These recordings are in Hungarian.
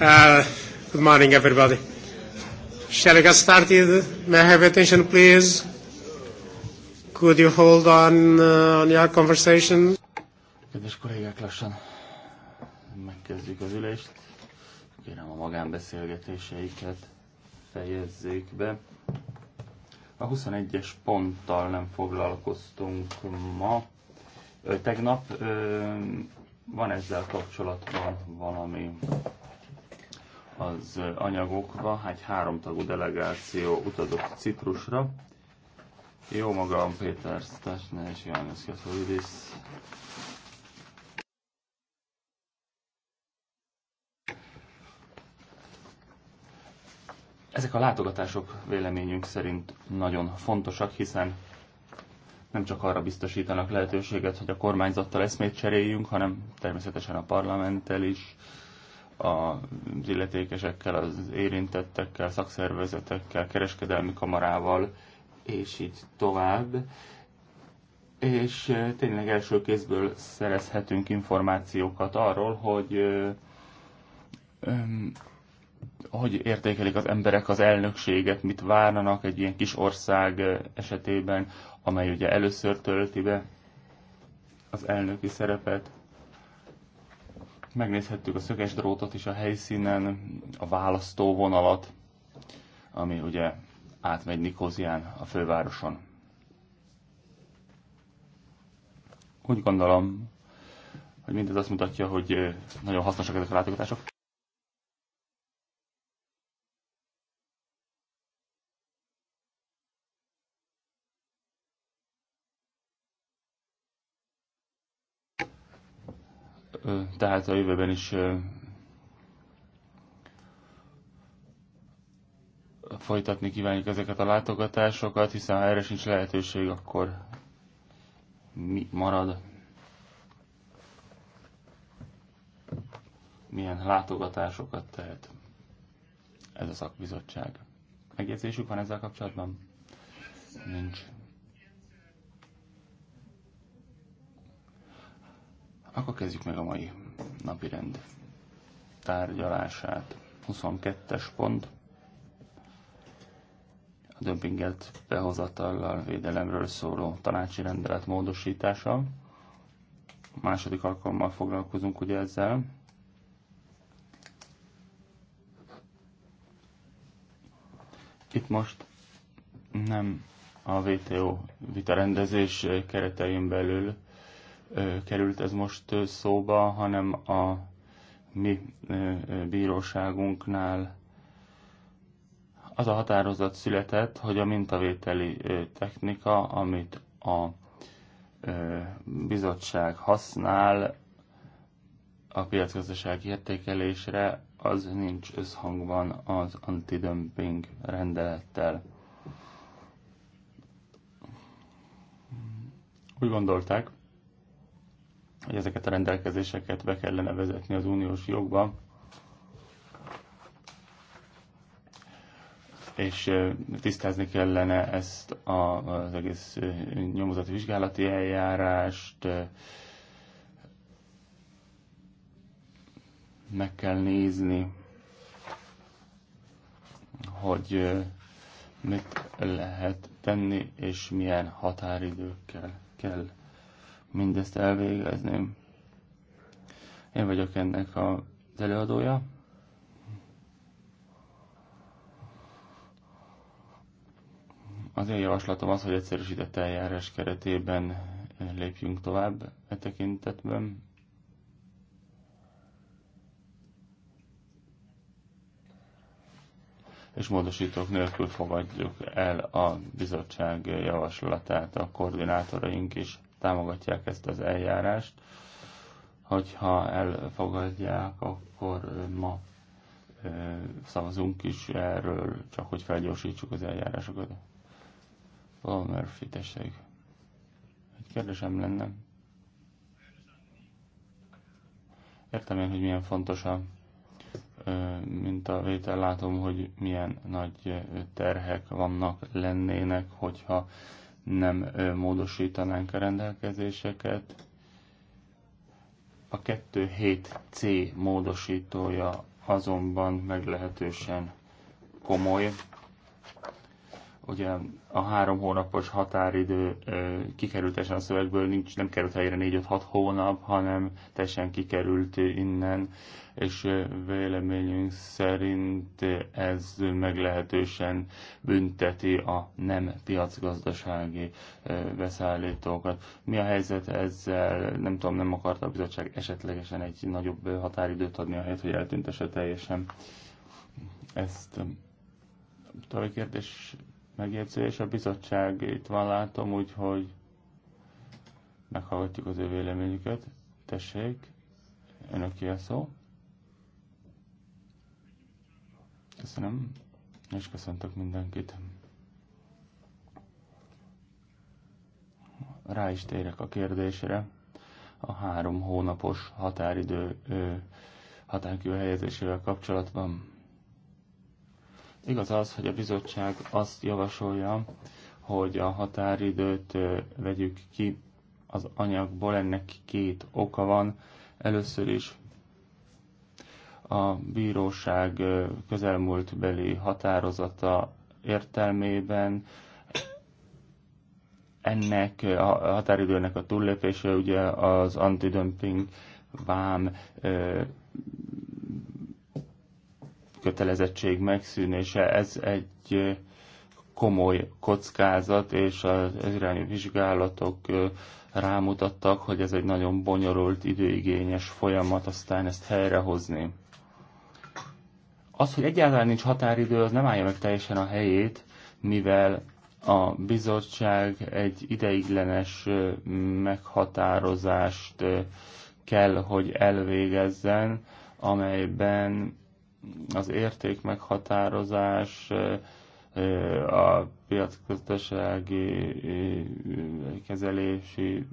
Uh, good morning, everybody. Shall we get started? May I have attention, please? Could you hold on uh, on your conversation? Kedves kollégák, lassan megkezdjük az ülést. Kérem a magánbeszélgetéseiket fejezzék be. A 21-es ponttal nem foglalkoztunk ma. Ö, Tegnap ö, van ezzel kapcsolatban valami az anyagokba, egy háromtagú delegáció utazott Ciprusra. Jó magam, Péter Stasner és Jánosz Katolidis. Ezek a látogatások véleményünk szerint nagyon fontosak, hiszen nem csak arra biztosítanak lehetőséget, hogy a kormányzattal eszmét cseréljünk, hanem természetesen a parlamenttel is, az illetékesekkel, az érintettekkel, szakszervezetekkel, kereskedelmi kamarával, és így tovább. És tényleg első kézből szerezhetünk információkat arról, hogy hogy értékelik az emberek az elnökséget, mit várnak egy ilyen kis ország esetében, amely ugye először tölti be az elnöki szerepet. Megnézhettük a szöges drótot is a helyszínen, a választóvonalat, ami ugye átmegy Nikózián a fővároson. Úgy gondolom, hogy mindez azt mutatja, hogy nagyon hasznosak ezek a látogatások. tehát a jövőben is folytatni kívánjuk ezeket a látogatásokat, hiszen ha erre sincs lehetőség, akkor mi marad? Milyen látogatásokat tehet ez a szakbizottság? Megjegyzésük van ezzel kapcsolatban? Nincs. Akkor kezdjük meg a mai rend tárgyalását. 22-es pont. A dömpinget behozatallal védelemről szóló tanácsi rendelet módosítása. A második alkalommal foglalkozunk ugye ezzel. Itt most nem a VTO vitarendezés keretein belül került ez most szóba, hanem a mi bíróságunknál az a határozat született, hogy a mintavételi technika, amit a bizottság használ a piacgazdaság értékelésre, az nincs összhangban az antidömping rendelettel. Úgy gondolták, hogy ezeket a rendelkezéseket be kellene vezetni az uniós jogba, és tisztázni kellene ezt az egész nyomozati vizsgálati eljárást, meg kell nézni, hogy mit lehet tenni, és milyen határidőkkel kell mindezt elvégezném. Én vagyok ennek az előadója. Az én javaslatom az, hogy egyszerűsített eljárás keretében lépjünk tovább e tekintetben. és módosítók nélkül fogadjuk el a bizottság javaslatát, a koordinátoraink is támogatják ezt az eljárást. Hogyha elfogadják, akkor ma szavazunk is erről, csak hogy felgyorsítsuk az eljárásokat. Paul Murphy, tessék. Egy kérdésem lenne. Értem én, hogy milyen fontos a mint a vétel látom, hogy milyen nagy terhek vannak lennének, hogyha nem módosítanánk a rendelkezéseket. A 2.7c módosítója azonban meglehetősen komoly, ugye a három hónapos határidő kikerült a szövegből, nincs, nem került helyre 4-5-6 hónap, hanem teljesen kikerült innen, és véleményünk szerint ez meglehetősen bünteti a nem piacgazdasági beszállítókat. Mi a helyzet ezzel? Nem tudom, nem akarta a bizottság esetlegesen egy nagyobb határidőt adni, ahelyett, hogy eltüntesse teljesen ezt. További kérdés megjegyzés. A bizottság itt van, látom, úgyhogy meghallgatjuk az ő véleményüket. Tessék, önöké a szó. Köszönöm, és köszöntök mindenkit. Rá is térek a kérdésre. A három hónapos határidő határkő helyezésével kapcsolatban Igaz az, hogy a bizottság azt javasolja, hogy a határidőt vegyük ki az anyagból, ennek két oka van. Először is a bíróság közelmúltbeli határozata értelmében ennek a határidőnek a túllépése ugye az antidömping vám kötelezettség megszűnése. Ez egy komoly kockázat, és az irányú vizsgálatok rámutattak, hogy ez egy nagyon bonyolult, időigényes folyamat, aztán ezt helyrehozni. Az, hogy egyáltalán nincs határidő, az nem állja meg teljesen a helyét, mivel a bizottság egy ideiglenes meghatározást kell, hogy elvégezzen, amelyben az érték meghatározás, a piacgazdasági kezelési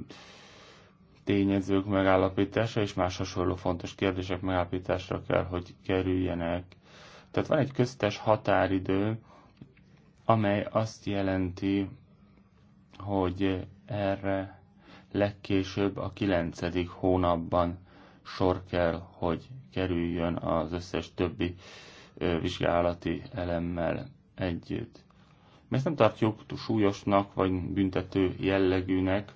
tényezők megállapítása és más hasonló fontos kérdések megállapításra kell, hogy kerüljenek. Tehát van egy köztes határidő, amely azt jelenti, hogy erre legkésőbb a kilencedik hónapban sor kell, hogy kerüljön az összes többi vizsgálati elemmel együtt. Mi ezt nem tartjuk súlyosnak vagy büntető jellegűnek,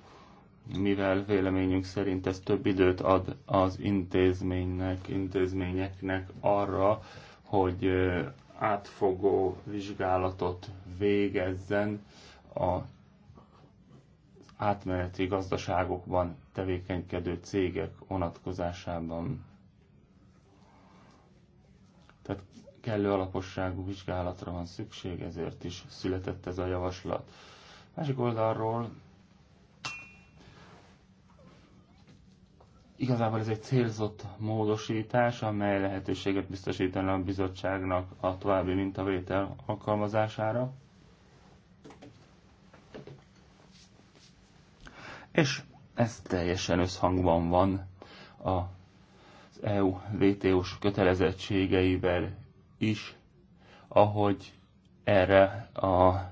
mivel véleményünk szerint ez több időt ad az intézménynek, intézményeknek arra, hogy átfogó vizsgálatot végezzen a átmeneti gazdaságokban tevékenykedő cégek vonatkozásában. Tehát kellő alaposságú vizsgálatra van szükség, ezért is született ez a javaslat. Másik oldalról igazából ez egy célzott módosítás, amely lehetőséget biztosítana a bizottságnak a további mintavétel alkalmazására. és ez teljesen összhangban van az EU VTO-s kötelezettségeivel is, ahogy erre a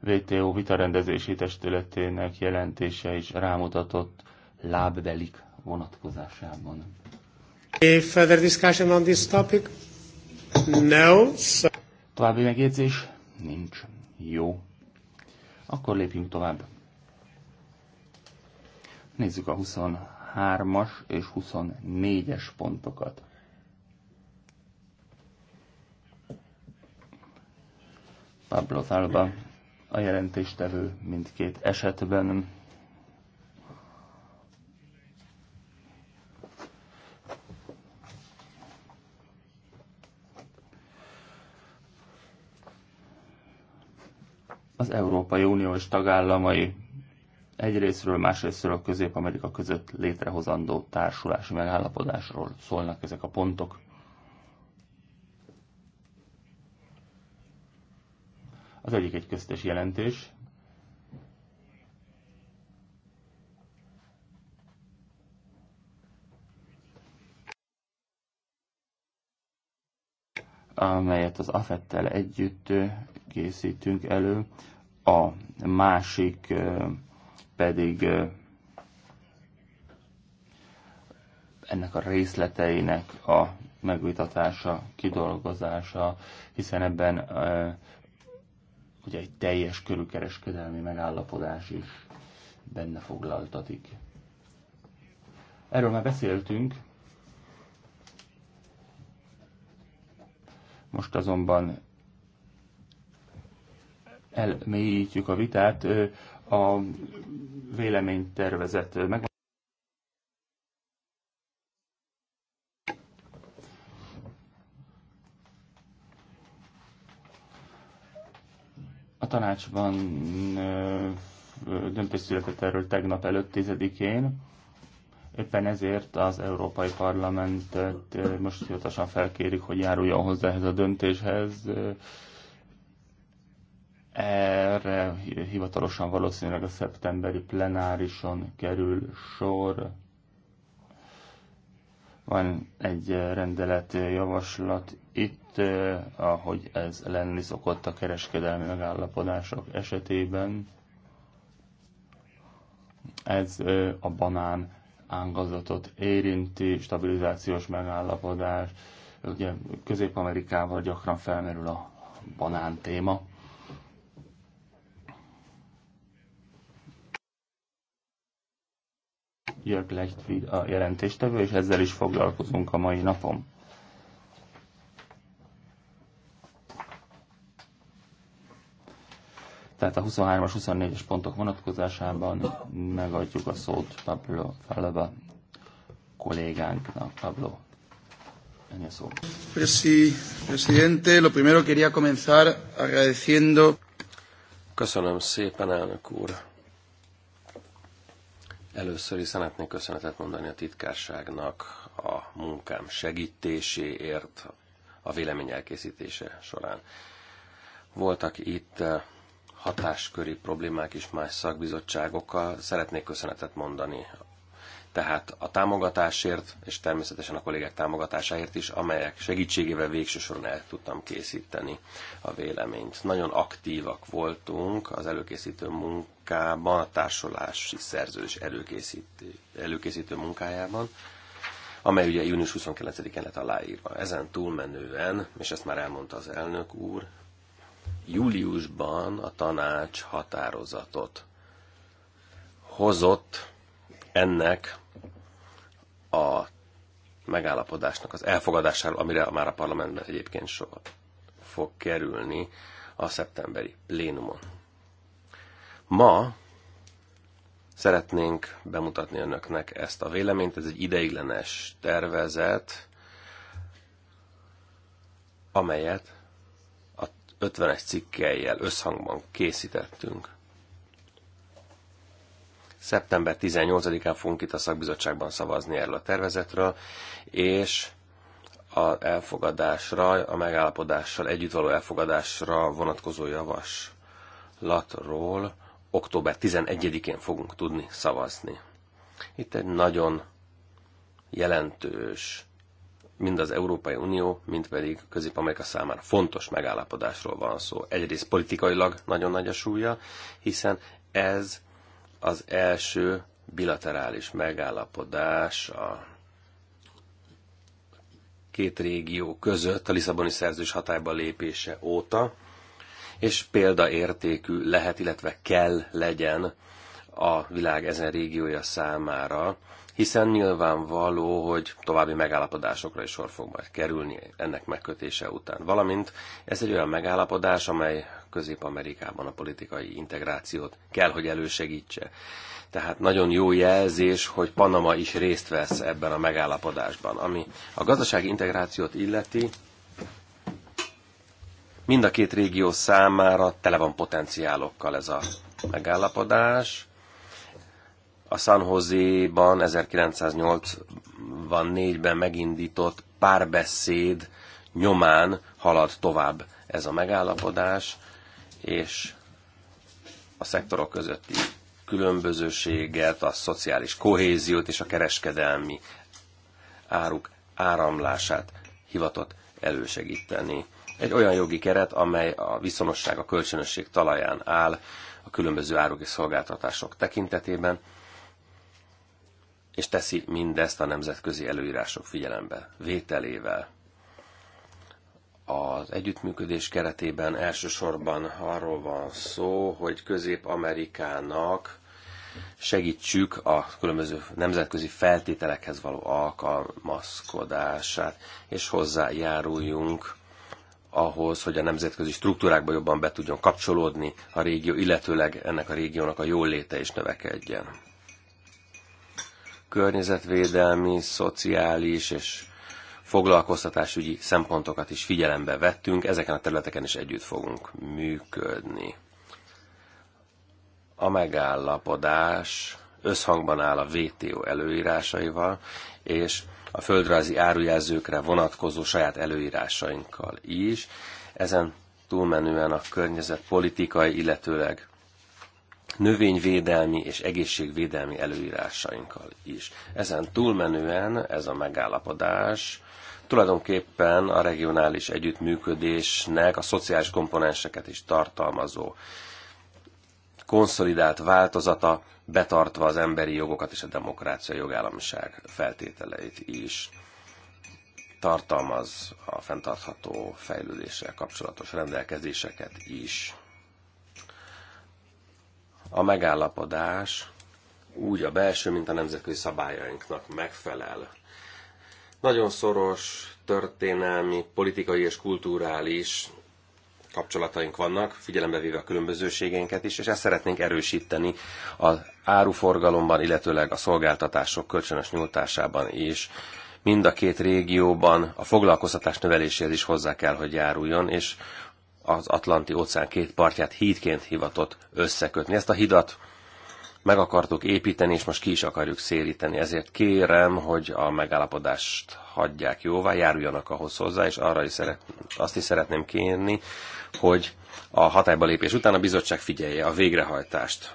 VTO vitarendezési testületének jelentése is rámutatott lábbelik vonatkozásában. A further discussion on this topic? No. További megjegyzés? Nincs. Jó. Akkor lépjünk tovább. Nézzük a 23-as és 24-es pontokat. Pablo Talba a jelentéstevő mindkét esetben. Az Európai Unió és tagállamai egyrésztről, másrésztről Közép-Amerika között létrehozandó társulási megállapodásról szólnak ezek a pontok. Az egyik egy köztes jelentés, amelyet az AFET-tel együtt készítünk elő. A másik pedig ennek a részleteinek a megvitatása, kidolgozása, hiszen ebben ugye egy teljes körülkereskedelmi megállapodás is benne foglaltatik. Erről már beszéltünk, most azonban elmélyítjük a vitát a véleménytervezet meg. A tanácsban döntés született erről tegnap előtt 10-én. Éppen ezért az Európai Parlamentet most hivatalosan felkérik, hogy járuljon hozzá ehhez a döntéshez. Erre hivatalosan valószínűleg a szeptemberi plenárison kerül sor. Van egy rendelet javaslat itt, eh, ahogy ez lenni szokott a kereskedelmi megállapodások esetében. Ez eh, a banán ángazatot érinti, stabilizációs megállapodás. Ugye Közép-Amerikával gyakran felmerül a banán téma. Jörg Lechtfried a jelentéstevő, és ezzel is foglalkozunk a mai napon. Tehát a 23-as, 24-es pontok vonatkozásában megadjuk a szót Pablo Feleva kollégánknak. Pablo, ennyi szó. Presidente, lo primero quería comenzar agradeciendo. Köszönöm szépen, elnök úr. Először is szeretnék köszönetet mondani a titkárságnak a munkám segítéséért a vélemény elkészítése során. Voltak itt eh, hatásköri problémák is más szakbizottságokkal. Szeretnék köszönetet mondani tehát a támogatásért, és természetesen a kollégák támogatásáért is, amelyek segítségével végső soron el tudtam készíteni a véleményt. Nagyon aktívak voltunk az előkészítő munkában, a társulási szerződés előkészítő, előkészítő munkájában, amely ugye június 29-én lett aláírva. Ezen túlmenően, és ezt már elmondta az elnök úr, júliusban a tanács határozatot hozott ennek a megállapodásnak az elfogadásáról, amire már a parlamentben egyébként sor fog kerülni a szeptemberi plénumon. Ma szeretnénk bemutatni önöknek ezt a véleményt. Ez egy ideiglenes tervezet, amelyet a 50-es cikkelyel összhangban készítettünk. Szeptember 18-án fogunk itt a szakbizottságban szavazni erről a tervezetről, és a elfogadásra, a megállapodással, együtt való elfogadásra vonatkozó javaslatról október 11-én fogunk tudni szavazni. Itt egy nagyon jelentős, mind az Európai Unió, mind pedig Közép-Amerika számára fontos megállapodásról van szó. Egyrészt politikailag nagyon nagy a súlya, hiszen ez az első bilaterális megállapodás a két régió között a Lisszaboni szerzős hatályba lépése óta, és példaértékű lehet, illetve kell legyen a világ ezen régiója számára, hiszen nyilvánvaló, hogy további megállapodásokra is sor fog majd kerülni ennek megkötése után. Valamint ez egy olyan megállapodás, amely Közép-Amerikában a politikai integrációt kell, hogy elősegítse. Tehát nagyon jó jelzés, hogy Panama is részt vesz ebben a megállapodásban. Ami a gazdasági integrációt illeti, mind a két régió számára tele van potenciálokkal ez a megállapodás a San Jose-ban 1984-ben megindított párbeszéd nyomán halad tovább ez a megállapodás, és a szektorok közötti különbözőséget, a szociális kohéziót és a kereskedelmi áruk áramlását hivatott elősegíteni. Egy olyan jogi keret, amely a viszonosság, a kölcsönösség talaján áll a különböző áruk és szolgáltatások tekintetében, és teszi mindezt a nemzetközi előírások figyelembe vételével. Az együttműködés keretében elsősorban arról van szó, hogy Közép-Amerikának segítsük a különböző nemzetközi feltételekhez való alkalmazkodását, és hozzájáruljunk ahhoz, hogy a nemzetközi struktúrákba jobban be tudjon kapcsolódni a régió, illetőleg ennek a régiónak a jóléte is növekedjen környezetvédelmi, szociális és foglalkoztatásügyi szempontokat is figyelembe vettünk, ezeken a területeken is együtt fogunk működni. A megállapodás összhangban áll a WTO előírásaival, és a földrajzi árujelzőkre vonatkozó saját előírásainkkal is. Ezen túlmenően a környezetpolitikai, illetőleg növényvédelmi és egészségvédelmi előírásainkkal is. Ezen túlmenően ez a megállapodás tulajdonképpen a regionális együttműködésnek a szociális komponenseket is tartalmazó konszolidált változata, betartva az emberi jogokat és a demokrácia jogállamiság feltételeit is tartalmaz a fenntartható fejlődéssel kapcsolatos rendelkezéseket is. A megállapodás úgy a belső, mint a nemzetközi szabályainknak megfelel. Nagyon szoros történelmi, politikai és kulturális kapcsolataink vannak, figyelembe véve a különbözőségeinket is, és ezt szeretnénk erősíteni az áruforgalomban, illetőleg a szolgáltatások kölcsönös nyújtásában is. Mind a két régióban a foglalkoztatás növeléséhez is hozzá kell, hogy járuljon, és az Atlanti óceán két partját hídként hivatott összekötni. Ezt a hidat meg akartuk építeni, és most ki is akarjuk szélíteni. Ezért kérem, hogy a megállapodást hagyják jóvá, járuljanak ahhoz hozzá, és arra is szeret, azt is szeretném kérni, hogy a hatályba lépés után a bizottság figyelje a végrehajtást.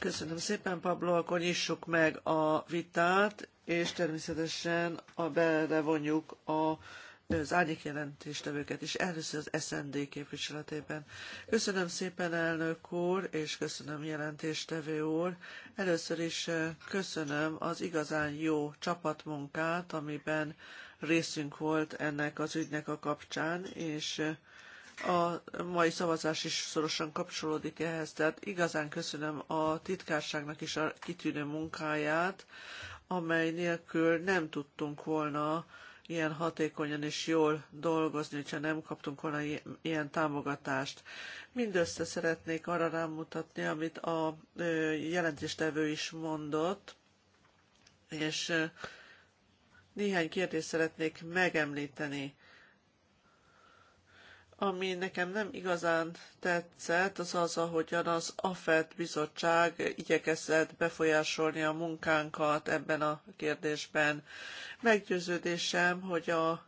Köszönöm szépen, Pablo, akkor nyissuk meg a vitát, és természetesen a belevonjuk a az árnyék jelentéstevőket is, először az SND képviseletében. Köszönöm szépen, elnök úr, és köszönöm jelentéstevő úr. Először is eh, köszönöm az igazán jó csapatmunkát, amiben részünk volt ennek az ügynek a kapcsán, és eh, a mai szavazás is szorosan kapcsolódik ehhez, tehát igazán köszönöm a titkárságnak is a kitűnő munkáját, amely nélkül nem tudtunk volna ilyen hatékonyan és jól dolgozni, hogyha nem kaptunk volna ilyen támogatást. Mindössze szeretnék arra rámutatni, amit a jelentéstevő is mondott, és néhány kérdést szeretnék megemlíteni. Ami nekem nem igazán tetszett, az az, ahogyan az AFET bizottság igyekezett befolyásolni a munkánkat ebben a kérdésben. Meggyőződésem, hogy a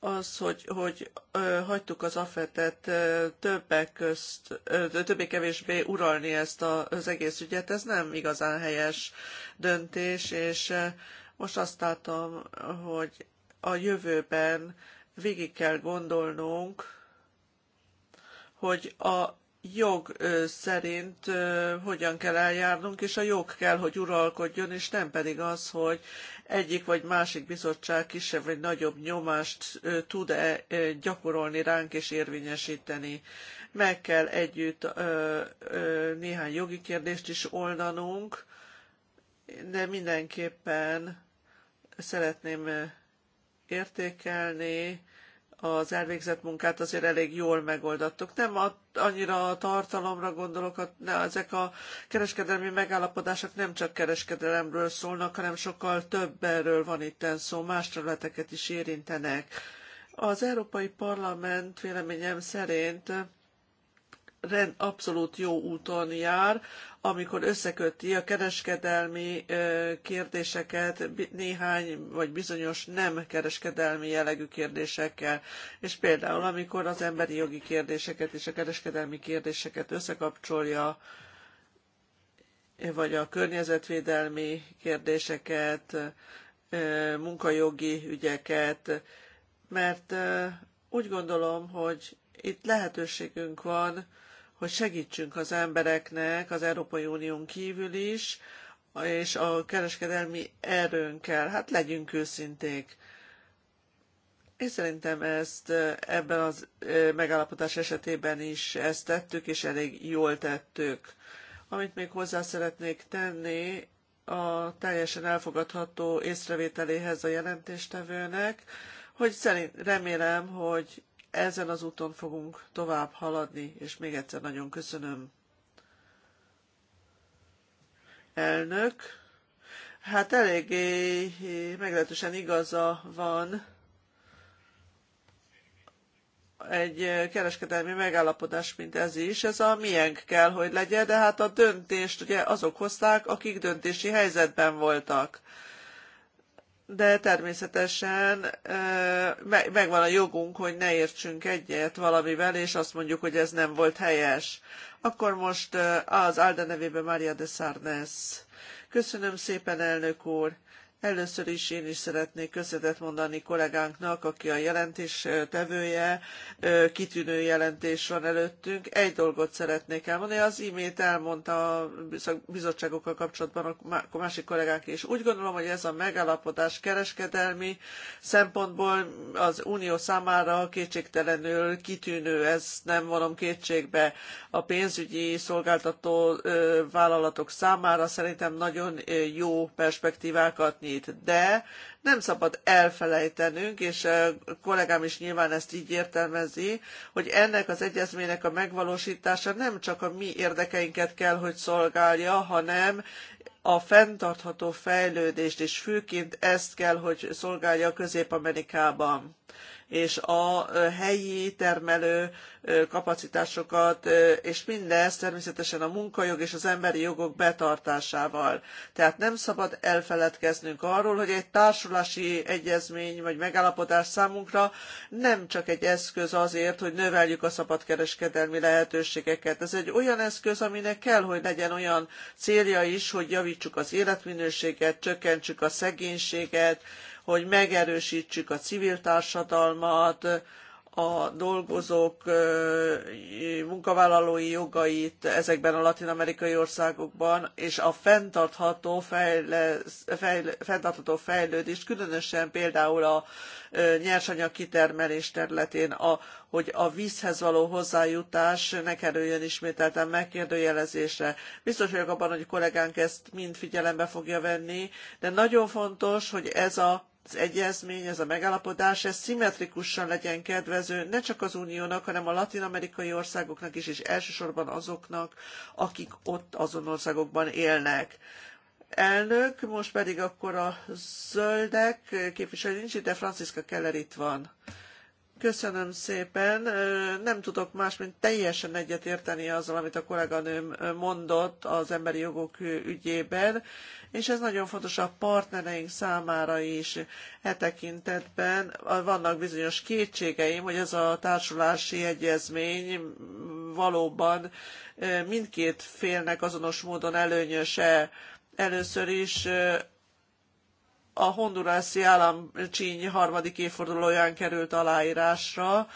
az, hogy, hogy ö, hagytuk az afetet ö, többek közt, ö, többé-kevésbé uralni ezt a, az egész ügyet, ez nem igazán helyes döntés, és ö, most azt látom, hogy a jövőben végig kell gondolnunk, hogy a jog szerint hogyan kell eljárnunk, és a jog kell, hogy uralkodjon, és nem pedig az, hogy egyik vagy másik bizottság kisebb vagy nagyobb nyomást tud-e gyakorolni ránk és érvényesíteni. Meg kell együtt néhány jogi kérdést is oldanunk, de mindenképpen szeretném értékelni, az elvégzett munkát azért elég jól megoldattuk. Nem a, annyira a tartalomra gondolok, a, ne, ezek a kereskedelmi megállapodások nem csak kereskedelemről szólnak, hanem sokkal több erről van itt szó, más területeket is érintenek. Az Európai Parlament véleményem szerint abszolút jó úton jár, amikor összeköti a kereskedelmi kérdéseket néhány vagy bizonyos nem kereskedelmi jellegű kérdésekkel. És például, amikor az emberi jogi kérdéseket és a kereskedelmi kérdéseket összekapcsolja, vagy a környezetvédelmi kérdéseket, munkajogi ügyeket, mert úgy gondolom, hogy itt lehetőségünk van hogy segítsünk az embereknek az Európai Unión kívül is, és a kereskedelmi erőnkkel. Hát legyünk őszinték. Én szerintem ezt ebben az megállapodás esetében is ezt tettük, és elég jól tettük. Amit még hozzá szeretnék tenni a teljesen elfogadható észrevételéhez a jelentéstevőnek, hogy szerint, remélem, hogy ezen az úton fogunk tovább haladni, és még egyszer nagyon köszönöm. Elnök, hát eléggé meglehetősen igaza van egy kereskedelmi megállapodás, mint ez is. Ez a miénk kell, hogy legyen, de hát a döntést ugye azok hozták, akik döntési helyzetben voltak de természetesen megvan a jogunk, hogy ne értsünk egyet valamivel, és azt mondjuk, hogy ez nem volt helyes. Akkor most az Alda nevében Maria de Sarnes. Köszönöm szépen, elnök úr! Először is én is szeretnék köszönetet mondani kollégánknak, aki a jelentés tevője, kitűnő jelentés van előttünk. Egy dolgot szeretnék elmondani, az imént elmondta a bizottságokkal kapcsolatban a másik kollégák is. Úgy gondolom, hogy ez a megállapodás kereskedelmi szempontból az unió számára kétségtelenül kitűnő, ez nem vonom kétségbe. A pénzügyi szolgáltató vállalatok számára szerintem nagyon jó perspektívákat nyit segít, de nem szabad elfelejtenünk, és a kollégám is nyilván ezt így értelmezi, hogy ennek az egyezménynek a megvalósítása nem csak a mi érdekeinket kell, hogy szolgálja, hanem a fenntartható fejlődést, és főként ezt kell, hogy szolgálja Közép-Amerikában és a helyi termelő kapacitásokat, és mindez természetesen a munkajog és az emberi jogok betartásával. Tehát nem szabad elfeledkeznünk arról, hogy egy társulási egyezmény vagy megállapodás számunkra nem csak egy eszköz azért, hogy növeljük a szabadkereskedelmi lehetőségeket. Ez egy olyan eszköz, aminek kell, hogy legyen olyan célja is, hogy javítsuk az életminőséget, csökkentsük a szegénységet, hogy megerősítsük a civil társadalmat, a dolgozók munkavállalói jogait ezekben a latin-amerikai országokban, és a fenntartható, fejlesz, fejl, fenntartható fejlődést, különösen például a nyersanyag kitermelés területén, a, hogy a vízhez való hozzájutás ne kerüljön ismételten megkérdőjelezésre. Biztos vagyok abban, hogy a kollégánk ezt mind figyelembe fogja venni, de nagyon fontos, hogy ez a az egyezmény, ez a megállapodás, ez szimmetrikusan legyen kedvező ne csak az uniónak, hanem a latin-amerikai országoknak is, és elsősorban azoknak, akik ott azon országokban élnek. Elnök, most pedig akkor a zöldek képviselő nincs itt, de Franciska Keller itt van. Köszönöm szépen. Nem tudok más, mint teljesen egyetérteni azzal, amit a kolléganőm mondott az emberi jogok ügyében, és ez nagyon fontos a partnereink számára is e tekintetben. Vannak bizonyos kétségeim, hogy ez a társulási egyezmény valóban mindkét félnek azonos módon előnyöse. Először is a hondurászi államcsíny harmadik évfordulóján került aláírásra,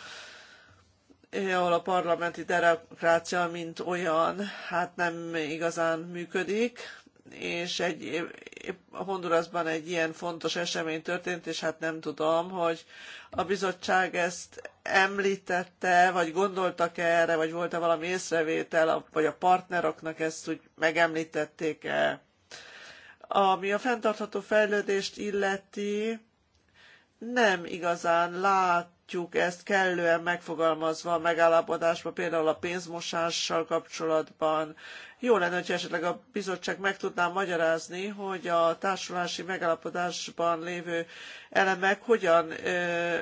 eh, ahol a parlamenti demokrácia, mint olyan, hát nem igazán működik, és egy, Hondurasban egy ilyen fontos esemény történt, és hát nem tudom, hogy a bizottság ezt említette, vagy gondoltak -e erre, vagy volt-e valami észrevétel, vagy a partneroknak ezt úgy megemlítették-e. Ami a fenntartható fejlődést illeti, nem igazán látjuk ezt kellően megfogalmazva a megállapodásban, például a pénzmosással kapcsolatban. Jó lenne, hogyha esetleg a bizottság meg tudná magyarázni, hogy a társulási megállapodásban lévő elemek hogyan ö,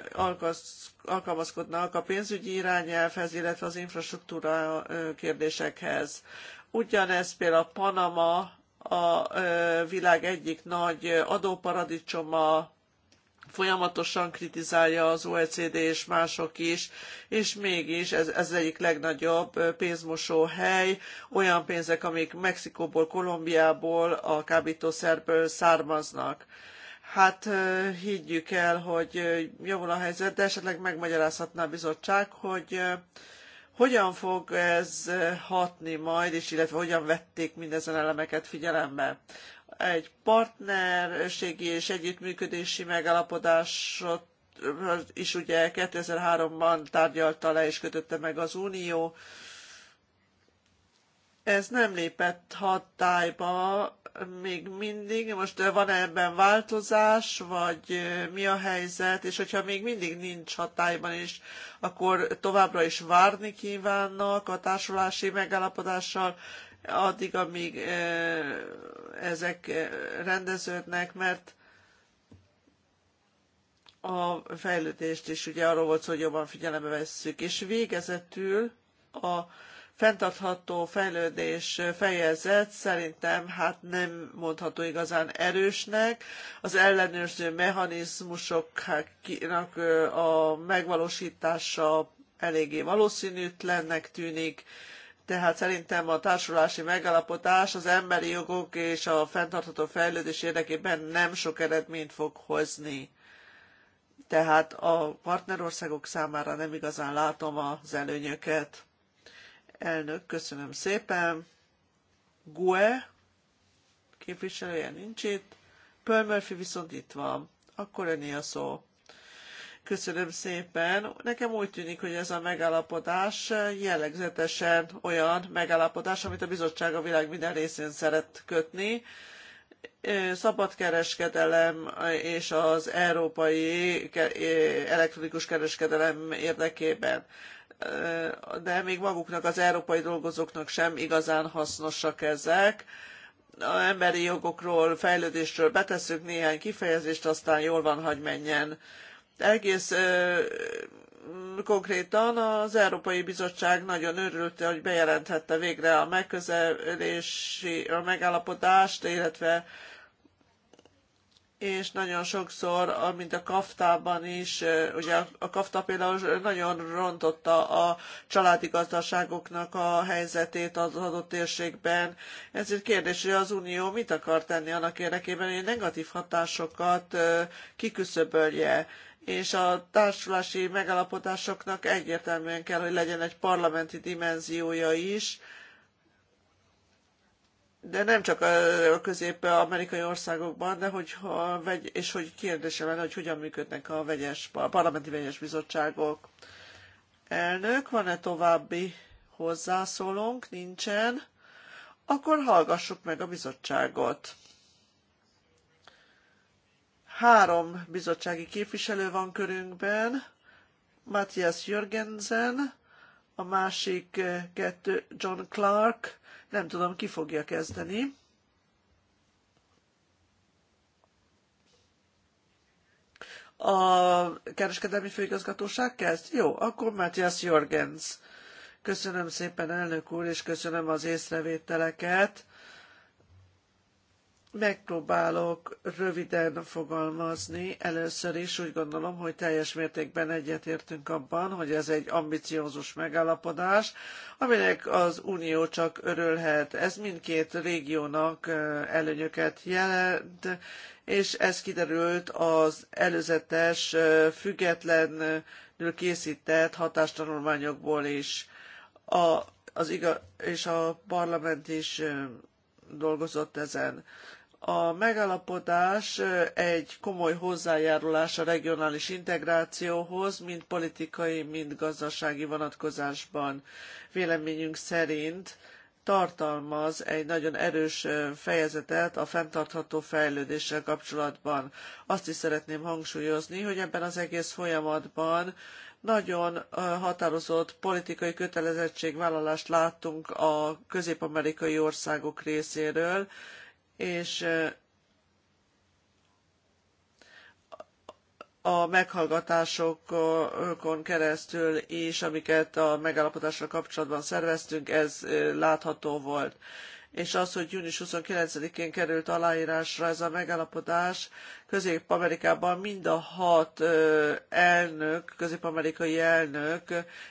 alkalmazkodnak a pénzügyi irányelvhez, illetve az infrastruktúra kérdésekhez. Ugyanez például a Panama a világ egyik nagy adóparadicsoma, folyamatosan kritizálja az OECD és mások is, és mégis ez, ez egyik legnagyobb pénzmosó hely, olyan pénzek, amik Mexikóból, Kolumbiából, a kábítószerből származnak. Hát higgyük el, hogy javul a helyzet, de esetleg megmagyarázhatná a bizottság, hogy hogyan fog ez hatni majd, és illetve hogyan vették mindezen elemeket figyelembe? Egy partnerségi és együttműködési megalapodásot is ugye 2003-ban tárgyalta le és kötötte meg az Unió. Ez nem lépett hatályba még mindig, most van -e ebben változás, vagy mi a helyzet, és hogyha még mindig nincs hatályban is, akkor továbbra is várni kívánnak a társulási megállapodással, addig, amíg ezek rendeződnek, mert a fejlődést is ugye arról volt hogy jobban figyelembe vesszük. És végezetül a fenntartható fejlődés fejezet szerintem hát nem mondható igazán erősnek. Az ellenőrző mechanizmusoknak a megvalósítása eléggé valószínűtlennek tűnik, tehát szerintem a társulási megállapodás az emberi jogok és a fenntartható fejlődés érdekében nem sok eredményt fog hozni. Tehát a partnerországok számára nem igazán látom az előnyöket. Elnök, köszönöm szépen. Gue, képviselője nincs itt. Pearl Murphy viszont itt van. Akkor öné a szó. Köszönöm szépen. Nekem úgy tűnik, hogy ez a megállapodás jellegzetesen olyan megállapodás, amit a bizottság a világ minden részén szeret kötni. Szabadkereskedelem és az európai eh, elektronikus kereskedelem érdekében de még maguknak, az európai dolgozóknak sem igazán hasznosak ezek. A emberi jogokról, fejlődésről betesszük néhány kifejezést, aztán jól van, hagy menjen. Egész konkrétan az Európai Bizottság nagyon örült, hogy bejelenthette végre a megközelési a megállapodást, illetve és nagyon sokszor, mint a kaftában is, ugye a kafta például nagyon rontotta a családi gazdaságoknak a helyzetét az adott térségben. Ezért kérdés, hogy az Unió mit akar tenni annak érdekében, hogy negatív hatásokat kiküszöbölje és a társulási megállapodásoknak egyértelműen kell, hogy legyen egy parlamenti dimenziója is, de nem csak a közép-amerikai országokban, de hogyha vegy, és hogy kérdése lenne, hogy hogyan működnek a, vegyes, a parlamenti vegyes bizottságok. Elnök, van-e további hozzászólónk? Nincsen. Akkor hallgassuk meg a bizottságot. Három bizottsági képviselő van körünkben. Matthias Jörgensen, a másik kettő John Clark, nem tudom, ki fogja kezdeni. A kereskedelmi főigazgatóság kezd? Jó, akkor Matthias Jorgens. Köszönöm szépen, elnök úr, és köszönöm az észrevételeket Megpróbálok röviden fogalmazni. Először is úgy gondolom, hogy teljes mértékben egyetértünk abban, hogy ez egy ambiciózus megállapodás, aminek az Unió csak örülhet. Ez mindkét régiónak előnyöket jelent, és ez kiderült az előzetes, függetlenül készített hatástanulmányokból is. A, az iga, és a parlament is dolgozott ezen. A megállapodás egy komoly hozzájárulás a regionális integrációhoz, mind politikai, mind gazdasági vonatkozásban. Véleményünk szerint tartalmaz egy nagyon erős fejezetet a fenntartható fejlődéssel kapcsolatban. Azt is szeretném hangsúlyozni, hogy ebben az egész folyamatban nagyon határozott politikai kötelezettségvállalást láttunk a közép-amerikai országok részéről, és a meghallgatásokon keresztül is, amiket a megállapodásra kapcsolatban szerveztünk, ez látható volt. És az, hogy június 29-én került aláírásra ez a megállapodás, Közép-Amerikában mind a hat elnök, közép-amerikai elnök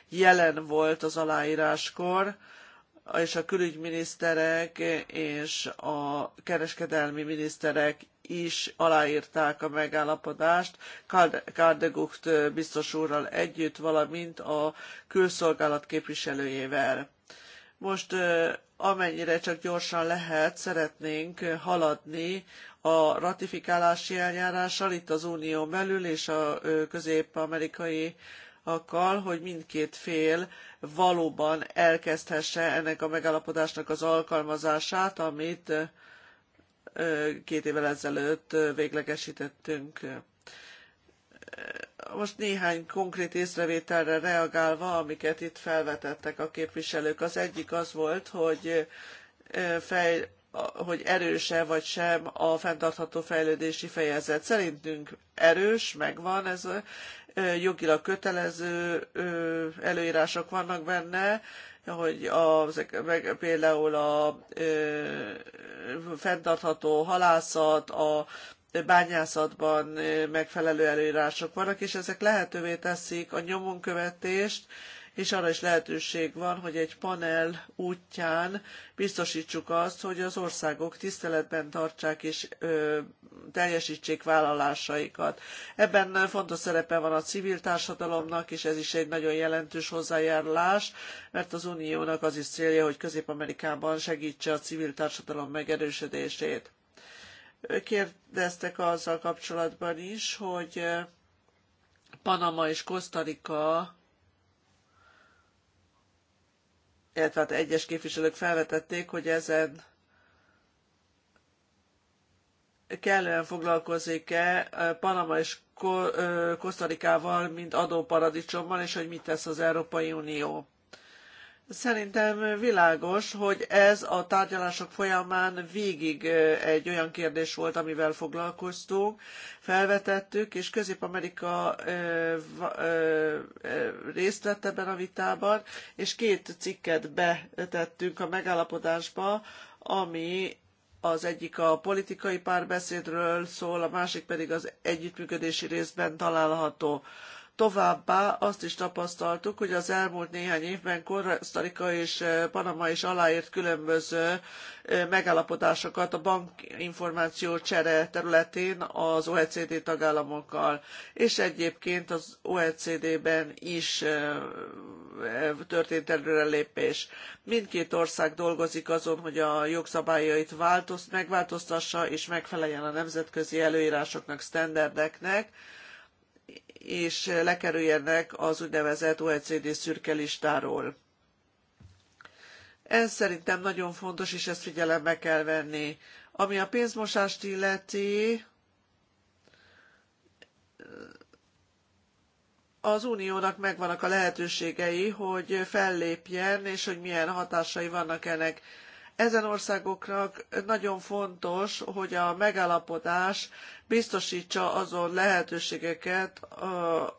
jelen volt az aláíráskor, és a külügyminiszterek és a kereskedelmi miniszterek is aláírták a megállapodást Kárdegucht biztos úrral együtt, valamint a külszolgálat képviselőjével. Most amennyire csak gyorsan lehet, szeretnénk haladni a ratifikálási eljárással itt az unión belül és a közép-amerikai akkal, hogy mindkét fél valóban elkezdhesse ennek a megállapodásnak az alkalmazását, amit két évvel ezelőtt véglegesítettünk. Most néhány konkrét észrevételre reagálva, amiket itt felvetettek a képviselők. Az egyik az volt, hogy fej, hogy erőse vagy sem a fenntartható fejlődési fejezet. Szerintünk erős, megvan ez, jogilag kötelező előírások vannak benne, hogy a, meg, például a ö, fenntartható halászat, a bányászatban megfelelő előírások vannak, és ezek lehetővé teszik a nyomonkövetést és arra is lehetőség van, hogy egy panel útján biztosítsuk azt, hogy az országok tiszteletben tartsák és ö, teljesítsék vállalásaikat. Ebben fontos szerepe van a civil társadalomnak, és ez is egy nagyon jelentős hozzájárulás, mert az Uniónak az is célja, hogy Közép-Amerikában segítse a civil társadalom megerősödését kérdeztek azzal kapcsolatban is, hogy Panama és Rica illetve eh, hát egyes képviselők felvetették, hogy ezen kellően foglalkozik-e eh, Panama és eh, Kosztarikával, mint adóparadicsommal, és hogy mit tesz az Európai Unió. Szerintem világos, hogy ez a tárgyalások folyamán végig egy olyan kérdés volt, amivel foglalkoztunk, felvetettük, és Közép-Amerika részt vett ebben a vitában, és két cikket betettünk a megállapodásba, ami az egyik a politikai párbeszédről szól, a másik pedig az együttműködési részben található. Továbbá azt is tapasztaltuk, hogy az elmúlt néhány évben Kosztarika és eh, Panama is aláírt különböző eh, megállapodásokat a bankinformáció csere területén az OECD tagállamokkal, és egyébként az OECD-ben is eh, történt előrelépés. Mindkét ország dolgozik azon, hogy a jogszabályait változ, megváltoztassa és megfeleljen a nemzetközi előírásoknak, sztenderdeknek, és lekerüljenek az úgynevezett OECD szürke listáról. Ez szerintem nagyon fontos, és ezt figyelembe kell venni. Ami a pénzmosást illeti, az uniónak megvannak a lehetőségei, hogy fellépjen, és hogy milyen hatásai vannak ennek. Ezen országoknak nagyon fontos, hogy a megállapodás biztosítsa azon lehetőségeket,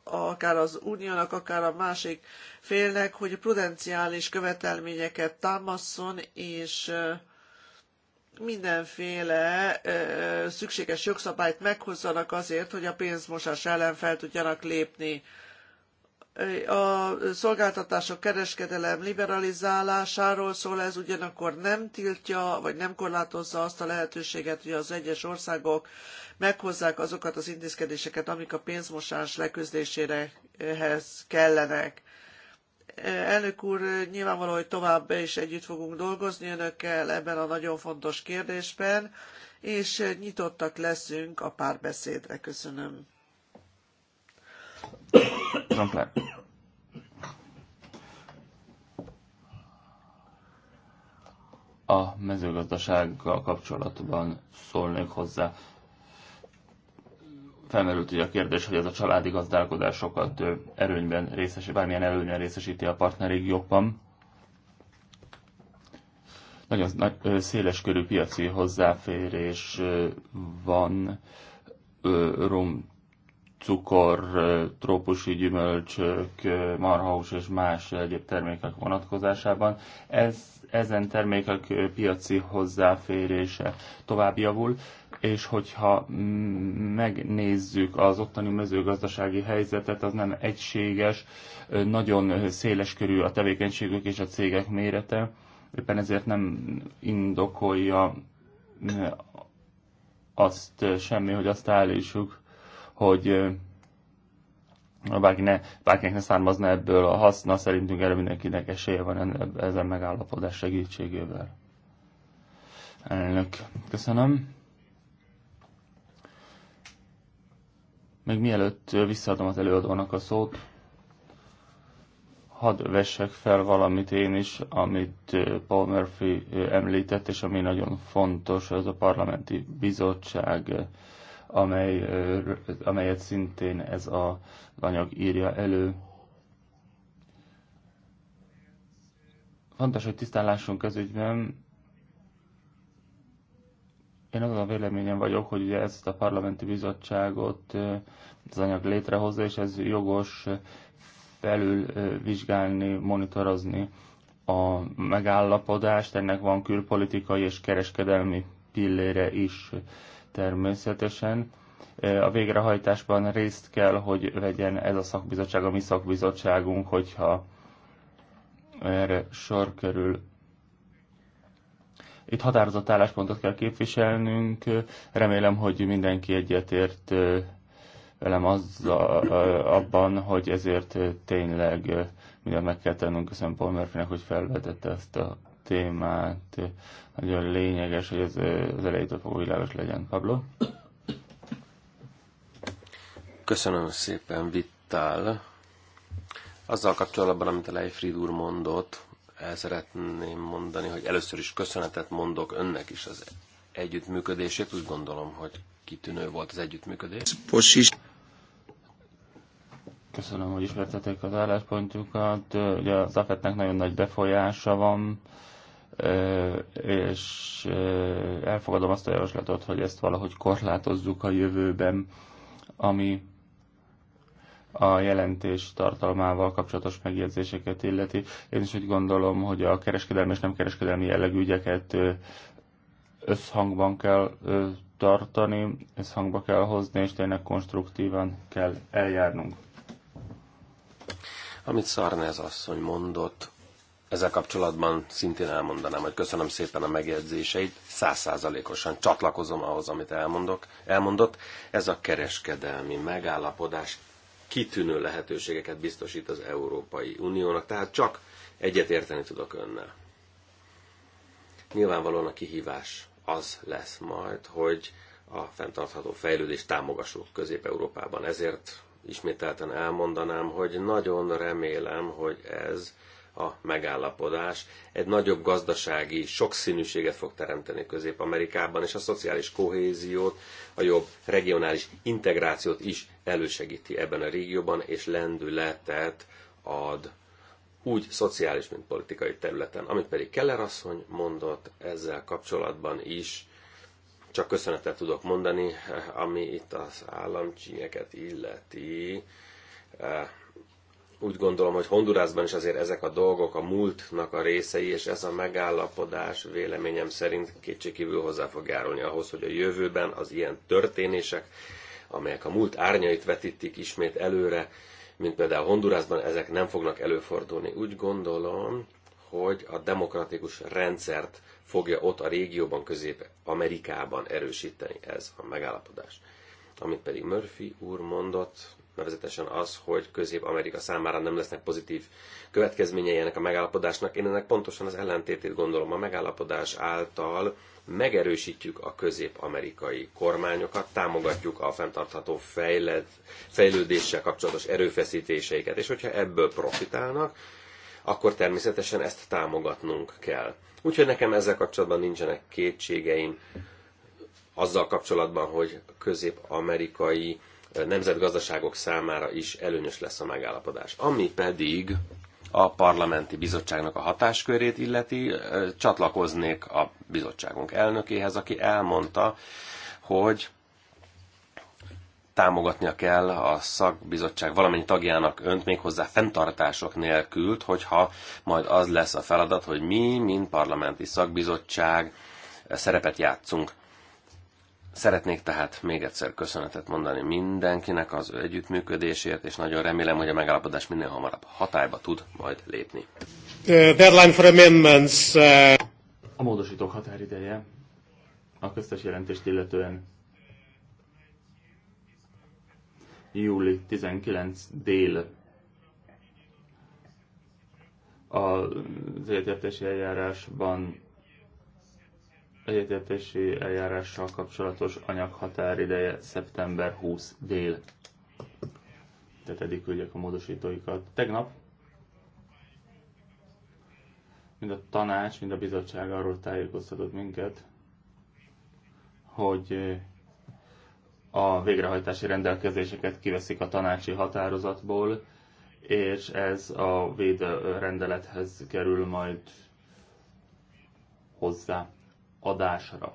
akár az uniónak, akár a másik félnek, hogy prudenciális követelményeket támasszon, és mindenféle szükséges jogszabályt meghozzanak azért, hogy a pénzmosás ellen fel tudjanak lépni a szolgáltatások kereskedelem liberalizálásáról szól, ez ugyanakkor nem tiltja, vagy nem korlátozza azt a lehetőséget, hogy az egyes országok meghozzák azokat az intézkedéseket, amik a pénzmosás leküzdésérehez kellenek. Elnök úr, nyilvánvaló, hogy tovább is együtt fogunk dolgozni önökkel ebben a nagyon fontos kérdésben, és nyitottak leszünk a párbeszédre. Köszönöm. Trump A mezőgazdasággal kapcsolatban szólnék hozzá. Felmerült ugye a kérdés, hogy ez a családi gazdálkodásokat erőnyben részesít, bármilyen előnyben részesíti a partnerig jobban nagyon nagy, széles körű piaci hozzáférés van rom cukor, trópusi gyümölcsök, marhaus és más egyéb termékek vonatkozásában. Ez, ezen termékek piaci hozzáférése tovább javul, és hogyha megnézzük az ottani mezőgazdasági helyzetet, az nem egységes, nagyon széles körű a tevékenységük és a cégek mérete, éppen ezért nem indokolja azt semmi, hogy azt állítsuk, hogy bárki ne, bárkinek ne származna ebből a haszna, szerintünk erre mindenkinek esélye van ezen megállapodás segítségével. Elnök, köszönöm. Még mielőtt visszaadom az előadónak a szót, hadd vessek fel valamit én is, amit Paul Murphy említett, és ami nagyon fontos, ez a parlamenti bizottság amely, amelyet szintén ez a anyag írja elő. Fontos, hogy tisztán lássunk ez ügyben. Én azon a véleményen vagyok, hogy ugye ezt a parlamenti bizottságot az anyag létrehozza, és ez jogos felül vizsgálni, monitorozni a megállapodást, ennek van külpolitikai és kereskedelmi pillére is természetesen a végrehajtásban részt kell, hogy vegyen ez a szakbizottság, a mi szakbizottságunk, hogyha erre sor kerül. Itt határozott álláspontot kell képviselnünk. Remélem, hogy mindenki egyetért velem azzal abban, hogy ezért tényleg minden meg kell tennünk. Köszönöm Paul Murphynek, hogy felvetette ezt a témát. Nagyon lényeges, hogy ez az elejétől fogó világos legyen. Pablo? Köszönöm szépen, Vittál. Azzal kapcsolatban, amit a Leifrid úr mondott, el szeretném mondani, hogy először is köszönetet mondok önnek is az együttműködését. Úgy gondolom, hogy kitűnő volt az együttműködés. Posis. Köszönöm, hogy ismertetek az álláspontjukat. Ugye a Zafetnek nagyon nagy befolyása van és elfogadom azt a javaslatot, hogy ezt valahogy korlátozzuk a jövőben, ami a jelentés tartalmával kapcsolatos megjegyzéseket illeti. Én is úgy gondolom, hogy a kereskedelmi és nem kereskedelmi jellegű ügyeket összhangban kell tartani, összhangba kell hozni, és tényleg konstruktívan kell eljárnunk. Amit Szarnez asszony mondott, ezzel kapcsolatban szintén elmondanám, hogy köszönöm szépen a megjegyzéseit, százszázalékosan csatlakozom ahhoz, amit elmondok, elmondott. Ez a kereskedelmi megállapodás kitűnő lehetőségeket biztosít az Európai Uniónak, tehát csak egyet érteni tudok önnel. Nyilvánvalóan a kihívás az lesz majd, hogy a fenntartható fejlődés támogassuk Közép-Európában. Ezért ismételten elmondanám, hogy nagyon remélem, hogy ez a megállapodás egy nagyobb gazdasági sokszínűséget fog teremteni Közép-Amerikában, és a szociális kohéziót, a jobb regionális integrációt is elősegíti ebben a régióban, és lendületet ad úgy szociális, mint politikai területen. Amit pedig Keller asszony mondott ezzel kapcsolatban is, csak köszönetet tudok mondani, ami itt az államcsínyeket illeti úgy gondolom, hogy Hondurasban is azért ezek a dolgok a múltnak a részei, és ez a megállapodás véleményem szerint kétségkívül hozzá fog járulni ahhoz, hogy a jövőben az ilyen történések, amelyek a múlt árnyait vetítik ismét előre, mint például Hondurasban, ezek nem fognak előfordulni. Úgy gondolom, hogy a demokratikus rendszert fogja ott a régióban, Közép-Amerikában erősíteni ez a megállapodás. Amit pedig Murphy úr mondott, nevezetesen az, hogy Közép-Amerika számára nem lesznek pozitív következményei ennek a megállapodásnak. Én ennek pontosan az ellentétét gondolom. A megállapodás által megerősítjük a közép-amerikai kormányokat, támogatjuk a fenntartható fejled, fejlődéssel kapcsolatos erőfeszítéseiket, és hogyha ebből profitálnak, akkor természetesen ezt támogatnunk kell. Úgyhogy nekem ezzel kapcsolatban nincsenek kétségeim azzal kapcsolatban, hogy közép-amerikai nemzetgazdaságok számára is előnyös lesz a megállapodás. Ami pedig a parlamenti bizottságnak a hatáskörét illeti, csatlakoznék a bizottságunk elnökéhez, aki elmondta, hogy támogatnia kell a szakbizottság valamennyi tagjának önt méghozzá fenntartások nélkül, hogyha majd az lesz a feladat, hogy mi, mint parlamenti szakbizottság szerepet játszunk Szeretnék tehát még egyszer köszönetet mondani mindenkinek az együttműködésért, és nagyon remélem, hogy a megállapodás minél hamarabb hatályba tud majd lépni. Deadline for amendments. Uh, a módosítók határideje a köztes jelentést illetően júli 19 dél az egyetértési eljárásban egyetértési eljárással kapcsolatos anyag határideje szeptember 20 dél. Tehát eddig küldjek a módosítóikat. Tegnap mind a tanács, mind a bizottság arról tájékoztatott minket, hogy a végrehajtási rendelkezéseket kiveszik a tanácsi határozatból, és ez a véd rendelethez kerül majd hozzá adásra.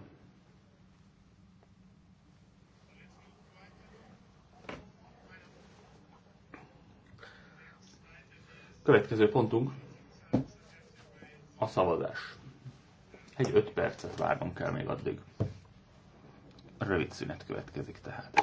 Következő pontunk a szavazás. Egy 5 percet várnom kell még addig. Rövid szünet következik tehát.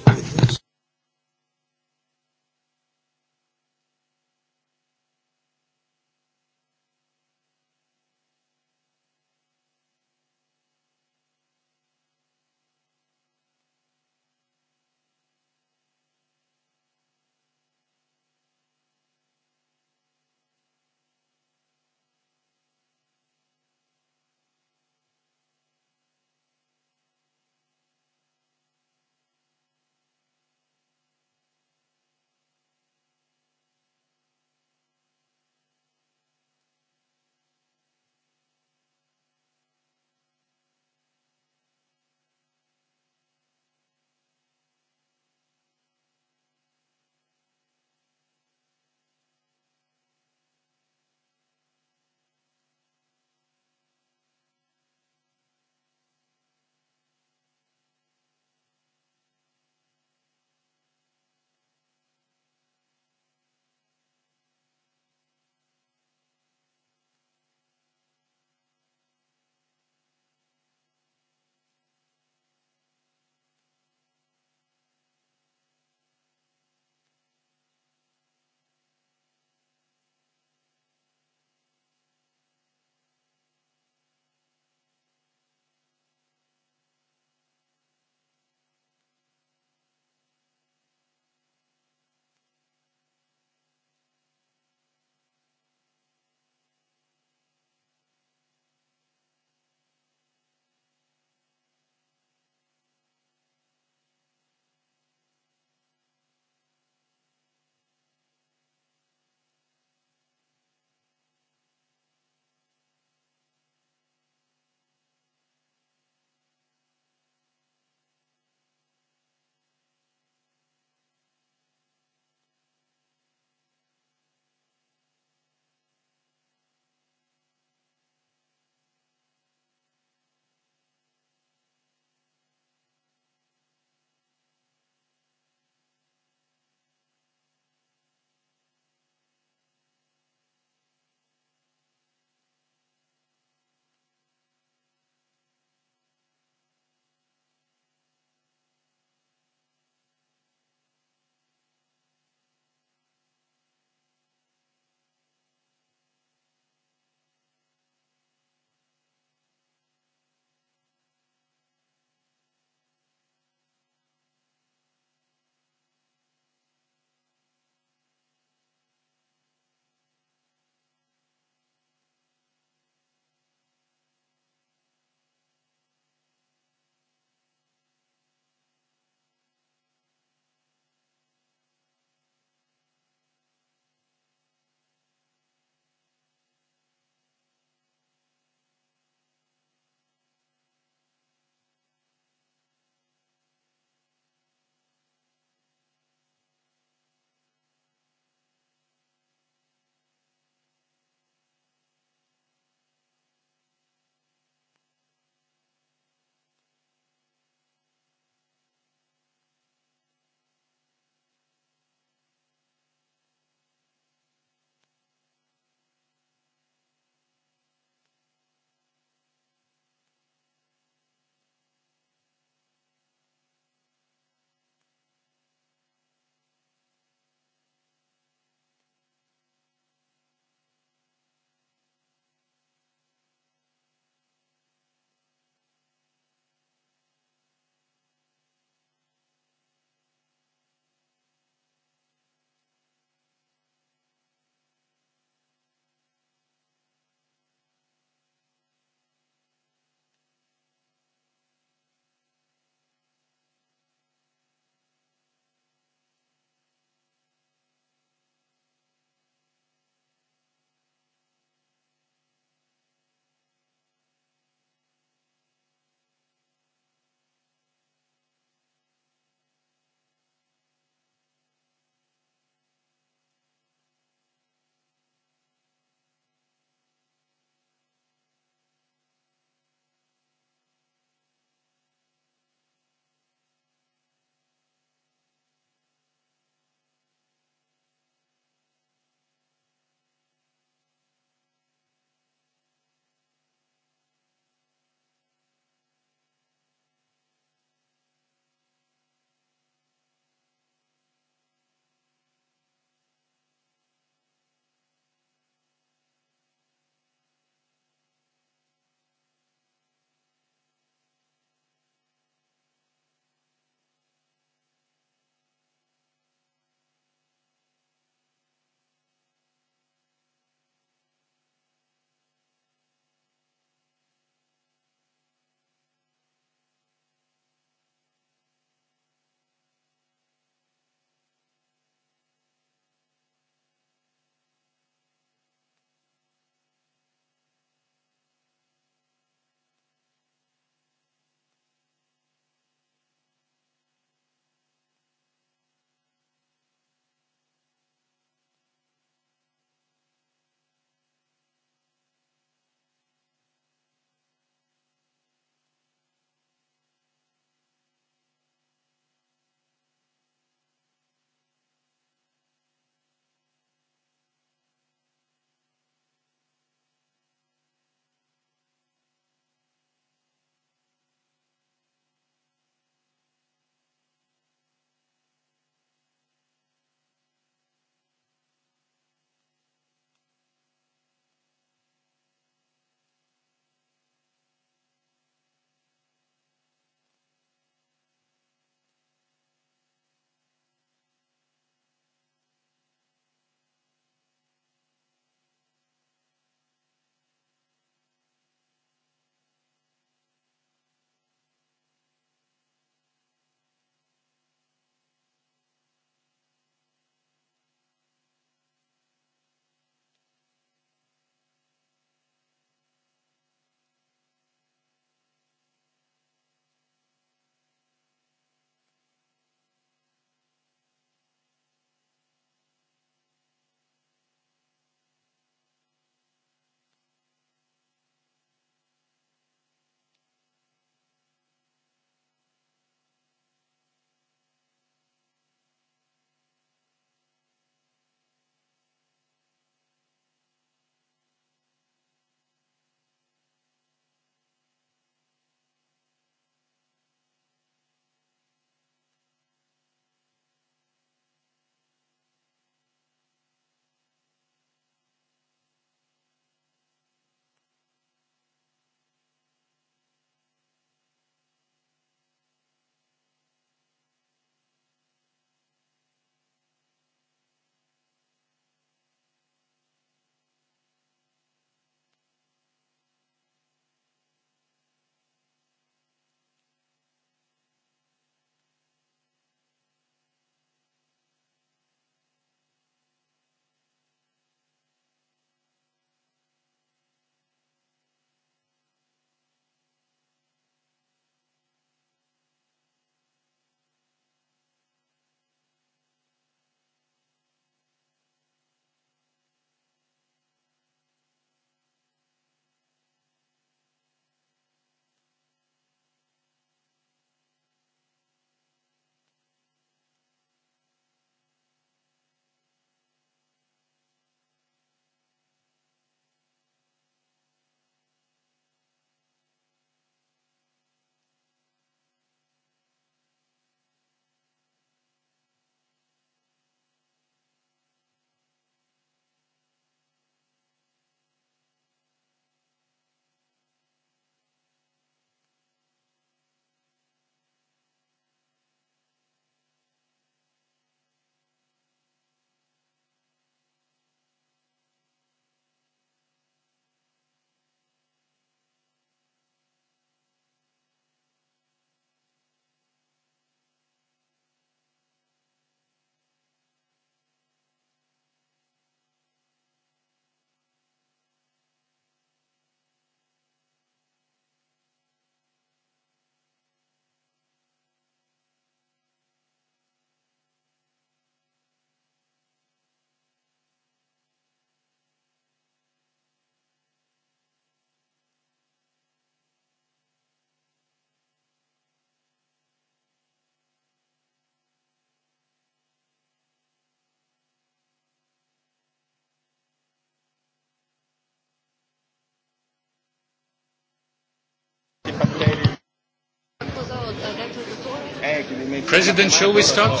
President, shall we start?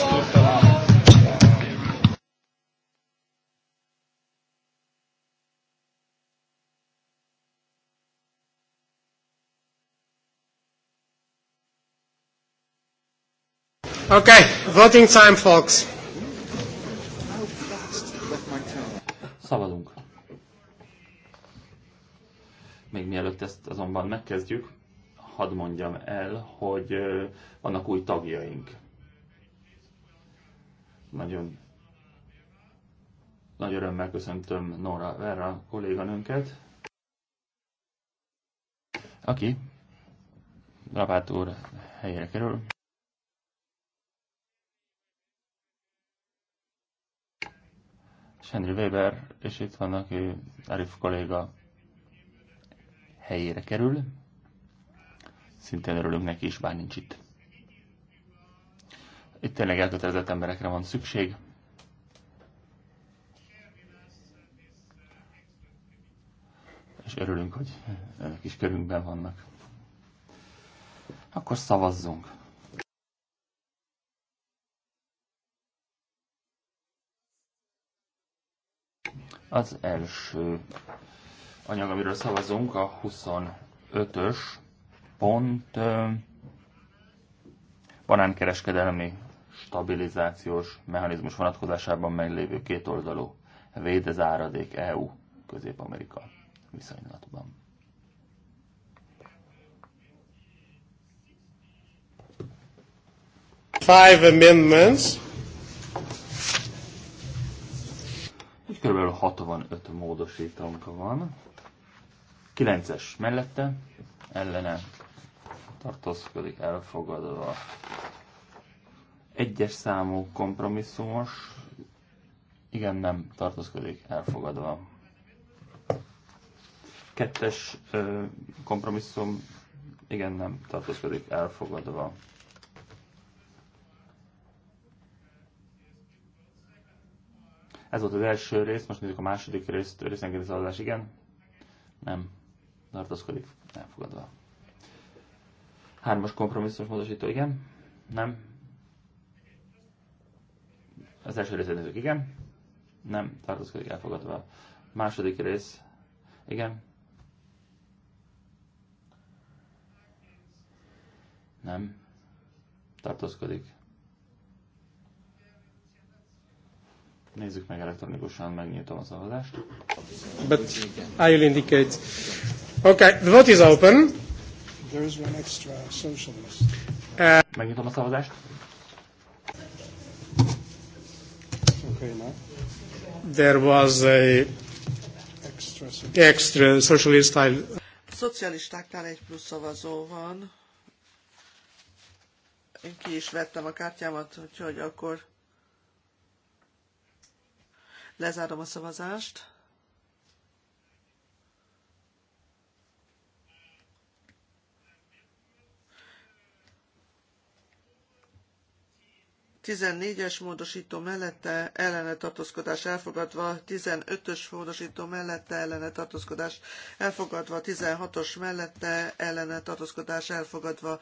Okay, voting time, folks. Szavazunk. Még mielőtt ezt azonban megkezdjük, hadd mondjam el, hogy vannak új tagjaink. Nagyon nagy örömmel köszöntöm Nora Vera kolléganőnket, aki Rabát úr helyére kerül. És Henry Weber, és itt van, aki Arif kolléga helyére kerül. Szintén örülünk neki is, bár nincs itt. Itt tényleg elkötelezett emberekre van szükség. És örülünk, hogy önök is körünkben vannak. Akkor szavazzunk. Az első anyag, amiről szavazunk, a 25-ös pont banánkereskedelmi stabilizációs mechanizmus vonatkozásában meglévő kétoldalú védezáradék EU Közép-Amerika viszonylatban. Five amendments. Így kb. 65 módosítónk van. 9-es mellette, ellene tartózkodik elfogadva. Egyes számú kompromisszumos, igen, nem tartózkodik elfogadva. Kettes ö, kompromisszum, igen, nem tartózkodik elfogadva. Ez volt az első rész, most nézzük a második részt, részenkénti szavazás, igen? Nem. Tartózkodik, elfogadva. Hármas kompromisszumos módosító, igen. Nem. Az első részét nézzük, igen. Nem, tartózkodik elfogadva. Második rész, igen. Nem. Tartózkodik. Nézzük meg elektronikusan, megnyitom a szavazást. But I will indicate. Okay, the vote is open. There is one extra socialist. Megnyitom a szavazást. Okay, now. There was a extra, socialist. I... Szocialistáknál egy plusz szavazó van. Én ki is vettem a kártyámat, úgyhogy akkor lezárom a szavazást. 14-es módosító mellette ellene tartózkodás elfogadva, 15-ös módosító mellette ellene tartózkodás elfogadva, 16-os mellette ellene tartózkodás elfogadva.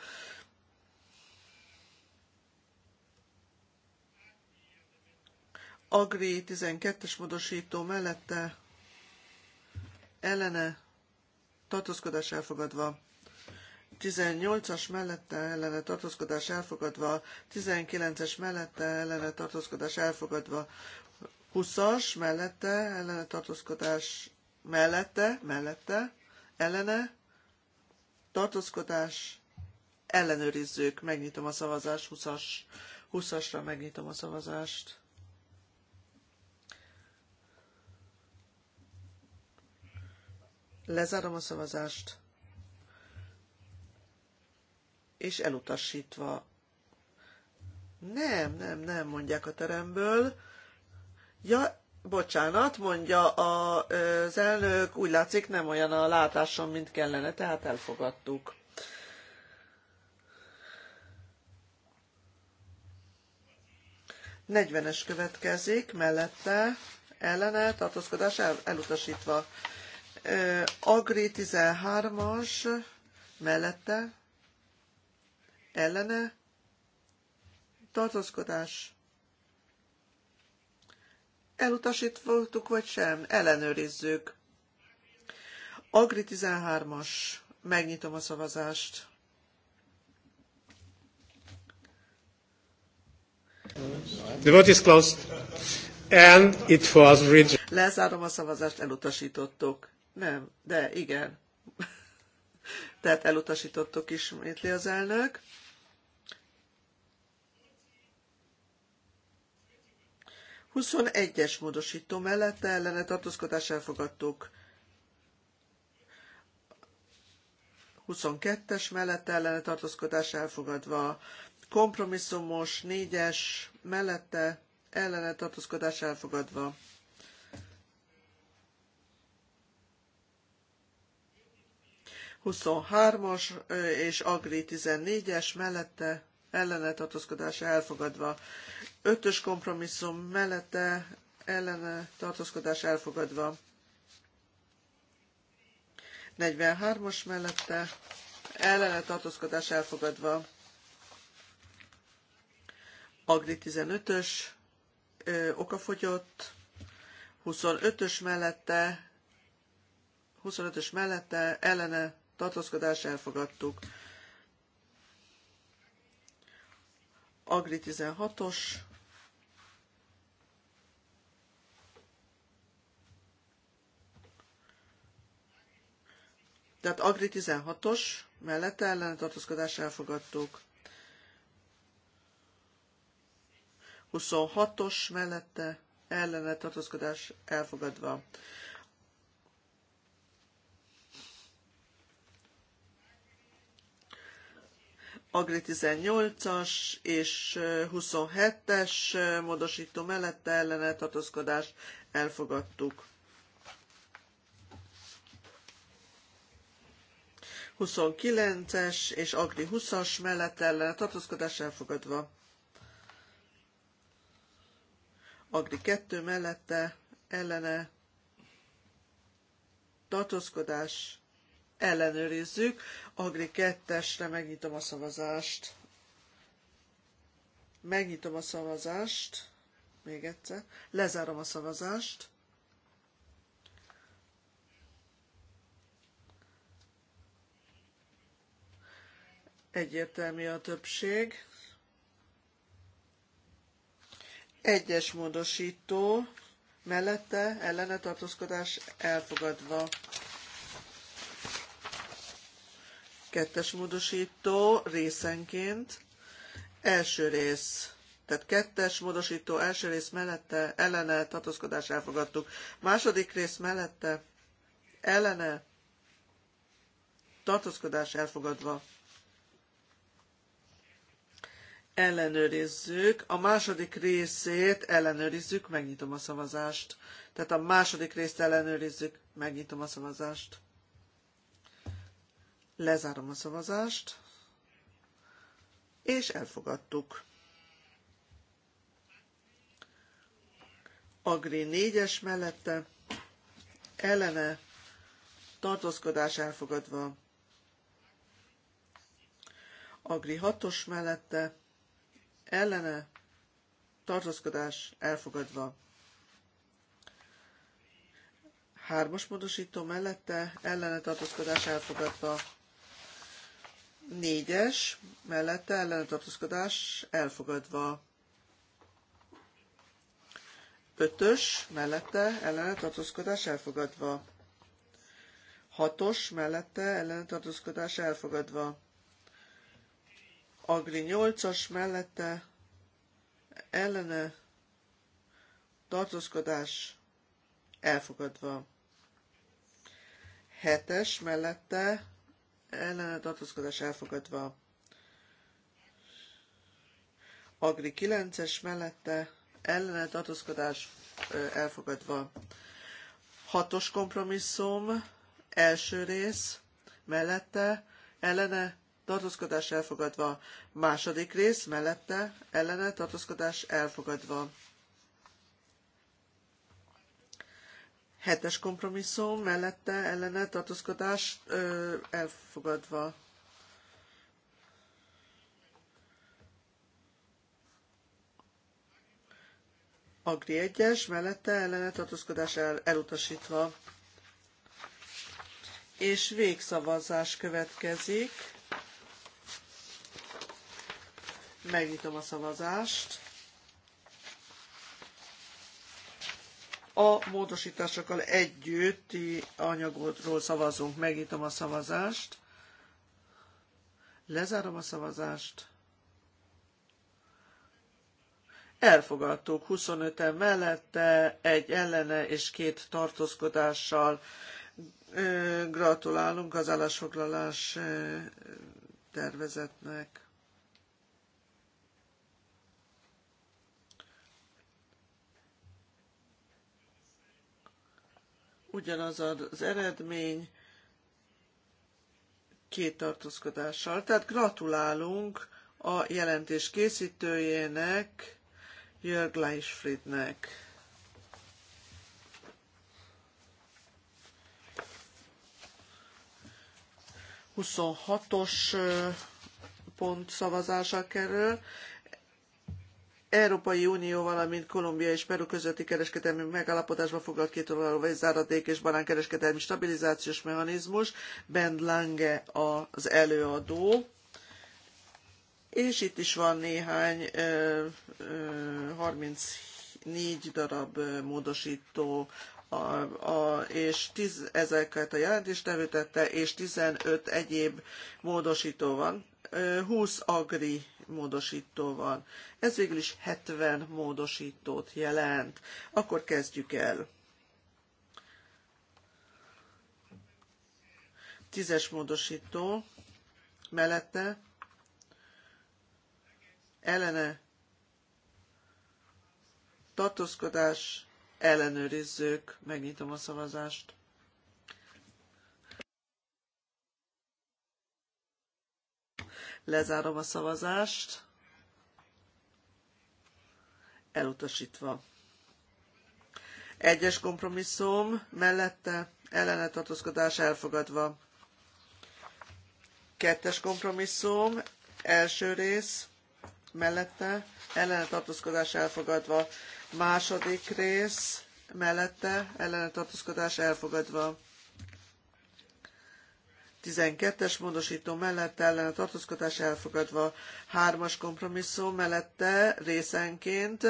Agri 12-es módosító mellette ellene tartózkodás elfogadva. 18-as mellette ellene tartózkodás elfogadva, 19-es mellette ellene tartózkodás elfogadva, 20-as mellette ellene tartózkodás mellette, mellette, ellene tartózkodás ellenőrizzük, megnyitom a szavazást, 20-as, 20-asra megnyitom a szavazást. Lezárom a szavazást és elutasítva. Nem, nem, nem, mondják a teremből. Ja, bocsánat, mondja a, az elnök, úgy látszik nem olyan a látásom, mint kellene, tehát elfogadtuk. Negyvenes következik, mellette ellene tartózkodás el, elutasítva. Agri 13-as mellette ellene tartózkodás. Elutasítottuk vagy sem? Ellenőrizzük. Agri 13-as. Megnyitom a szavazást. The vote is closed. And it was rejected. Lezárom a szavazást, Elutasítottok? Nem, de igen. Tehát elutasítottok ismétli az elnök. 21-es módosító mellette ellene tartózkodás elfogadtuk. 22-es mellette ellene tartózkodás elfogadva. Kompromisszumos 4-es mellette ellene tartózkodás elfogadva. Huszonhármas és Agri 14-es mellette ellene tartózkodás elfogadva. Ötös kompromisszum mellette ellene tartózkodás elfogadva. 43-os mellette ellene tartózkodás elfogadva. Agri 15-ös okafogyott. 25-ös mellette 25-ös mellette ellene tartózkodás elfogadtuk. Agri 16-os Tehát Agri 16-os mellette ellene tartózkodás elfogadtuk. 26-os mellette ellene tartózkodás elfogadva. Agri 18-as és 27-es módosító mellette ellene tartózkodás elfogadtuk. 29-es és Agri 20-as mellett a tartózkodás elfogadva. Agri 2 mellette ellene tartózkodás ellenőrizzük. Agri 2-esre megnyitom a szavazást. Megnyitom a szavazást. Még egyszer. Lezárom a szavazást. Egyértelmű a többség. Egyes módosító, mellette ellene tartózkodás elfogadva. Kettes módosító részenként. Első rész. Tehát kettes módosító első rész mellette ellene tartózkodás elfogadtuk. Második rész mellette ellene tartózkodás elfogadva ellenőrizzük. A második részét ellenőrizzük, megnyitom a szavazást. Tehát a második részt ellenőrizzük, megnyitom a szavazást. Lezárom a szavazást. És elfogadtuk. Agri 4-es mellette, ellene, tartózkodás elfogadva. Agri 6-os mellette, ellene tartózkodás elfogadva. Hármas módosító mellette ellene tartózkodás elfogadva. Négyes mellette ellene tartózkodás elfogadva. Ötös mellette ellene tartózkodás elfogadva. Hatos mellette ellene tartózkodás elfogadva. Agri 8-as mellette ellene tartózkodás elfogadva. 7-es mellette ellene tartózkodás elfogadva. Agri 9-es mellette ellene tartózkodás elfogadva. 6-os kompromisszum, első rész, mellette, ellene tartózkodás elfogadva. Második rész mellette ellene tartózkodás elfogadva. Hetes kompromisszum mellette ellene tartózkodás ö, elfogadva. Agri 1-es, mellette ellene tartózkodás el, elutasítva. És végszavazás következik. Megnyitom a szavazást. A módosításokkal együtti anyagról szavazunk. Megnyitom a szavazást. Lezárom a szavazást. Elfogadtuk 25-en mellette, egy ellene és két tartózkodással. Gratulálunk az állásfoglalás tervezetnek. ugyanaz az eredmény két tartózkodással. Tehát gratulálunk a jelentés készítőjének, Jörg Leisfriednek. Huszonhatos pont szavazása kerül. Európai Unió, valamint Kolumbia és Peru közötti kereskedelmi megállapodásban foglalt két oldalú vagy záradék és banánkereskedelmi stabilizációs mechanizmus. Ben Lange az előadó. És itt is van néhány ö, ö, 34 darab módosító a, a, és 10, ezeket a jelentést nevütette, és 15 egyéb módosító van. 20 agri módosító van. Ez végül is 70 módosítót jelent. Akkor kezdjük el. Tízes módosító mellette ellene tartózkodás ellenőrizzük. Megnyitom a szavazást. Lezárom a szavazást. Elutasítva. Egyes kompromisszum mellette ellene tartózkodás elfogadva. Kettes kompromisszum első rész mellette ellene tartózkodás elfogadva. Második rész mellette ellene tartózkodás elfogadva. 12-es módosító ellen ellene tartózkodás elfogadva. 3-as kompromisszum mellette részenként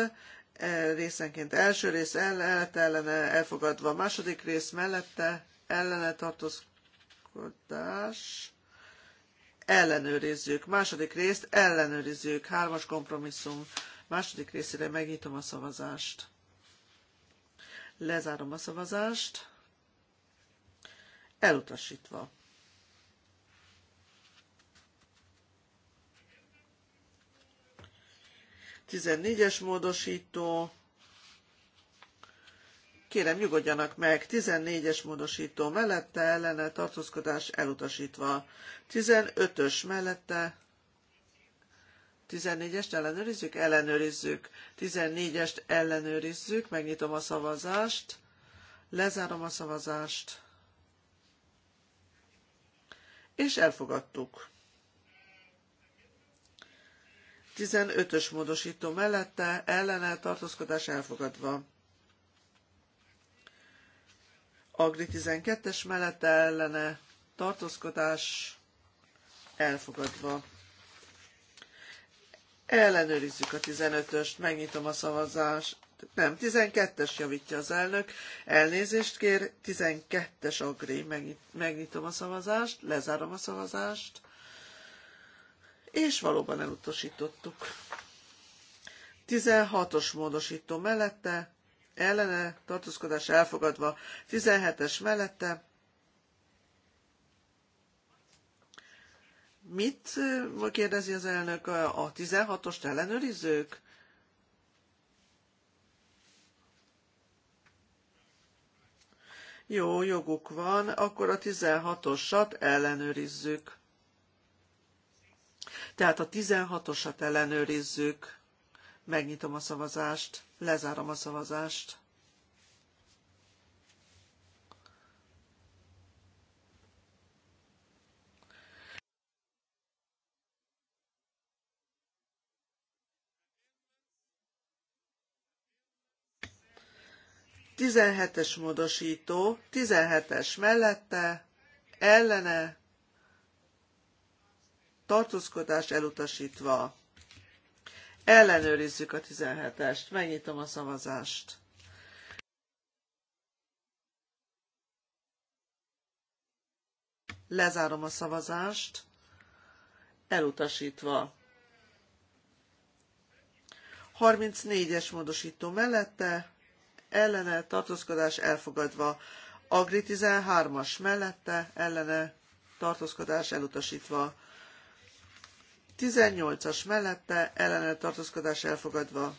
e, részenként első rész mellette ellene elfogadva, második rész mellette ellene tartózkodás ellenőrizzük. Második részt ellenőrizzük. 3-as kompromisszum. Második részére megnyitom a szavazást. Lezárom a szavazást. Elutasítva. 14-es módosító. Kérem, nyugodjanak meg, 14-es módosító mellette ellene tartózkodás elutasítva. 15-ös mellette 14-est ellenőrizzük, ellenőrizzük. 14-est ellenőrizzük, megnyitom a szavazást, lezárom a szavazást, és elfogadtuk. 15-ös módosító mellette ellene tartózkodás elfogadva. Agri 12-es mellette ellene tartózkodás elfogadva. Ellenőrizzük a 15-öst, megnyitom a szavazást. Nem, 12-es javítja az elnök. Elnézést kér, 12-es agri. megnyitom a szavazást, lezárom a szavazást és valóban elutasítottuk. 16-os módosító mellette, ellene tartózkodás elfogadva, 17-es mellette. Mit kérdezi az elnök? A 16-ost ellenőrizzük? Jó, joguk van, akkor a 16-osat ellenőrizzük. Tehát a 16-osat ellenőrizzük. Megnyitom a szavazást, lezárom a szavazást. Tizenhetes módosító, tizenhetes mellette, ellene, tartózkodás elutasítva. Ellenőrizzük a 17-est, megnyitom a szavazást. Lezárom a szavazást, elutasítva. 34-es módosító mellette, ellene tartózkodás elfogadva. Agri 13-as mellette, ellene tartózkodás elutasítva. 18-as mellette ellene tartózkodás elfogadva.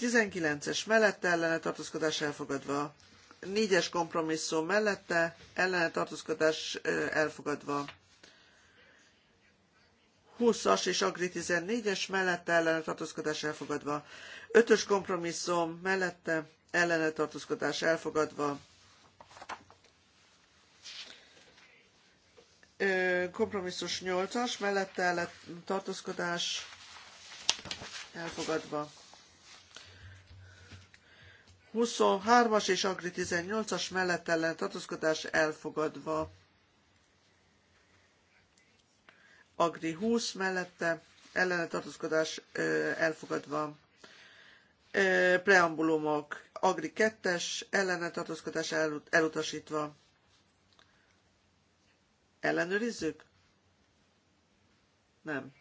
19-es mellette ellene tartózkodás elfogadva. 4-es eh, kompromisszum mellette ellene tartózkodás elfogadva. 20-as és Agri 14-es mellette ellene tartózkodás elfogadva. 5-ös kompromisszum mellette ellene tartózkodás elfogadva. kompromisszus 8-as, mellette lett tartózkodás elfogadva. 23-as és Agri 18-as mellett ellen tartózkodás elfogadva. Agri 20 mellette ellene tartózkodás elfogadva. Preambulumok. Agri 2-es ellene tartózkodás elutasítva. Ellenőrizzük? Nem.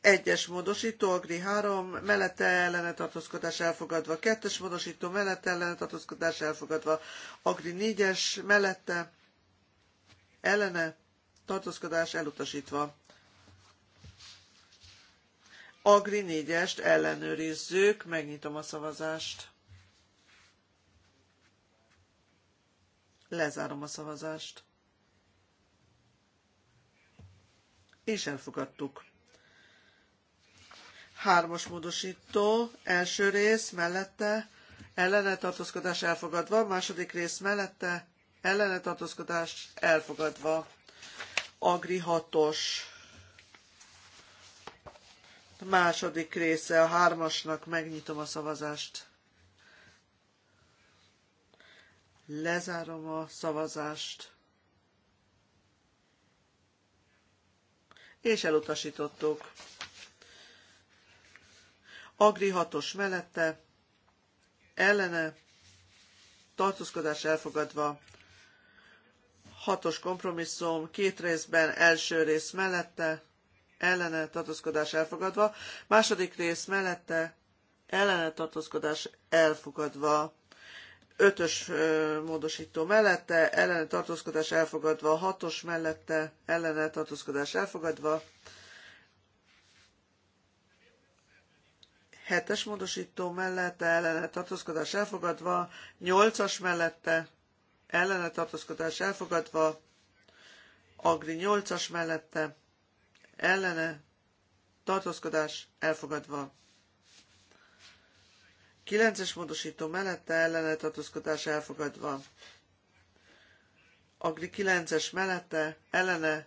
Egyes módosító, Agri 3, mellette ellene tartózkodás elfogadva. Kettes módosító, mellette ellene tartózkodás elfogadva. Agri 4-es, mellette ellene tartózkodás elutasítva. Agri 4-est ellenőrizzük, megnyitom a szavazást. Lezárom a szavazást. és elfogadtuk. Hármas módosító, első rész mellette, ellene tartózkodás elfogadva, második rész mellette, ellene tartózkodás elfogadva. Agri hatos. Második része a hármasnak, megnyitom a szavazást. Lezárom a szavazást. és elutasítottuk. Agri hatos mellette, ellene, tartózkodás elfogadva, hatos kompromisszum, két részben, első rész mellette, ellene, tartózkodás elfogadva, második rész mellette, ellene, tartózkodás elfogadva ötös módosító mellette, ellene tartózkodás elfogadva, hatos mellette, ellene tartózkodás elfogadva, hetes módosító mellette, ellene tartózkodás elfogadva, nyolcas mellette, ellene tartózkodás elfogadva, Agri nyolcas mellette, ellene, tartózkodás elfogadva. 9-es módosító mellette ellene tartózkodás elfogadva. Agri 9-es mellette ellene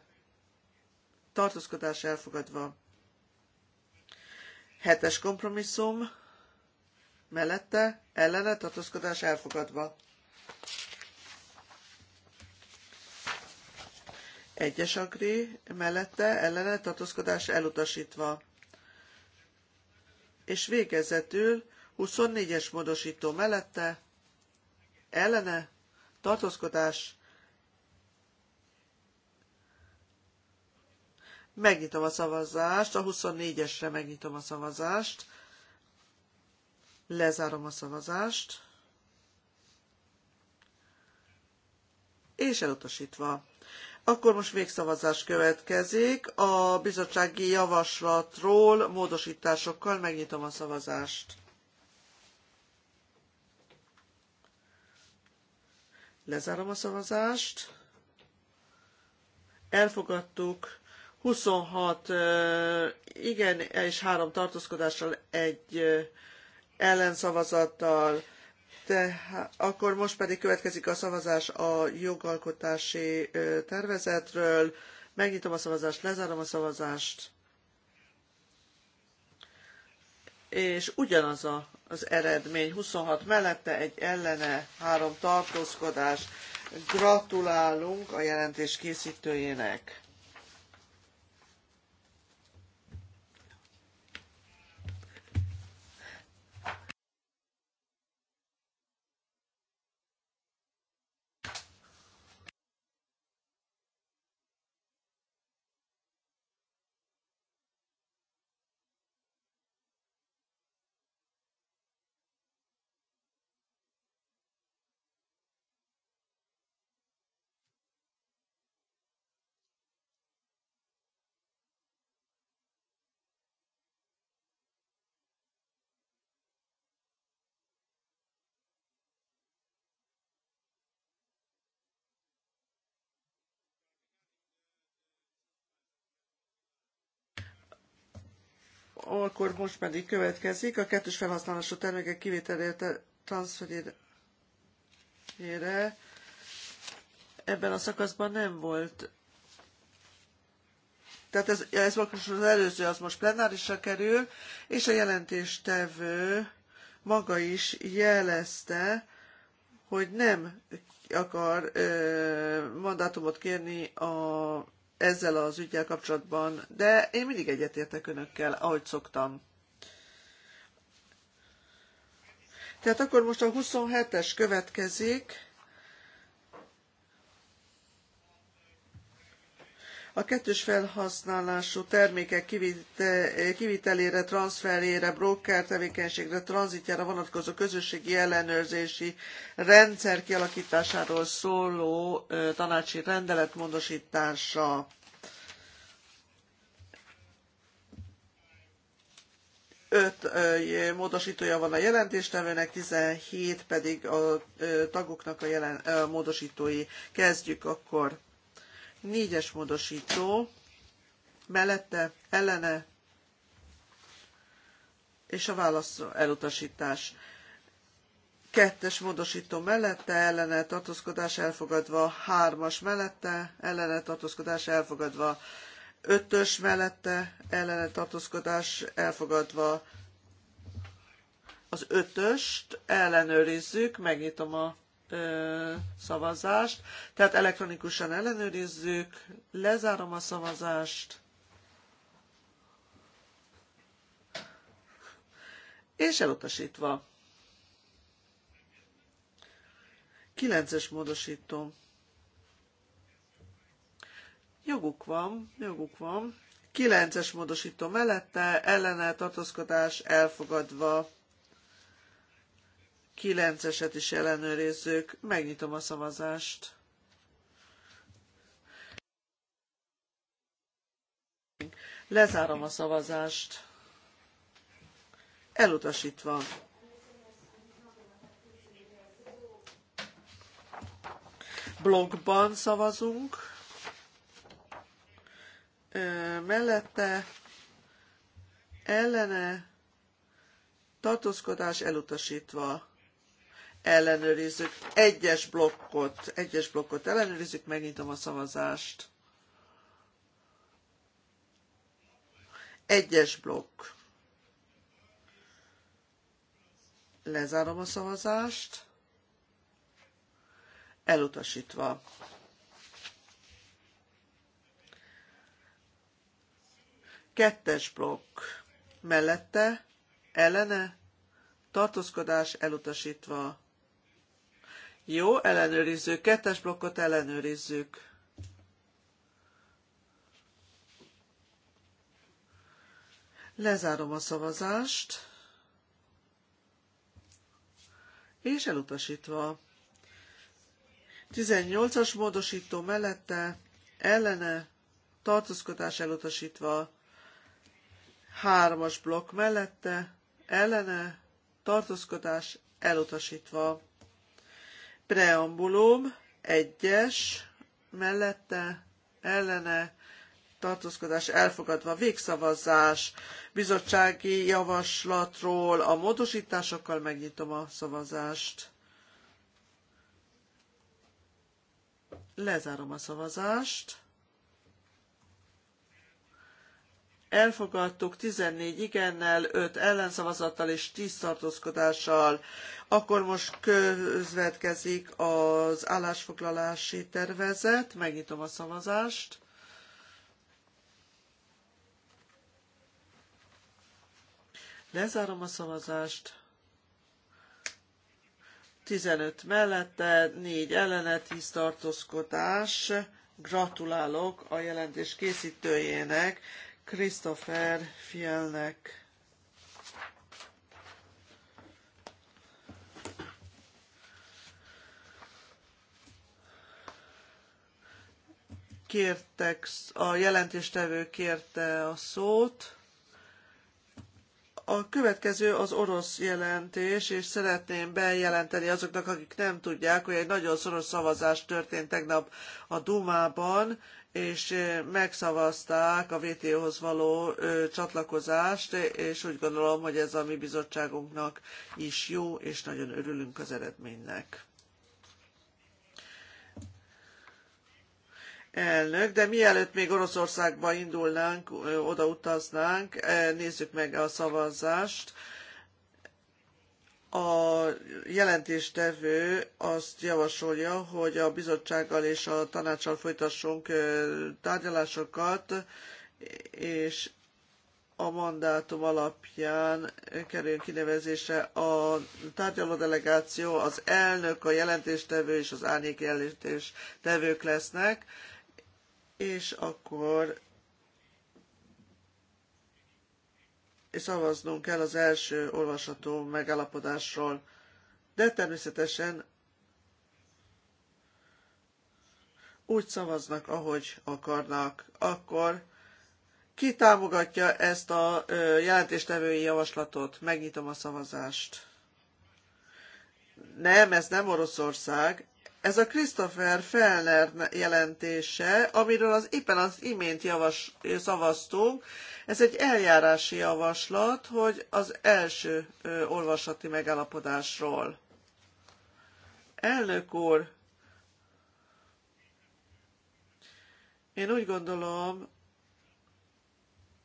tartózkodás elfogadva. 7-es kompromisszum mellette ellene tartózkodás elfogadva. Egyes agri mellette ellene tartózkodás elutasítva. És végezetül 24-es módosító mellette, ellene, tartózkodás, megnyitom a szavazást, a 24-esre megnyitom a szavazást, lezárom a szavazást, és elutasítva. Akkor most végszavazás szavazás következik. A bizottsági javaslatról módosításokkal megnyitom a szavazást. Lezárom a szavazást. Elfogadtuk 26 igen és három tartózkodással egy ellenszavazattal. De akkor most pedig következik a szavazás a jogalkotási tervezetről. Megnyitom a szavazást, lezárom a szavazást. És ugyanaz a az eredmény. 26 mellette, egy ellene, három tartózkodás. Gratulálunk a jelentés készítőjének. akkor most pedig következik a kettős felhasználású termékek kivételére transferére. Ebben a szakaszban nem volt. Tehát ez, ez most az előző, az most plenárisra kerül, és a jelentéstevő maga is jelezte, hogy nem akar ö, mandátumot kérni a ezzel az ügyel kapcsolatban, de én mindig egyetértek önökkel, ahogy szoktam. Tehát akkor most a 27-es következik. A kettős felhasználású termékek kivitelére, transferére, broker tevékenységre, tranzitjára vonatkozó közösségi ellenőrzési rendszer kialakításáról szóló tanácsi rendelet módosítása. öt módosítója van a jelentéstevőnek, 17 pedig a tagoknak a, jelen, a módosítói. Kezdjük akkor. Négyes módosító mellette, ellene, és a válasz elutasítás. Kettes módosító mellette, ellene tartózkodás elfogadva, hármas mellette, ellene tartózkodás elfogadva, ötös mellette, ellene tartózkodás elfogadva. Az ötöst ellenőrizzük, megnyitom a ö, szavazást, tehát elektronikusan ellenőrizzük, lezárom a szavazást, és elutasítva. Kilences módosító. Joguk van, joguk van. Kilences módosító mellette, ellene tartózkodás elfogadva kilenceset is ellenőrizzük. Megnyitom a szavazást. Lezárom a szavazást. Elutasítva. Blogban szavazunk. mellette ellene tartózkodás elutasítva ellenőrizzük. Egyes blokkot, egyes blokkot ellenőrizzük, megnyitom a szavazást. Egyes blokk. Lezárom a szavazást. Elutasítva. Kettes blokk. Mellette, ellene, tartózkodás elutasítva jó, ellenőrizzük. Kettes blokkot ellenőrizzük. Lezárom a szavazást. És elutasítva. 18-as módosító mellette, ellene, tartózkodás elutasítva. 3-as blokk mellette, ellene, tartózkodás elutasítva. Preambulum egyes mellette ellene tartózkodás elfogadva végszavazás bizottsági javaslatról a módosításokkal megnyitom a szavazást. Lezárom a szavazást. elfogadtuk 14 igennel, 5 ellenszavazattal és 10 tartózkodással. Akkor most közvetkezik az állásfoglalási tervezet. Megnyitom a szavazást. Lezárom a szavazást. 15 mellette, 4 ellene, 10 tartózkodás. Gratulálok a jelentés készítőjének Christopher Fielnek. Kértek, a jelentéstevő kérte a szót. A következő az orosz jelentés, és szeretném bejelenteni azoknak, akik nem tudják, hogy egy nagyon szoros szavazás történt tegnap a Dumában, és megszavazták a WTO-hoz való csatlakozást, és úgy gondolom, hogy ez a mi bizottságunknak is jó, és nagyon örülünk az eredménynek. elnök, de mielőtt még Oroszországba indulnánk, oda utaznánk, nézzük meg a szavazást a jelentéstevő azt javasolja, hogy a bizottsággal és a tanácssal folytassunk tárgyalásokat, és a mandátum alapján kerüljön kinevezésre a tárgyaló delegáció, az elnök, a jelentéstevő és az árnyék jelentéstevők lesznek, és akkor és szavaznunk kell az első olvasatú megállapodásról. De természetesen úgy szavaznak, ahogy akarnak. Akkor ki támogatja ezt a jelentéstevői javaslatot? Megnyitom a szavazást. Nem, ez nem Oroszország, ez a Christopher Fellner jelentése, amiről az éppen az imént javas, szavaztunk, ez egy eljárási javaslat, hogy az első ö, olvasati megállapodásról. Elnök úr, én úgy gondolom,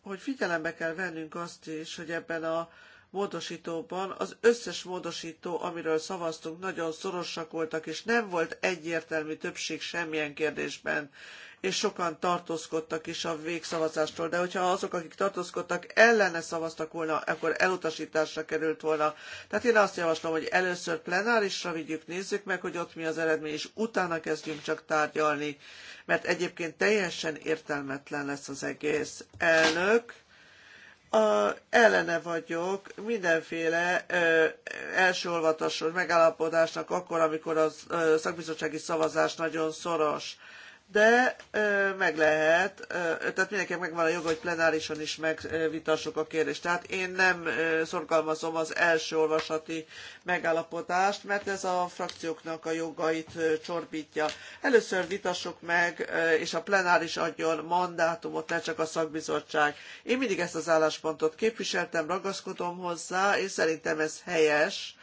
hogy figyelembe kell vennünk azt is, hogy ebben a módosítóban az összes módosító, amiről szavaztunk, nagyon szorosak voltak, és nem volt egyértelmű többség semmilyen kérdésben, és sokan tartózkodtak is a végszavazástól. De hogyha azok, akik tartózkodtak, ellene szavaztak volna, akkor elutasításra került volna. Tehát én azt javaslom, hogy először plenárisra vigyük, nézzük meg, hogy ott mi az eredmény, és utána kezdjünk csak tárgyalni, mert egyébként teljesen értelmetlen lesz az egész. Elnök, a, ellene vagyok mindenféle ö, első olvatasos megállapodásnak akkor, amikor a szakbizottsági szavazás nagyon szoros de meg lehet, tehát mindenkinek megvan a joga, hogy plenárisan is megvitassuk a kérdést. Tehát én nem szorgalmazom az első olvasati megállapodást, mert ez a frakcióknak a jogait csorbítja. Először vitassuk meg, és a plenáris adjon mandátumot, ne csak a szakbizottság. Én mindig ezt az álláspontot képviseltem, ragaszkodom hozzá, és szerintem ez helyes,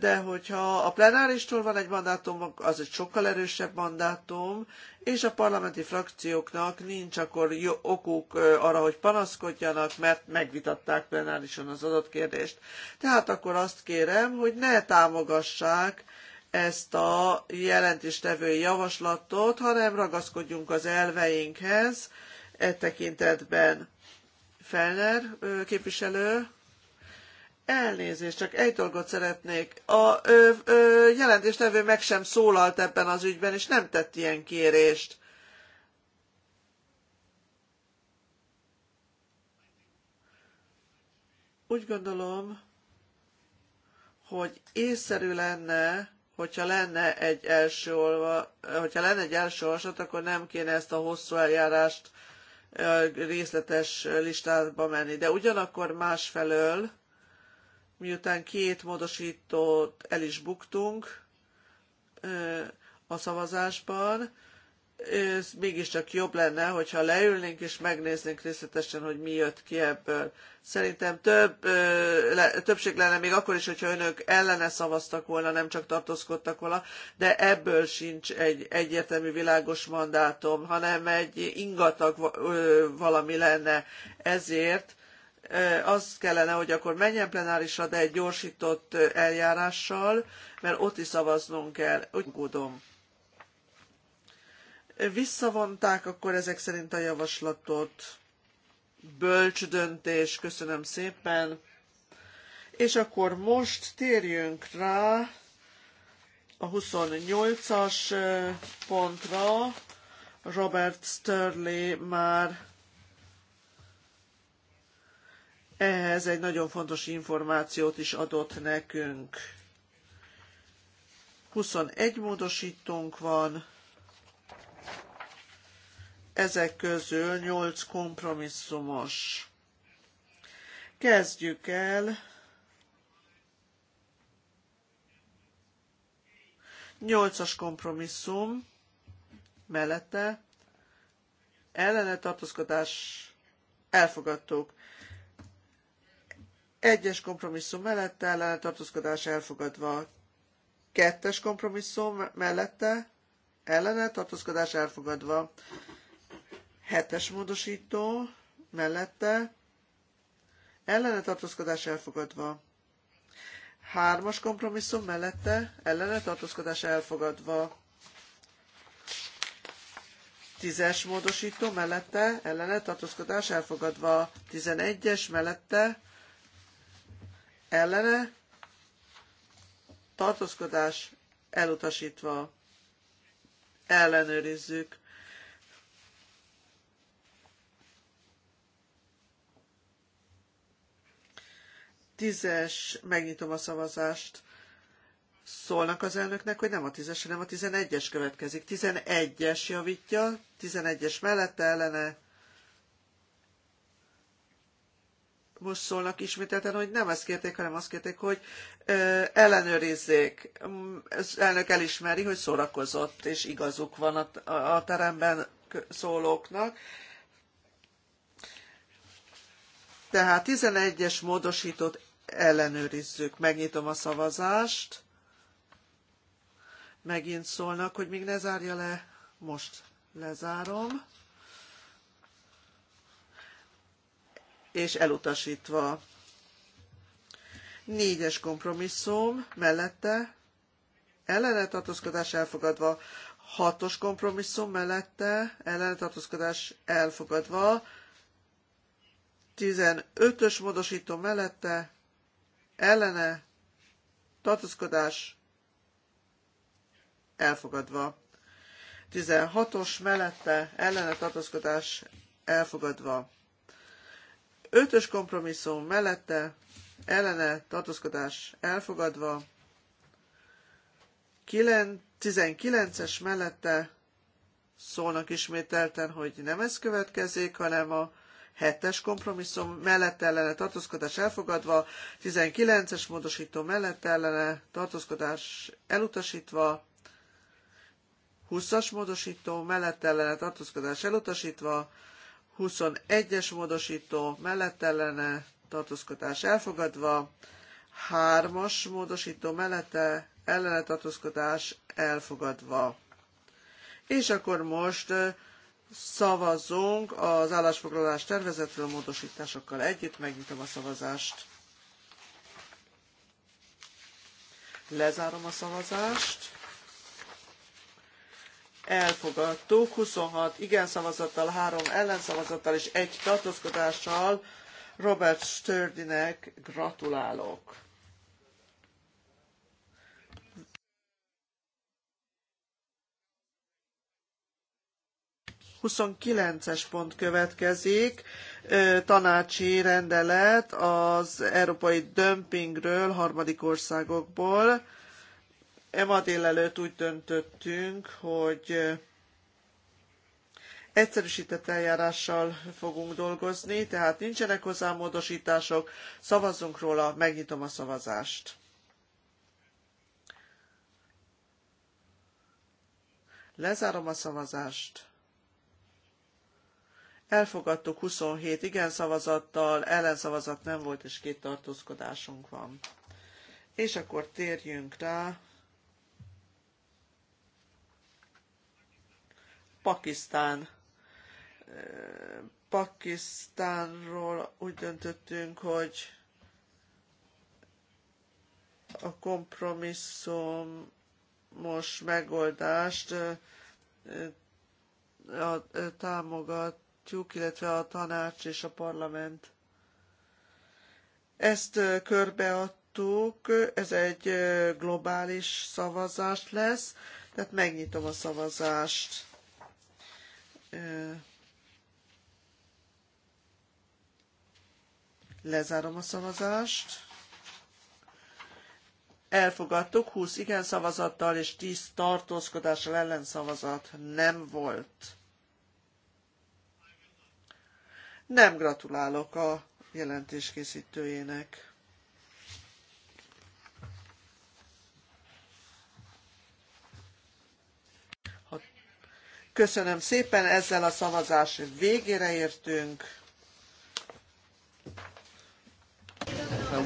de hogyha a plenáristól van egy mandátum, az egy sokkal erősebb mandátum, és a parlamenti frakcióknak nincs akkor jó okuk arra, hogy panaszkodjanak, mert megvitatták plenárison az adott kérdést. Tehát akkor azt kérem, hogy ne támogassák ezt a jelentéstevői javaslatot, hanem ragaszkodjunk az elveinkhez e tekintetben. Felner képviselő. Elnézést, csak egy dolgot szeretnék. A ö, ö, jelentéstevő meg sem szólalt ebben az ügyben, és nem tett ilyen kérést. Úgy gondolom, hogy észszerű lenne, hogyha lenne egy első olva, hogyha lenne egy első olvasat, akkor nem kéne ezt a hosszú eljárást részletes listába menni. De ugyanakkor másfelől, miután két módosítót el is buktunk a szavazásban, ez mégiscsak jobb lenne, hogyha leülnénk és megnéznénk részletesen, hogy mi jött ki ebből. Szerintem több, többség lenne még akkor is, hogyha önök ellene szavaztak volna, nem csak tartózkodtak volna, de ebből sincs egy egyértelmű világos mandátum, hanem egy ingatag valami lenne. Ezért az kellene, hogy akkor menjen plenárisra, de egy gyorsított eljárással, mert ott is szavaznunk kell. Úgy gudom. Visszavonták akkor ezek szerint a javaslatot. Bölcs döntés, köszönöm szépen. És akkor most térjünk rá a 28-as pontra. Robert Sturley már ehhez egy nagyon fontos információt is adott nekünk. 21 módosítónk van, ezek közül 8 kompromisszumos. Kezdjük el. 8-as kompromisszum mellette ellene tartózkodás elfogadtuk. Egyes kompromisszum mellette ellene tartózkodás elfogadva. Kettes kompromisszum mellette ellene tartózkodás elfogadva. Hetes módosító mellette ellene tartózkodás elfogadva. Hármas kompromisszum mellette ellene tartózkodás elfogadva. Tízes módosító mellette ellene tartózkodás elfogadva. Tizenegyes mellette ellene, tartózkodás elutasítva, ellenőrizzük. Tízes, megnyitom a szavazást. Szólnak az elnöknek, hogy nem a tízes, hanem a tizenegyes következik. Tizenegyes javítja, tizenegyes mellette ellene, most szólnak ismételten, hogy nem ezt kérték, hanem azt kérték, hogy ö, ellenőrizzék. Az elnök elismeri, hogy szórakozott, és igazuk van a, a teremben szólóknak. Tehát 11-es módosítót ellenőrizzük. Megnyitom a szavazást. Megint szólnak, hogy még ne zárja le. Most lezárom. és elutasítva. Négyes kompromisszum mellette ellenetartózkodás elfogadva. Hatos kompromisszum mellette ellenetartózkodás elfogadva. 15-ös módosító mellette ellene tartózkodás elfogadva. 16-os mellette ellene tartózkodás elfogadva. Ötös kompromisszum mellette, ellene, tartózkodás elfogadva. 19-es mellette szólnak ismételten, hogy nem ez következik, hanem a hetes kompromisszum mellette ellene tartózkodás elfogadva, 19-es módosító mellette ellene tartózkodás elutasítva, 20-as módosító mellette ellene tartózkodás elutasítva, 21-es módosító mellett ellene tartózkodás elfogadva, 3-as módosító mellette ellene tartózkodás elfogadva. És akkor most szavazzunk az állásfoglalás tervezetről módosításokkal együtt, megnyitom a szavazást. Lezárom a szavazást elfogadtuk, 26 igen szavazattal, 3 ellenszavazattal és 1 tartózkodással Robert Sturdynek gratulálok. es pont következik, tanácsi rendelet az európai dömpingről harmadik országokból Ma délelőtt úgy döntöttünk, hogy eh, egyszerűsített eljárással fogunk dolgozni, tehát nincsenek hozzá módosítások, szavazzunk róla, megnyitom a szavazást. Lezárom a szavazást. Elfogadtuk 27 igen szavazattal, ellenszavazat nem volt, és két tartózkodásunk van. És akkor térjünk rá Pakisztán. Pakisztánról úgy döntöttünk, hogy a most megoldást támogatjuk, illetve a tanács és a parlament. Ezt körbeadtuk, ez egy globális szavazás lesz, tehát megnyitom a szavazást. Lezárom a szavazást. Elfogadtuk 20 igen szavazattal és 10 tartózkodással szavazat nem volt. Nem gratulálok a jelentés készítőjének. Köszönöm szépen, ezzel a szavazás végére értünk.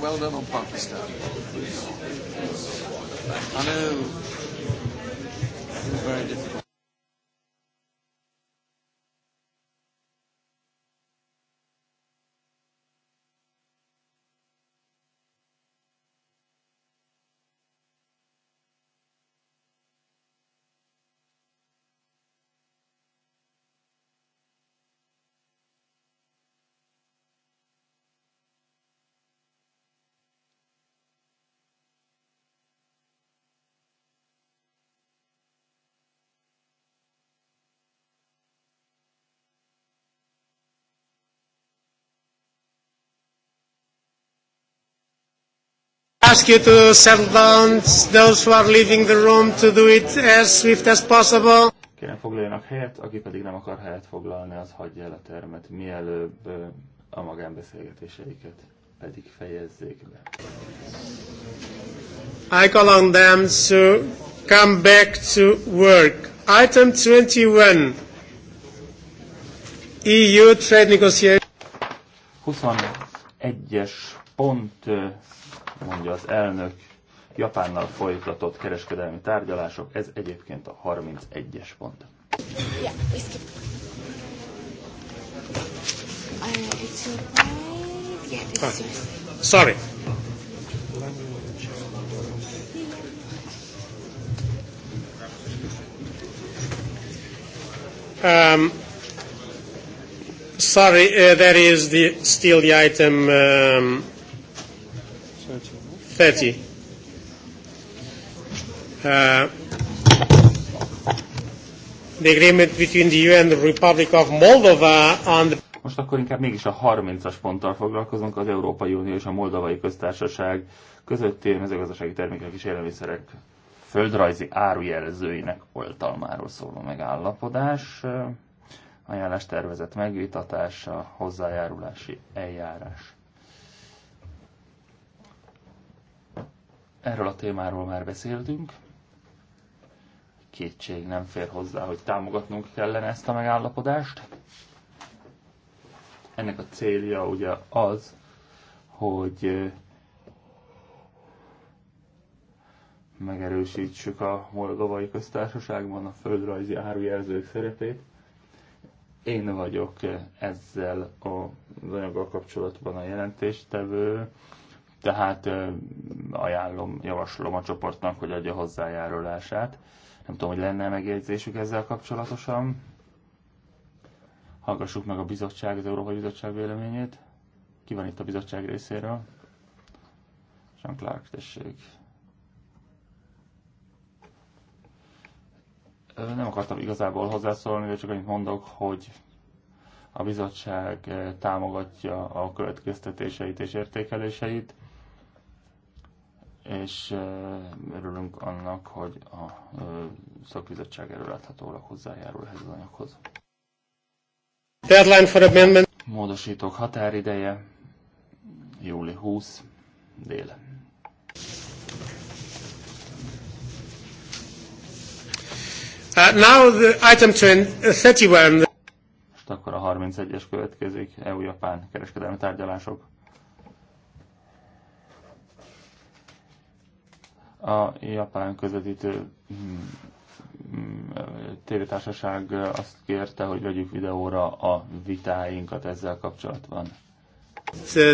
Well done on Pakistan. I know. Very difficult. ask you to settle down, those who are leaving the room, to do it as swift as possible. Kérem foglaljanak helyet, aki pedig nem akar helyet foglalni, az hagyja el a termet mielőbb a magánbeszélgetéseiket pedig fejezzék be. I call on them to come back to work. Item 21. EU trade negotiation. 21-es pont mondja az elnök. Japánnal folytatott kereskedelmi tárgyalások, ez egyébként a 31-es pont. Uh, sorry. Um, sorry, uh, there is the, still the item um, Peti. Uh, the agreement between the UN and the Republic of Moldova on the most akkor inkább mégis a 30-as ponttal foglalkozunk az Európai Unió és a Moldovai Köztársaság közötti mezőgazdasági termékek és élelmiszerek földrajzi árujelzőinek oltalmáról szóló megállapodás, ajánlástervezet megvitatása, hozzájárulási eljárás. Erről a témáról már beszéltünk. Kétség nem fér hozzá, hogy támogatnunk kellene ezt a megállapodást. Ennek a célja ugye az, hogy megerősítsük a Moldovai Köztársaságban a földrajzi árujelzők szerepét. Én vagyok ezzel az anyaggal kapcsolatban a jelentéstevő. Tehát ajánlom, javaslom a csoportnak, hogy adja hozzájárulását. Nem tudom, hogy lenne megjegyzésük ezzel kapcsolatosan. Hallgassuk meg a bizottság, az Európai Bizottság véleményét. Ki van itt a bizottság részéről? Jean Clark, tessék. Nem akartam igazából hozzászólni, de csak annyit mondok, hogy a bizottság támogatja a következtetéseit és értékeléseit és örülünk annak, hogy a szakbizottság előláthatólag hozzájárul ehhez az anyaghoz. Deadline for amendment. Módosítók határideje júli 20 dél. Uh, now the item 31. Uh, Most akkor a 31-es következik, EU-Japán kereskedelmi tárgyalások. a japán közvetítő hmm, tévétársaság azt kérte, hogy vegyük videóra a vitáinkat ezzel kapcsolatban.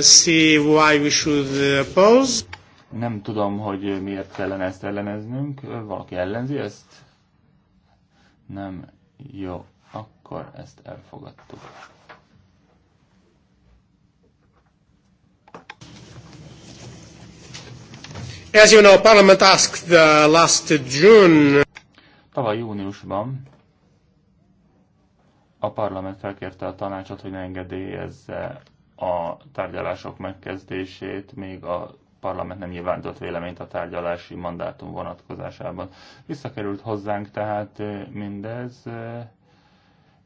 See why we should oppose. Nem tudom, hogy miért kellene ezt elleneznünk. Valaki ellenzi ezt? Nem. Jó, akkor ezt elfogadtuk. As you know, Parliament asked last June. Tavaly júniusban a parlament felkérte a tanácsot, hogy ne engedélyezze a tárgyalások megkezdését, még a parlament nem nyilvánított véleményt a tárgyalási mandátum vonatkozásában. Visszakerült hozzánk tehát eh, mindez, eh,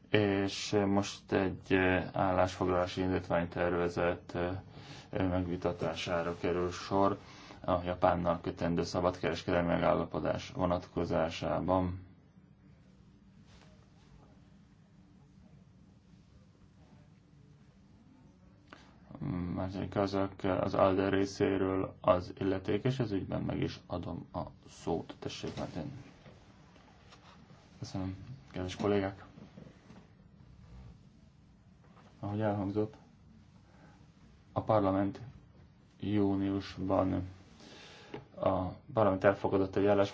és most egy eh, állásfoglalási tervezett megvitatására kerül sor a Japánnal kötendő szabadkereskedelmi megállapodás vonatkozásában. Márcai azok az ALDE részéről az illetékes, ez ügyben meg is adom a szót. Tessék, Mártin. Köszönöm, kedves kollégák. Ahogy elhangzott, a parlament júniusban a valamit elfogadott egy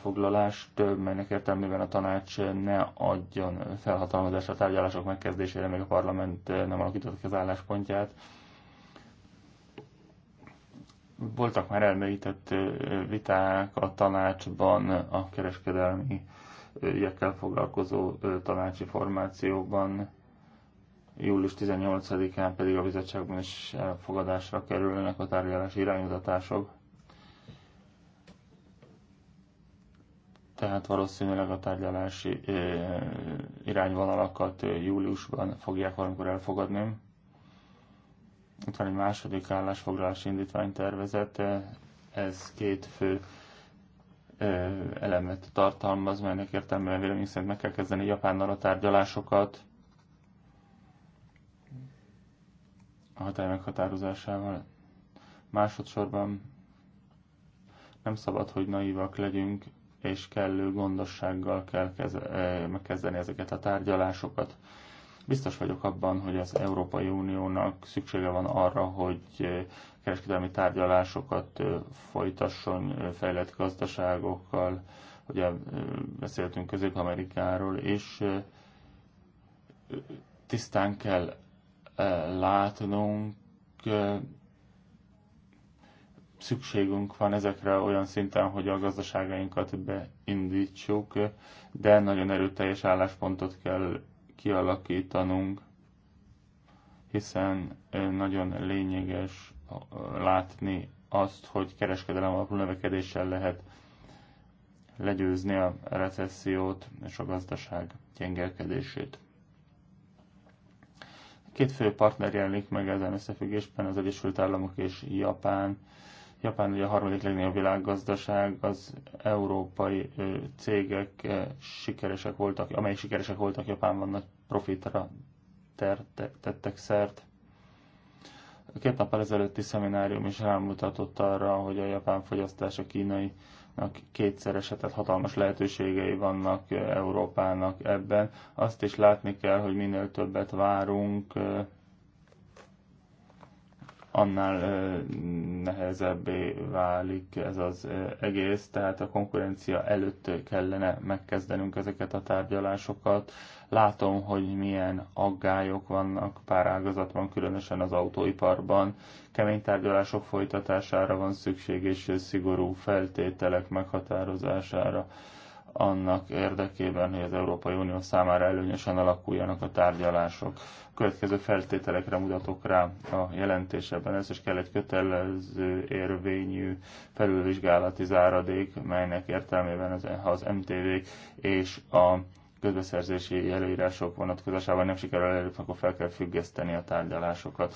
több melynek értelmében a tanács ne adjon felhatalmazást a tárgyalások megkezdésére, még a parlament nem alakította ki az álláspontját. Voltak már elmélyített viták a tanácsban, a kereskedelmi ügyekkel foglalkozó tanácsi formációban, július 18-án pedig a bizottságban is elfogadásra kerülnek a tárgyalási iránymutatások tehát valószínűleg a tárgyalási irányvonalakat júliusban fogják valamikor elfogadni. Itt van egy második állásfoglalási indítványtervezet, ez két fő elemet tartalmaz, melynek értelműen vélemény szerint meg kell kezdeni Japánnal a tárgyalásokat a hatály meghatározásával. Másodszorban nem szabad, hogy naívak legyünk és kellő gondossággal kell eh, megkezdeni ezeket a tárgyalásokat. Biztos vagyok abban, hogy az Európai Uniónak szüksége van arra, hogy eh, kereskedelmi tárgyalásokat eh, folytasson fejlett gazdaságokkal, ugye beszéltünk Közép-Amerikáról, és tisztán kell látnunk szükségünk van ezekre olyan szinten, hogy a gazdaságainkat beindítsuk, de nagyon erőteljes álláspontot kell kialakítanunk, hiszen nagyon lényeges látni azt, hogy kereskedelem alapú növekedéssel lehet legyőzni a recessziót és a gazdaság gyengelkedését. Két fő partner jelenik meg ezen összefüggésben, az Egyesült Államok és Japán Japán ugye a harmadik legnagyobb világgazdaság, az európai cégek sikeresek voltak, amelyek sikeresek voltak Japánban, nagy profitra ter, te, tettek szert. A Két nap ezelőtti szeminárium is rámutatott arra, hogy a japán fogyasztás a kínai kétszerese, tehát hatalmas lehetőségei vannak Európának ebben. Azt is látni kell, hogy minél többet várunk annál nehezebbé válik ez az egész, tehát a konkurencia előtt kellene megkezdenünk ezeket a tárgyalásokat. Látom, hogy milyen aggályok vannak pár ágazatban, különösen az autóiparban. Kemény tárgyalások folytatására van szükség, és szigorú feltételek meghatározására annak érdekében, hogy az Európai Unió számára előnyösen alakuljanak a tárgyalások. A következő feltételekre mutatok rá a jelentésében. Ez is kell egy kötelező érvényű felülvizsgálati záradék, melynek értelmében az, ha az MTV és a közbeszerzési előírások vonatkozásában nem sikerül előbb, akkor fel kell függeszteni a tárgyalásokat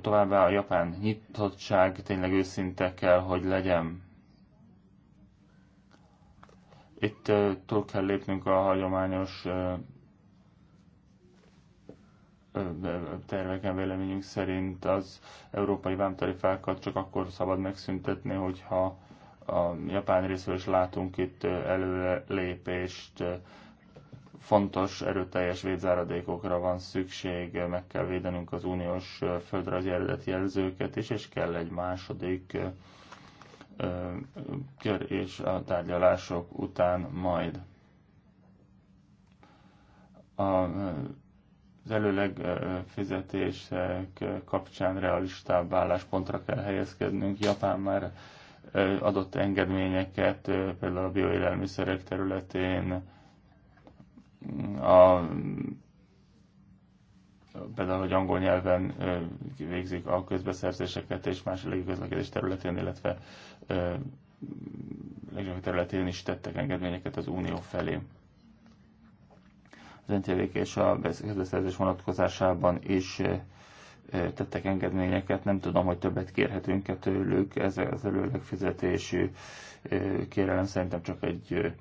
továbbá a japán nyitottság tényleg őszinte kell, hogy legyen. Itt túl kell lépnünk a hagyományos terveken véleményünk szerint az európai vámtarifákat csak akkor szabad megszüntetni, hogyha a japán részről is látunk itt előlépést, fontos, erőteljes védzáradékokra van szükség, meg kell védenünk az uniós földrajzi eredeti jelzőket is, és kell egy második kör és a tárgyalások után majd. A, az előleg fizetések kapcsán realistább álláspontra kell helyezkednünk. Japán már adott engedményeket, például a bioélelmiszerek területén, a, például, hogy angol nyelven végzik a közbeszerzéseket és más közlekedés területén, illetve legnagyobb területén is tettek engedményeket az Unió felé. Az NTVK és a közbeszerzés vonatkozásában is tettek engedményeket, nem tudom, hogy többet kérhetünk-e tőlük, ez az előleg fizetésű kérelem szerintem csak egy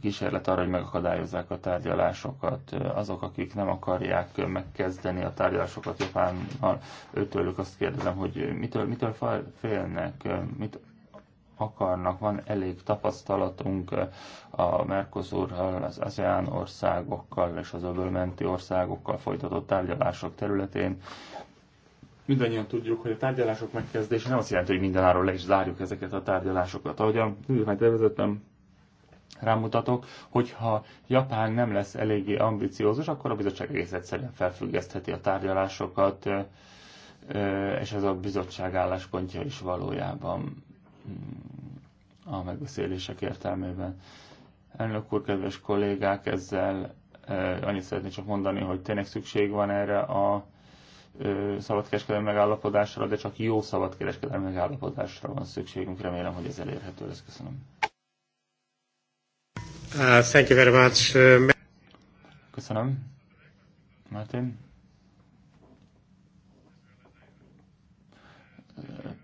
kísérlet arra, hogy megakadályozzák a tárgyalásokat. Azok, akik nem akarják megkezdeni a tárgyalásokat Japánnal, őtőlük azt kérdezem, hogy mitől, mitől félnek, mit, akarnak, van elég tapasztalatunk eh, a Mercosurral, az ASEAN országokkal és az öbölmenti országokkal folytatott tárgyalások területén. Mindannyian tudjuk, hogy a tárgyalások megkezdése nem azt jelenti, hogy mindenáról le is zárjuk ezeket a tárgyalásokat. Ahogy a tervezetben rámutatok, hogyha Japán nem lesz eléggé ambiciózus, akkor a bizottság egész egyszerűen felfüggesztheti a tárgyalásokat, eh, eh, és ez a bizottság álláspontja is valójában a megbeszélések értelmében. Elnök úr, kedves kollégák, ezzel annyit szeretnék csak mondani, hogy tényleg szükség van erre a szabadkereskedelmi megállapodásra, de csak jó szabadkereskedelmi megállapodásra van szükségünk. Remélem, hogy ez elérhető lesz. Köszönöm. Uh, thank you very much. Uh, Köszönöm. Martin.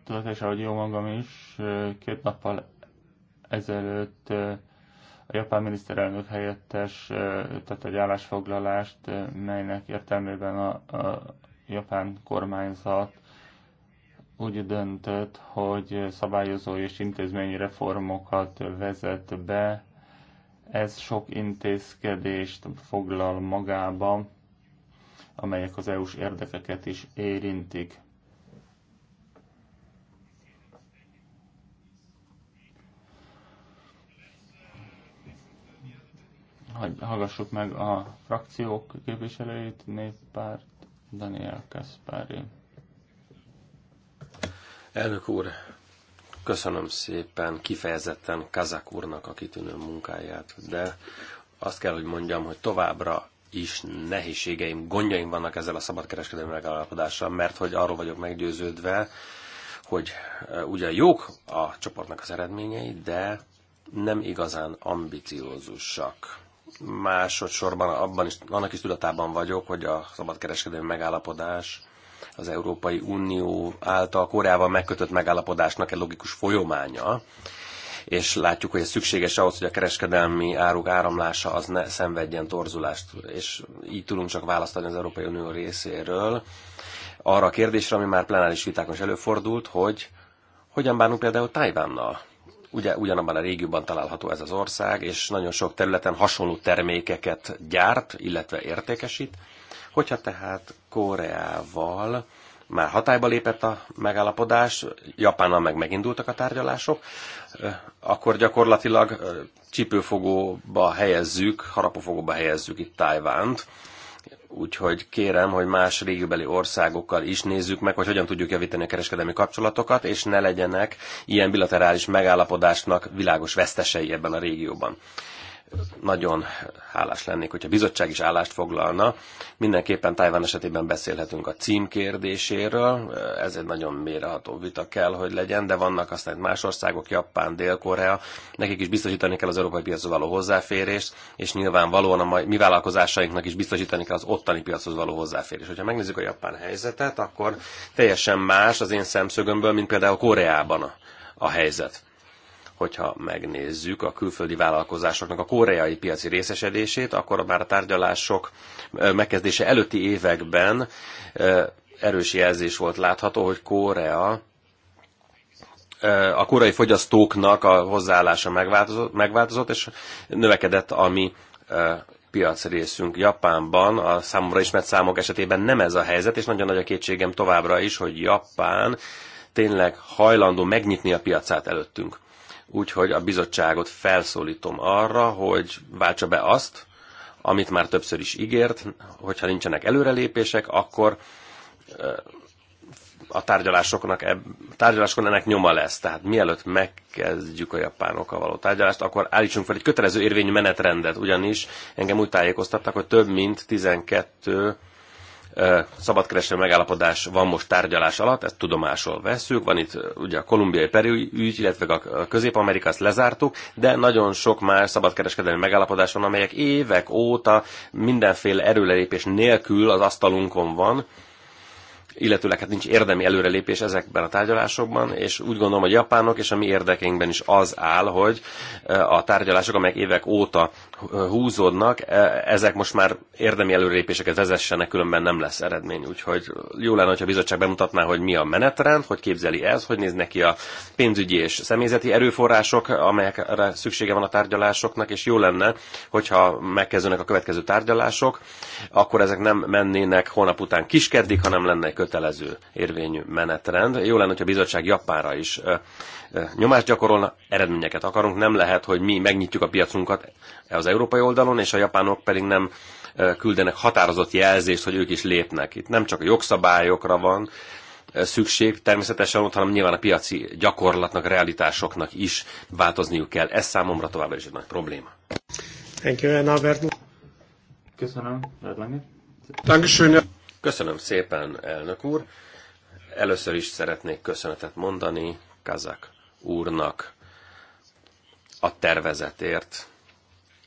tudat, és ahogy jó magam is, két nappal ezelőtt a japán miniszterelnök helyettes tett egy állásfoglalást, melynek értelmében a, a japán kormányzat úgy döntött, hogy szabályozó és intézményi reformokat vezet be. Ez sok intézkedést foglal magába, amelyek az EU-s érdekeket is érintik. hallgassuk meg a frakciók képviselőit, néppárt, Daniel Kaspari. Elnök úr, köszönöm szépen kifejezetten Kazak úrnak a kitűnő munkáját, de azt kell, hogy mondjam, hogy továbbra is nehézségeim, gondjaim vannak ezzel a szabadkereskedelmi megállapodással, mert hogy arról vagyok meggyőződve, hogy e, ugye jók a csoportnak az eredményei, de nem igazán ambiciózusak másodszorban abban is, annak is tudatában vagyok, hogy a szabadkereskedelmi megállapodás az Európai Unió által Koreával megkötött megállapodásnak egy logikus folyománya, és látjuk, hogy ez szükséges ahhoz, hogy a kereskedelmi áruk áramlása az ne szenvedjen torzulást, és így tudunk csak választani az Európai Unió részéről. Arra a kérdésre, ami már plenáris vitákon is előfordult, hogy hogyan bánunk például Tajvánnal? ugye ugyanabban a régióban található ez az ország, és nagyon sok területen hasonló termékeket gyárt, illetve értékesít. Hogyha tehát Koreával már hatályba lépett a megállapodás, Japánnal meg megindultak a tárgyalások, akkor gyakorlatilag csipőfogóba helyezzük, harapófogóba helyezzük itt Tájvánt, Úgyhogy kérem, hogy más régióbeli országokkal is nézzük meg, hogy hogyan tudjuk javítani a kereskedelmi kapcsolatokat, és ne legyenek ilyen bilaterális megállapodásnak világos vesztesei ebben a régióban. Nagyon hálás lennék, hogyha a bizottság is állást foglalna. Mindenképpen Tajván esetében beszélhetünk a cím kérdéséről. Ez egy nagyon méreható vita kell, hogy legyen, de vannak aztán más országok, Japán, Dél-Korea. Nekik is biztosítani kell az európai piachoz való hozzáférést, és nyilvánvalóan a mai, mi vállalkozásainknak is biztosítani kell az ottani piachoz való hozzáférést. Ha megnézzük a japán helyzetet, akkor teljesen más az én szemszögömből, mint például Koreában a helyzet hogyha megnézzük a külföldi vállalkozásoknak a koreai piaci részesedését, akkor már a tárgyalások megkezdése előtti években erős jelzés volt látható, hogy Korea a korai fogyasztóknak a hozzáállása megváltozott, megváltozott és növekedett a mi piac részünk Japánban. A számomra ismert számok esetében nem ez a helyzet, és nagyon nagy a kétségem továbbra is, hogy Japán tényleg hajlandó megnyitni a piacát előttünk. Úgyhogy a bizottságot felszólítom arra, hogy váltsa be azt, amit már többször is ígért, hogyha nincsenek előrelépések, akkor a tárgyalásoknak, eb, tárgyalásokon ennek nyoma lesz. Tehát mielőtt megkezdjük a japánokkal való tárgyalást, akkor állítsunk fel egy kötelező érvényű menetrendet, ugyanis engem úgy tájékoztattak, hogy több mint 12 szabadkereső megállapodás van most tárgyalás alatt, ezt tudomásról veszük, van itt ugye a kolumbiai perű ügy, illetve a Közép-Amerika, ezt lezártuk, de nagyon sok más szabadkereskedelmi megállapodás van, amelyek évek óta mindenféle erőlelépés nélkül az asztalunkon van, illetőleg hát nincs érdemi előrelépés ezekben a tárgyalásokban, és úgy gondolom, hogy japánok és a mi érdekeinkben is az áll, hogy a tárgyalások, amelyek évek óta húzódnak, ezek most már érdemi előrelépéseket vezessenek, különben nem lesz eredmény. Úgyhogy jó lenne, hogyha a bizottság bemutatná, hogy mi a menetrend, hogy képzeli ez, hogy néz neki a pénzügyi és személyzeti erőforrások, amelyekre szüksége van a tárgyalásoknak, és jó lenne, hogyha megkezdőnek a következő tárgyalások, akkor ezek nem mennének holnap után kiskeddig, hanem lenne egy kötelező érvényű menetrend. Jó lenne, hogy a bizottság Japánra is nyomást gyakorolna, eredményeket akarunk. Nem lehet, hogy mi megnyitjuk a piacunkat az európai oldalon, és a japánok pedig nem küldenek határozott jelzést, hogy ők is lépnek. Itt nem csak a jogszabályokra van szükség természetesen ott, hanem nyilván a piaci gyakorlatnak, realitásoknak is változniuk kell. Ez számomra továbbra is egy nagy probléma. Thank you, Köszönöm, Köszönöm, Redlanger. Dankeschön. Köszönöm szépen, elnök úr. Először is szeretnék köszönetet mondani Kazak úrnak a tervezetért,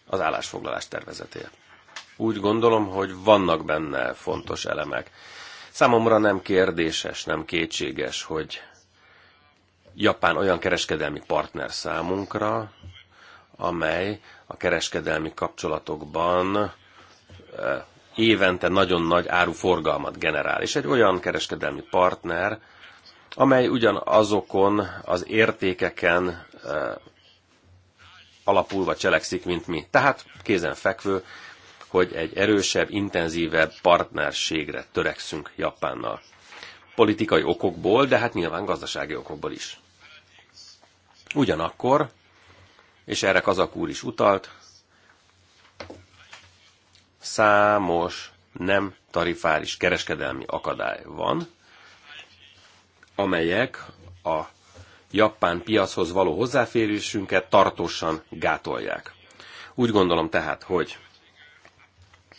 az állásfoglalás tervezetért. Úgy gondolom, hogy vannak benne fontos elemek. Számomra nem kérdéses, nem kétséges, hogy Japán olyan kereskedelmi partner számunkra, amely a kereskedelmi kapcsolatokban évente nagyon nagy áruforgalmat generál, és egy olyan kereskedelmi partner, amely ugyan azokon, az értékeken alapulva cselekszik, mint mi. Tehát kézen fekvő, hogy egy erősebb, intenzívebb partnerségre törekszünk Japánnal. Politikai okokból, de hát nyilván gazdasági okokból is. Ugyanakkor, és erre Kazakúr is utalt, számos nem tarifáris kereskedelmi akadály van, amelyek a japán piachoz való hozzáférésünket tartósan gátolják. Úgy gondolom tehát, hogy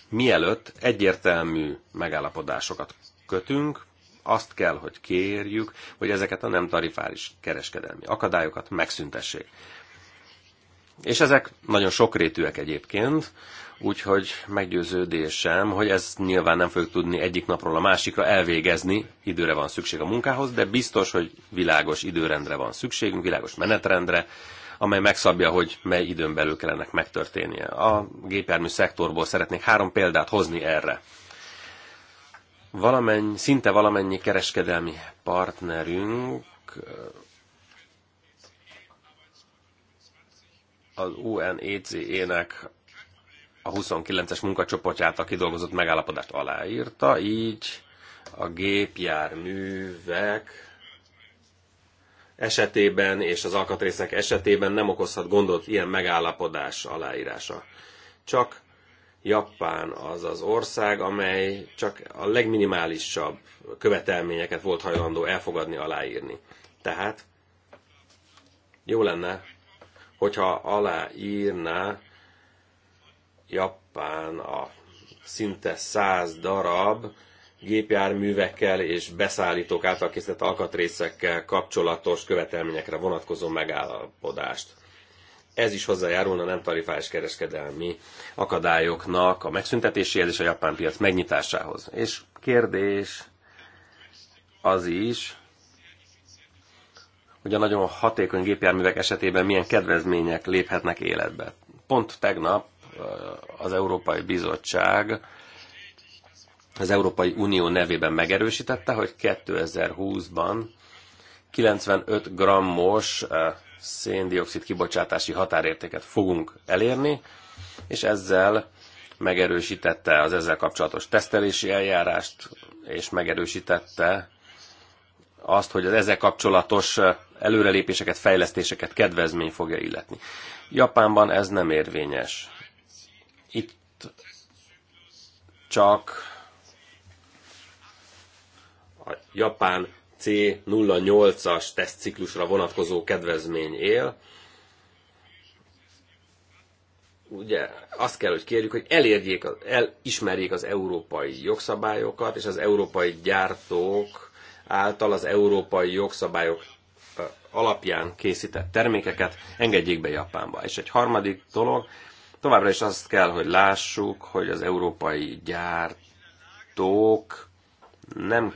mielőtt egyértelmű megállapodásokat kötünk, azt kell, hogy kérjük, hogy ezeket a nem tarifáris kereskedelmi akadályokat megszüntessék. És ezek nagyon sokrétűek egyébként, Úgyhogy meggyőződésem, hogy ezt nyilván nem fogjuk tudni egyik napról a másikra elvégezni, időre van szükség a munkához, de biztos, hogy világos időrendre van szükségünk, világos menetrendre, amely megszabja, hogy mely időn belül kellene megtörténnie. A gépjármű szektorból szeretnék három példát hozni erre. Valamennyi, szinte valamennyi kereskedelmi partnerünk az UNECE-nek a 29-es munkacsoportját a kidolgozott megállapodást aláírta, így a gépjárművek esetében és az alkatrészek esetében nem okozhat gondot ilyen megállapodás aláírása. Csak Japán az az ország, amely csak a legminimálisabb követelményeket volt hajlandó elfogadni, aláírni. Tehát jó lenne, hogyha aláírná Japán a szinte száz darab gépjárművekkel és beszállítók által készített alkatrészekkel kapcsolatos követelményekre vonatkozó megállapodást. Ez is hozzájárulna nem tarifás kereskedelmi akadályoknak a megszüntetéséhez és a japán piac megnyitásához. És kérdés az is, hogy a nagyon hatékony gépjárművek esetében milyen kedvezmények léphetnek életbe. Pont tegnap az Európai Bizottság az Európai Unió nevében megerősítette, hogy 2020-ban 95 grammos széndiokszid kibocsátási határértéket fogunk elérni, és ezzel megerősítette az ezzel kapcsolatos tesztelési eljárást, és megerősítette azt, hogy az ezzel kapcsolatos előrelépéseket, fejlesztéseket kedvezmény fogja illetni. Japánban ez nem érvényes. csak a japán C08-as tesztciklusra vonatkozó kedvezmény él. Ugye azt kell, hogy kérjük, hogy elérjék, elismerjék az európai jogszabályokat, és az európai gyártók által az európai jogszabályok alapján készített termékeket engedjék be Japánba. És egy harmadik dolog, Továbbra is azt kell, hogy lássuk, hogy az európai gyártók nem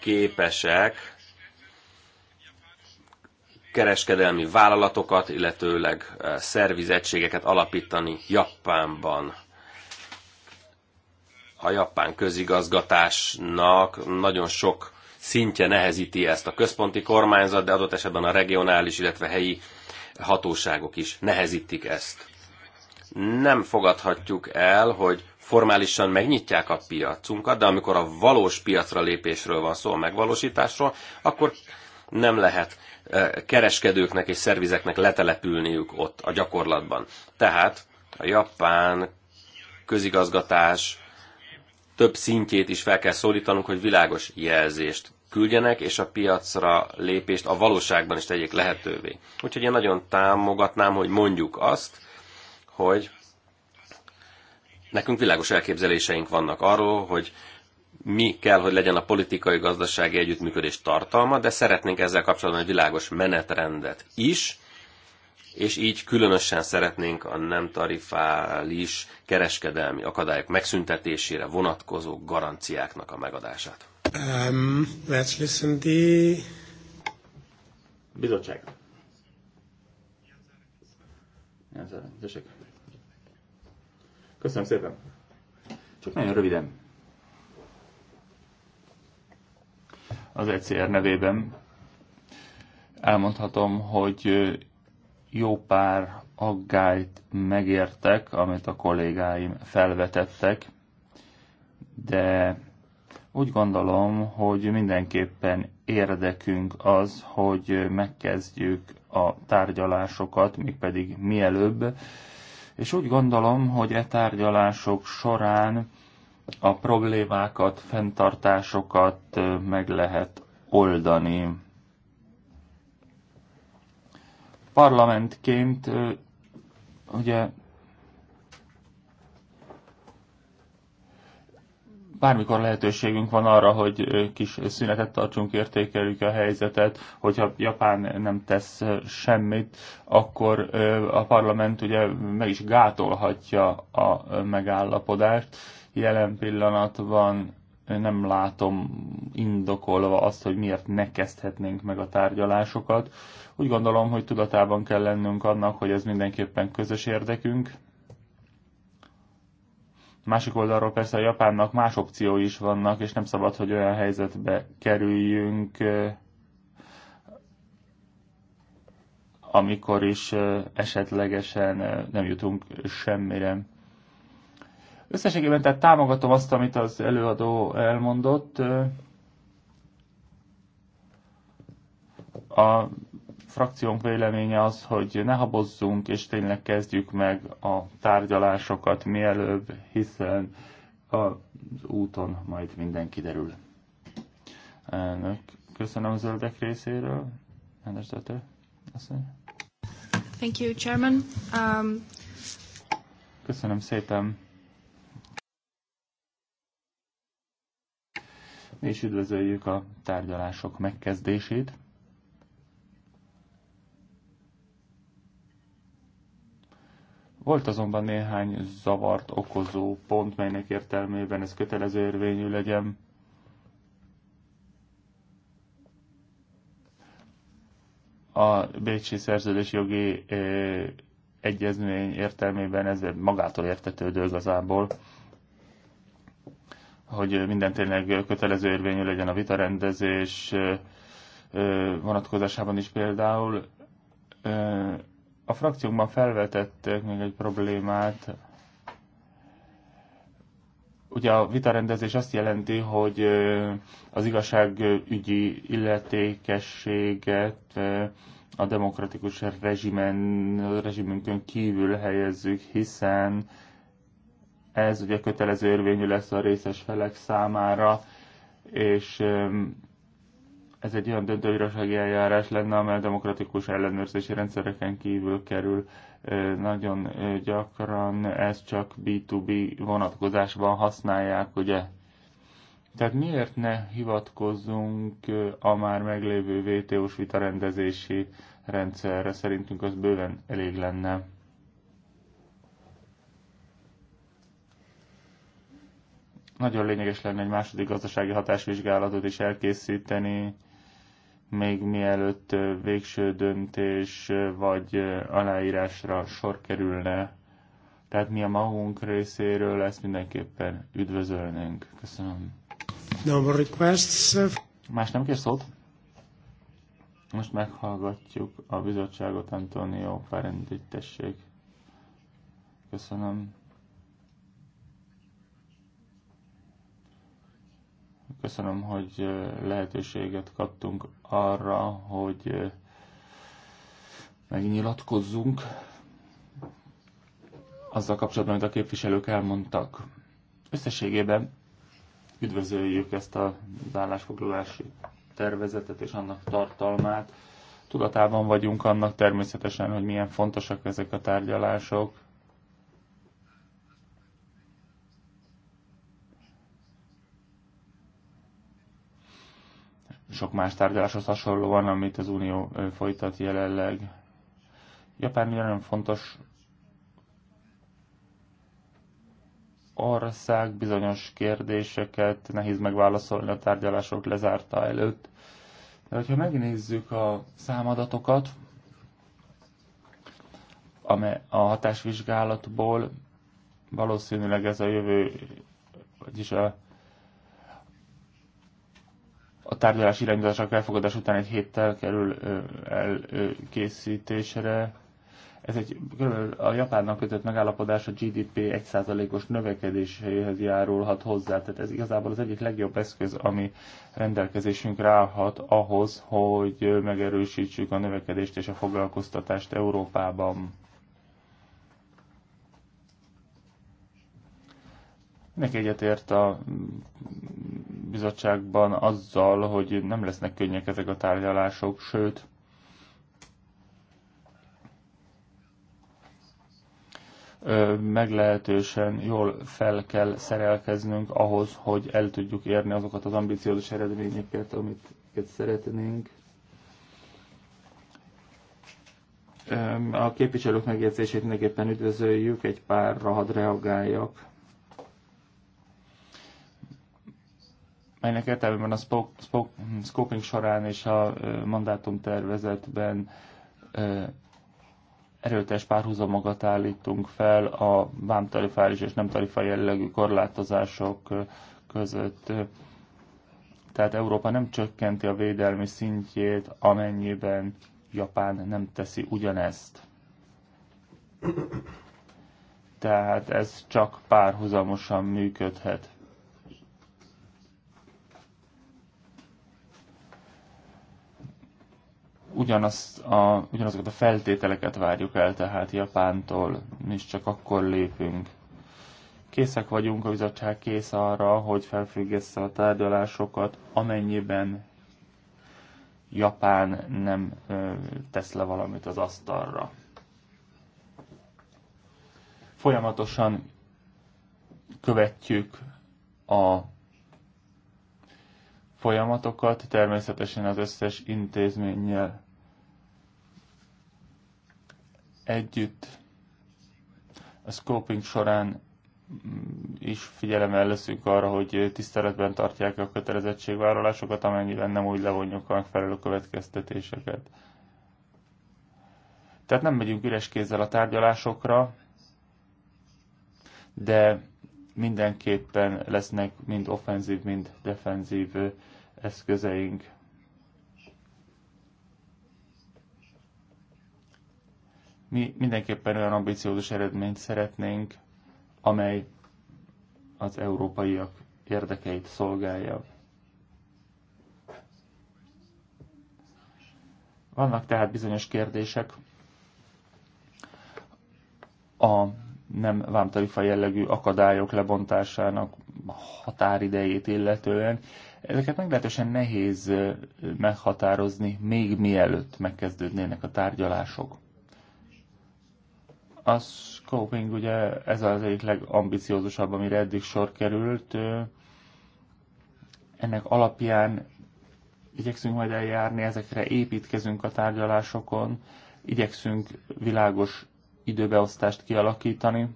képesek kereskedelmi vállalatokat, illetőleg eh, szervizettségeket alapítani Japánban. A japán közigazgatásnak nagyon sok szintje nehezíti ezt a központi kormányzat, de adott esetben a regionális, illetve helyi hatóságok is nehezítik ezt nem fogadhatjuk el, hogy formálisan megnyitják a piacunkat, de amikor a valós piacra lépésről van szó, a megvalósításról, akkor nem lehet eh, kereskedőknek és szervizeknek letelepülniük ott a gyakorlatban. Tehát a japán közigazgatás több szintjét is fel kell szólítanunk, hogy világos jelzést küldjenek, és a piacra lépést a valóságban is tegyék lehetővé. Úgyhogy én nagyon támogatnám, hogy mondjuk azt, hogy nekünk világos elképzeléseink vannak arról, hogy mi kell, hogy legyen a politikai-gazdasági együttműködés tartalma, de szeretnénk ezzel kapcsolatban egy világos menetrendet is, és így különösen szeretnénk a nem tarifális kereskedelmi akadályok megszüntetésére vonatkozó garanciáknak a megadását. Um, let's listen the... Bizottság. Ezzel, Köszönöm szépen. Csak nagyon röviden. Az ECR nevében elmondhatom, hogy jó pár aggályt megértek, amit a kollégáim felvetettek, de úgy gondolom, hogy mindenképpen érdekünk az, hogy megkezdjük a tárgyalásokat, mégpedig mielőbb, és úgy gondolom, hogy e tárgyalások során a problémákat, fenntartásokat meg lehet oldani. Parlamentként ugye bármikor lehetőségünk van arra, hogy kis szünetet tartsunk, értékeljük a helyzetet, hogyha Japán nem tesz semmit, akkor a parlament ugye meg is gátolhatja a megállapodást. Jelen pillanatban nem látom indokolva azt, hogy miért ne kezdhetnénk meg a tárgyalásokat. Úgy gondolom, hogy tudatában kell lennünk annak, hogy ez mindenképpen közös érdekünk, Másik oldalról persze a Japánnak más opciói is vannak, és nem szabad, hogy olyan helyzetbe kerüljünk, amikor is esetlegesen nem jutunk semmire. Összességében tehát támogatom azt, amit az előadó elmondott. A frakciónk véleménye az, hogy ne habozzunk, és tényleg kezdjük meg a tárgyalásokat mielőbb, hiszen az úton majd minden kiderül. Elnök, köszönöm a zöldek részéről. Endes Dötő, Thank you, Chairman. Um... Köszönöm szépen. Mi is üdvözöljük a tárgyalások megkezdését. Volt azonban néhány zavart okozó pont, melynek értelmében ez kötelező érvényű legyen. A Bécsi Szerződés jogi egyezmény értelmében ez magától értetődő igazából, hogy minden tényleg kötelező érvényű legyen a vitarendezés vonatkozásában is például a frakciókban felvetettek még egy problémát. Ugye a vitarendezés azt jelenti, hogy az igazságügyi illetékességet a demokratikus rezsimen, rezsimünkön kívül helyezzük, hiszen ez ugye kötelező érvényű lesz a részes felek számára, és ez egy olyan döntőbírósági eljárás lenne, amely a demokratikus ellenőrzési rendszereken kívül kerül. Nagyon gyakran ez csak B2B vonatkozásban használják, ugye? Tehát miért ne hivatkozzunk a már meglévő VTO-s vitarendezési rendszerre? Szerintünk az bőven elég lenne. Nagyon lényeges lenne egy második gazdasági hatásvizsgálatot is elkészíteni, még mielőtt végső döntés vagy aláírásra sor kerülne. Tehát mi a magunk részéről ezt mindenképpen üdvözölnénk. Köszönöm. No more requests. Más nem kér szót? Most meghallgatjuk a bizottságot, Antonio Parendi, tessék. Köszönöm. Köszönöm, hogy lehetőséget kaptunk arra, hogy megnyilatkozzunk azzal kapcsolatban, amit a képviselők elmondtak. Összességében üdvözöljük ezt az állásfoglalási tervezetet és annak tartalmát. Tudatában vagyunk annak természetesen, hogy milyen fontosak ezek a tárgyalások, sok más tárgyaláshoz hasonlóan, amit az Unió folytat jelenleg. Japán nagyon fontos ország bizonyos kérdéseket nehéz megválaszolni a tárgyalások lezárta előtt. De ha megnézzük a számadatokat, amely a hatásvizsgálatból valószínűleg ez a jövő, vagyis a a tárgyalás irányítások elfogadás után egy héttel kerül elkészítésre. Ez egy a Japánnak kötött megállapodás a GDP 1%-os növekedéséhez járulhat hozzá. Tehát ez igazából az egyik legjobb eszköz, ami rendelkezésünkre állhat ahhoz, hogy megerősítsük a növekedést és a foglalkoztatást Európában. Neki egyetért a bizottságban azzal, hogy nem lesznek könnyek ezek a tárgyalások, sőt, meglehetősen jól fel kell szerelkeznünk ahhoz, hogy el tudjuk érni azokat az ambiciózus eredményeket, amiket szeretnénk. A képviselők megjegyzését mindenképpen üdvözöljük, egy párra hadd reagáljak. melynek értelmében a spoke, spoke, scoping során és a mandátumtervezetben erőteljes párhuzamokat állítunk fel a vámtarifális és nem tarifa jellegű korlátozások között. Tehát Európa nem csökkenti a védelmi szintjét, amennyiben Japán nem teszi ugyanezt. Tehát ez csak párhuzamosan működhet. ugyanazt a, ugyanazokat a feltételeket várjuk el tehát Japántól, mi is csak akkor lépünk. Készek vagyunk, a bizottság kész arra, hogy felfüggesse a tárgyalásokat, amennyiben Japán nem ö, tesz le valamit az asztalra. Folyamatosan követjük a folyamatokat, természetesen az összes intézménnyel együtt a scoping során mm, is figyelemmel leszünk arra, hogy tiszteletben tartják a kötelezettségvállalásokat, amennyiben nem úgy levonjuk a megfelelő következtetéseket. Tehát nem megyünk üres kézzel a tárgyalásokra, de mindenképpen lesznek mind offenzív, mind defenzív eszközeink. Mi mindenképpen olyan ambiciózus eredményt szeretnénk, amely az európaiak érdekeit szolgálja. Vannak tehát bizonyos kérdések a nem vámtarifa jellegű akadályok lebontásának határidejét illetően. Ezeket meglehetősen nehéz meghatározni, még mielőtt megkezdődnének a tárgyalások. A scoping ugye ez az egyik legambiciózusabb, amire eddig sor került. Ennek alapján igyekszünk majd eljárni, ezekre építkezünk a tárgyalásokon, igyekszünk világos időbeosztást kialakítani.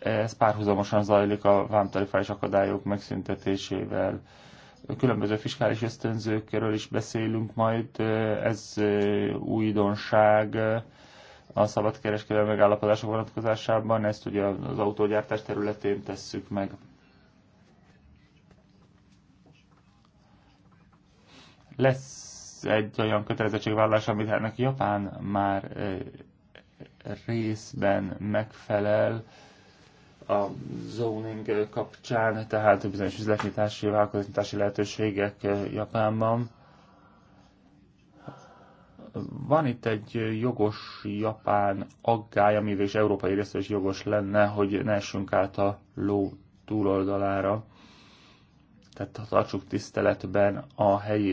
Ez párhuzamosan zajlik a vámtarifális akadályok megszüntetésével. Különböző fiskális ösztönzőkről is beszélünk majd, ez újdonság, a szabadkereskedelmi megállapodások vonatkozásában, ezt ugye az autógyártás területén tesszük meg. Lesz egy olyan kötelezettségvállalás, amit ennek Japán már részben megfelel a zoning kapcsán, tehát bizonyos üzletnyitási, vállalkozási lehetőségek Japánban van itt egy jogos japán aggály, ami is európai részre is jogos lenne, hogy ne essünk át a ló túloldalára. Tehát tartsuk tiszteletben a helyi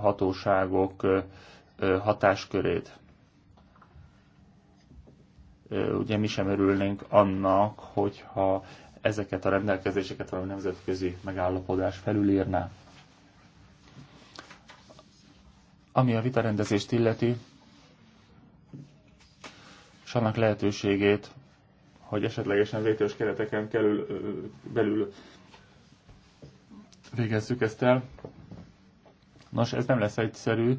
hatóságok hatáskörét. Ugye mi sem örülnénk annak, hogyha ezeket a rendelkezéseket valami nemzetközi megállapodás felülírná. Ami a vitarendezést illeti, és annak lehetőségét, hogy esetlegesen vétős kereteken kerül, belül végezzük ezt el. Nos, ez nem lesz egyszerű,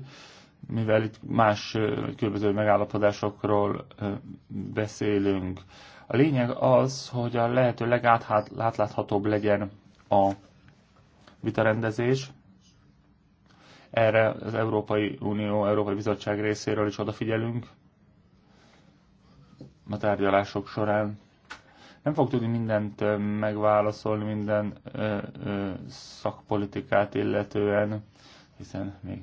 mivel itt más különböző megállapodásokról beszélünk. A lényeg az, hogy a lehető legátláthatóbb legyen a vitarendezés, erre az Európai Unió, Európai Bizottság részéről is odafigyelünk a tárgyalások során. Nem fog tudni mindent megválaszolni, minden ö, ö, szakpolitikát illetően, hiszen még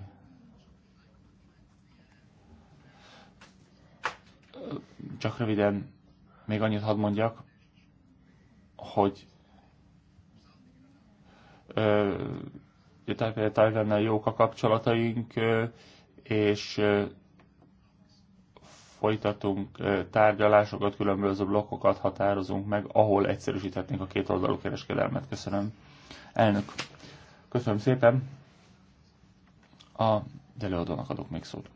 csak röviden még annyit hadd mondjak, hogy ö, Tájvannal jók a kapcsolataink, és folytatunk tárgyalásokat, különböző blokkokat határozunk meg, ahol egyszerűsíthetnénk a két oldalú kereskedelmet. Köszönöm. Elnök, köszönöm szépen. A előadónak adok még szót.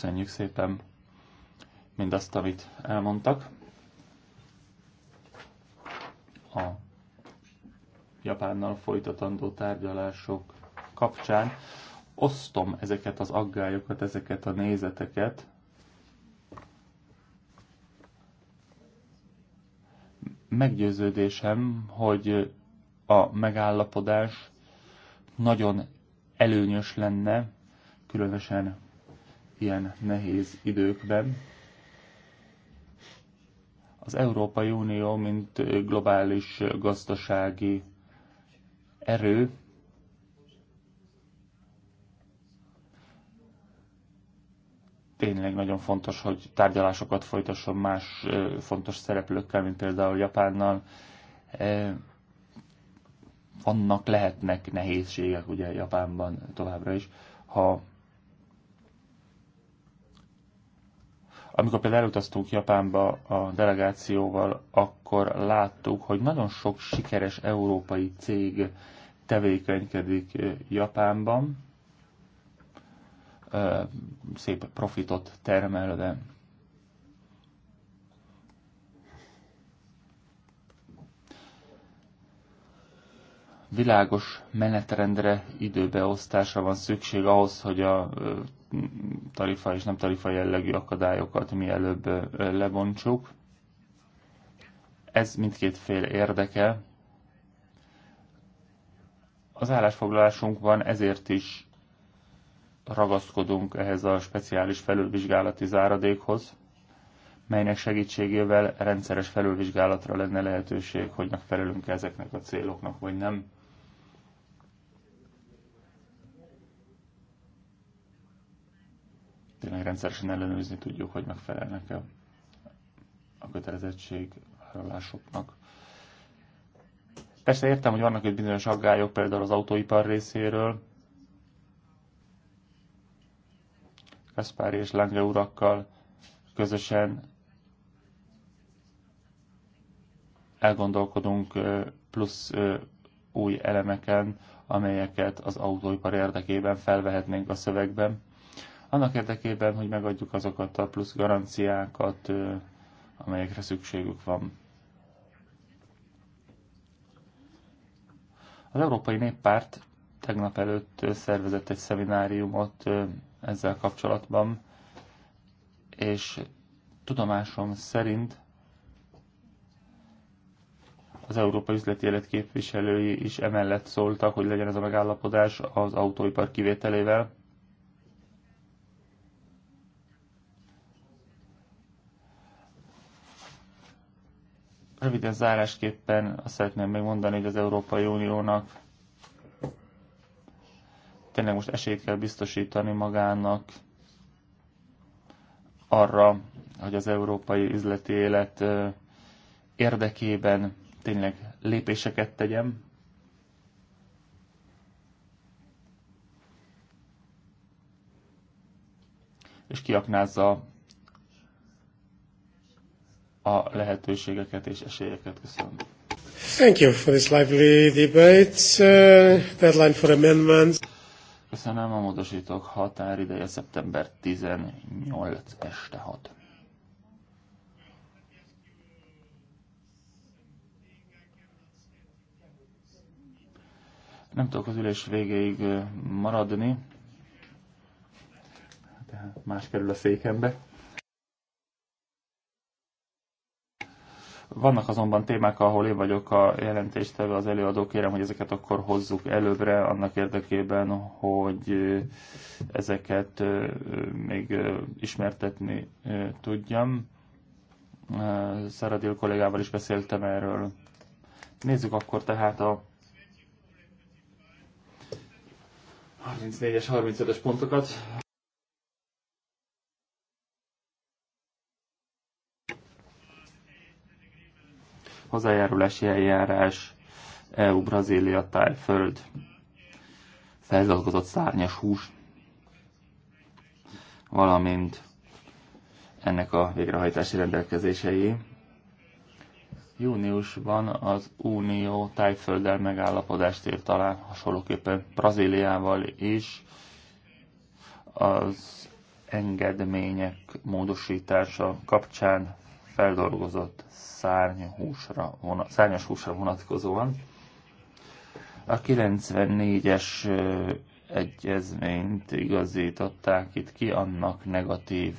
Köszönjük szépen mindazt, amit elmondtak. A Japánnal folytatandó tárgyalások kapcsán osztom ezeket az aggályokat, ezeket a nézeteket, meggyőződésem, hogy a megállapodás nagyon előnyös lenne, különösen ilyen nehéz időkben. Az Európai Unió, mint globális gazdasági erő, tényleg nagyon fontos, hogy tárgyalásokat folytasson más fontos szereplőkkel, mint például Japánnal. Vannak, lehetnek nehézségek ugye Japánban továbbra is, ha Amikor például elutaztunk Japánba a delegációval, akkor láttuk, hogy nagyon sok sikeres európai cég tevékenykedik Japánban, szép profitot termelve. világos menetrendre, időbeosztásra van szükség ahhoz, hogy a tarifa és nem tarifa jellegű akadályokat mi előbb lebontsuk. Ez mindkét fél érdeke. Az állásfoglalásunkban ezért is ragaszkodunk ehhez a speciális felülvizsgálati záradékhoz, melynek segítségével rendszeres felülvizsgálatra lenne lehetőség, hogy megfelelünk ezeknek a céloknak, vagy nem. tényleg rendszeresen ellenőrizni tudjuk, hogy megfelelnek-e a vállalásoknak. Persze értem, hogy vannak itt bizonyos aggályok, például az autóipar részéről. Kaspári és Lange urakkal közösen elgondolkodunk plusz új elemeken, amelyeket az autóipar érdekében felvehetnénk a szövegben annak érdekében, hogy megadjuk azokat a plusz garanciákat, amelyekre szükségük van. Az Európai Néppárt tegnap előtt szervezett egy szemináriumot ezzel kapcsolatban, és tudomásom szerint az Európai Üzleti Élet képviselői is emellett szóltak, hogy legyen ez a megállapodás az autóipar kivételével. Röviden zárásképpen azt szeretném megmondani, hogy az Európai Uniónak tényleg most esélyt kell biztosítani magának arra, hogy az európai üzleti élet érdekében tényleg lépéseket tegyem. És kiaknázza a lehetőségeket és esélyeket. Köszönöm. Thank you for this lively debate. Uh, deadline for amendments. Köszönöm a módosítók határideje szeptember 18 este 6. Nem tudok az ülés végéig maradni, tehát más kerül a székembe. Vannak azonban témák, ahol én vagyok a jelentéstevő, az előadó, kérem, hogy ezeket akkor hozzuk előbbre, annak érdekében, hogy ezeket még ismertetni tudjam. Szaradil kollégával is beszéltem erről. Nézzük akkor tehát a 34-es, 35-es pontokat. hozzájárulási eljárás, EU-Brazília tájföld, feldolgozott szárnyas hús, valamint ennek a végrehajtási rendelkezései. Júniusban az Unió tájfölddel megállapodást írt alá, hasonlóképpen Brazíliával is az engedmények módosítása kapcsán feldolgozott szárnyhúsra, vonat, szárnyas húsra vonatkozóan. A 94-es egyezményt igazították itt ki annak negatív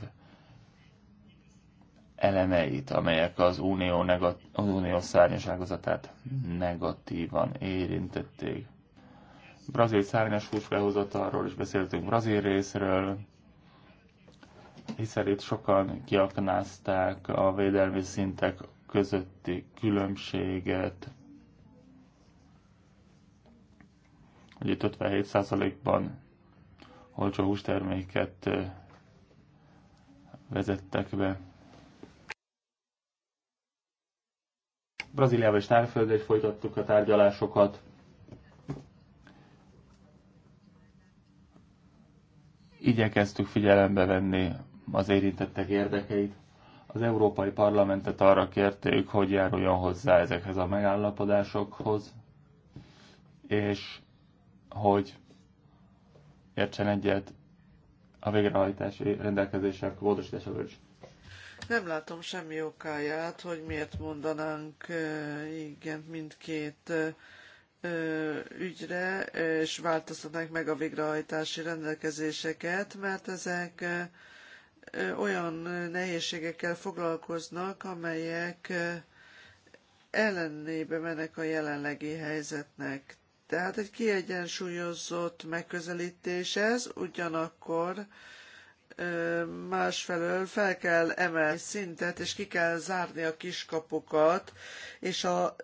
elemeit, amelyek az unió, negat, az unió szárnyas ágazatát negatívan érintették. Brazil szárnyas hús arról is beszéltünk, brazil részről, hiszen itt sokan kiaknázták a védelmi szintek közötti különbséget, hogy itt 57%-ban olcsó hústerméket vezettek be. Brazíliában és Tárföldön folytattuk a tárgyalásokat. Igyekeztük figyelembe venni az érintettek érdekeit. Az Európai Parlamentet arra kérték, hogy járuljon hozzá ezekhez a megállapodásokhoz, és hogy értsen egyet a végrehajtási rendelkezések módosításáról is. Nem látom semmi okáját, hogy miért mondanánk igen mindkét ügyre, és változtatnánk meg a végrehajtási rendelkezéseket, mert ezek olyan nehézségekkel foglalkoznak, amelyek ellenébe mennek a jelenlegi helyzetnek. Tehát egy kiegyensúlyozott megközelítés ez, ugyanakkor másfelől fel kell emelni szintet, és ki kell zárni a kiskapukat, és a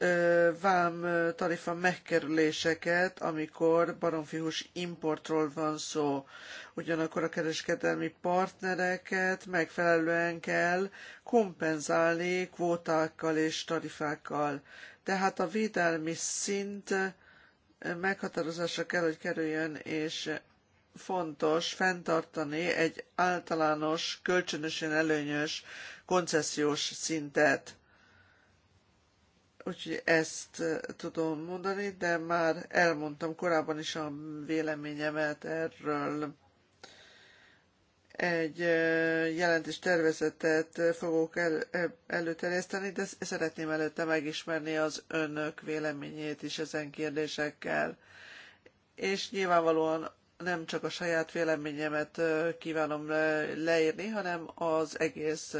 vám tarifa megkerüléseket, amikor baromfihús importról van szó. Ugyanakkor a kereskedelmi partnereket megfelelően kell kompenzálni kvótákkal és tarifákkal. Tehát a védelmi szint meghatározásra kell, hogy kerüljön, és fontos fenntartani egy általános, kölcsönösen előnyös koncesziós szintet. Úgyhogy ezt eh, tudom mondani, de már elmondtam korábban is a véleményemet erről. Egy eh, jelentés tervezetet eh, fogok el, előterjeszteni, de szeretném előtte megismerni az önök véleményét is ezen kérdésekkel. És nyilvánvalóan nem csak a saját véleményemet kívánom leírni, hanem az egész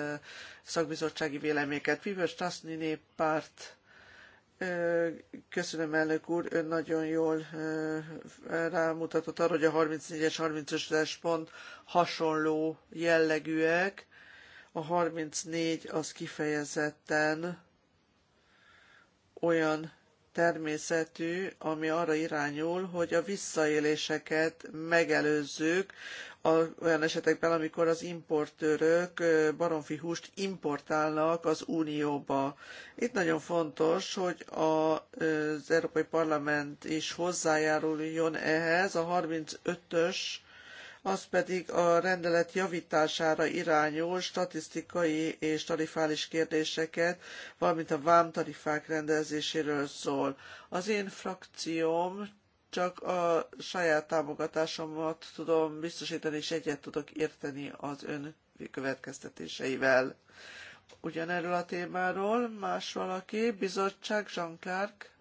szakbizottsági véleményeket. Pivers Tasni néppárt Köszönöm, elnök úr, ön nagyon jól rámutatott arra, hogy a 34-es, 35-es pont hasonló jellegűek. A 34 az kifejezetten olyan természetű, ami arra irányul, hogy a visszaéléseket megelőzzük olyan esetekben, amikor az importőrök baromfi húst importálnak az Unióba. Itt nagyon fontos, hogy az Európai Parlament is hozzájáruljon ehhez a 35-ös az pedig a rendelet javítására irányul statisztikai és tarifális kérdéseket, valamint a vámtarifák rendezéséről szól. Az én frakcióm csak a saját támogatásomat tudom biztosítani, és egyet tudok érteni az ön következtetéseivel. Ugyanerről a témáról más valaki, bizottság, Jean Clark,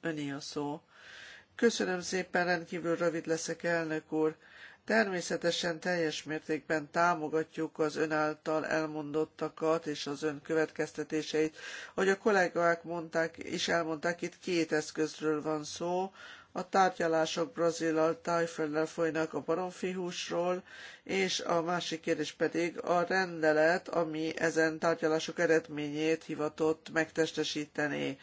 öné a szó. Köszönöm szépen, rendkívül rövid leszek, elnök úr. Természetesen teljes mértékben támogatjuk az ön által elmondottakat és az ön következtetéseit. Ahogy a kollégák mondták, is elmondták, itt két eszközről van szó. A tárgyalások Brazillal, Tájföldel folynak a baromfihúsról, és a másik kérdés pedig a rendelet, ami ezen tárgyalások eredményét hivatott megtestesíteni.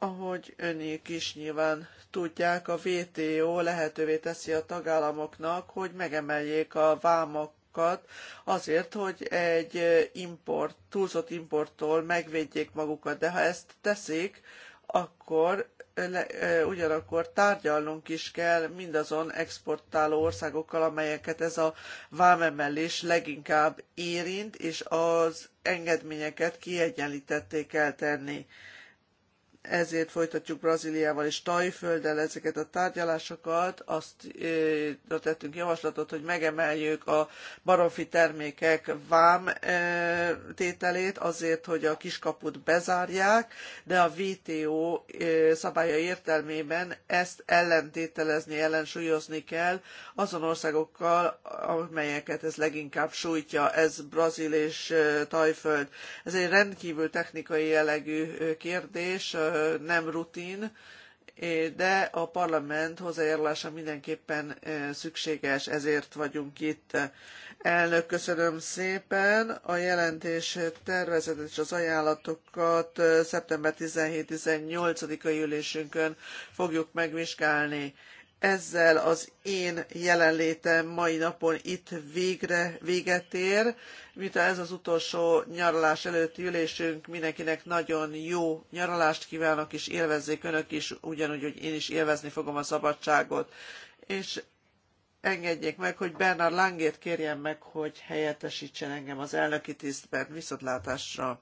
Ahogy önök is nyilván tudják, a WTO lehetővé teszi a tagállamoknak, hogy megemeljék a vámokat azért, hogy egy import, túlzott importtól megvédjék magukat. De ha ezt teszik, akkor le, ugyanakkor tárgyalnunk is kell mindazon exportáló országokkal, amelyeket ez a vámemelés leginkább érint, és az engedményeket kiegyenlítették kell tenni ezért folytatjuk Brazíliával és Tajfölddel ezeket a tárgyalásokat. Azt e, tettünk javaslatot, hogy megemeljük a baromfi termékek vám tételét azért, hogy a kiskaput bezárják, de a WTO e, szabálya értelmében ezt ellentételezni, ellensúlyozni kell azon országokkal, amelyeket ez leginkább sújtja. Ez Brazil és Tajföld. Ez egy rendkívül technikai jellegű kérdés, nem rutin, eh, de a parlament hozzájárulása mindenképpen eh, szükséges, ezért vagyunk itt. Elnök, köszönöm szépen. A jelentés tervezetet és az ajánlatokat eh, szeptember 17-18-ai ülésünkön fogjuk megvizsgálni ezzel az én jelenlétem mai napon itt végre véget ér. Miután ez az utolsó nyaralás előtti ülésünk, mindenkinek nagyon jó nyaralást kívánok, és élvezzék önök is, ugyanúgy, hogy én is élvezni fogom a szabadságot. És engedjék meg, hogy Bernard Langét kérjem meg, hogy helyettesítsen engem az elnöki tisztben. Viszontlátásra!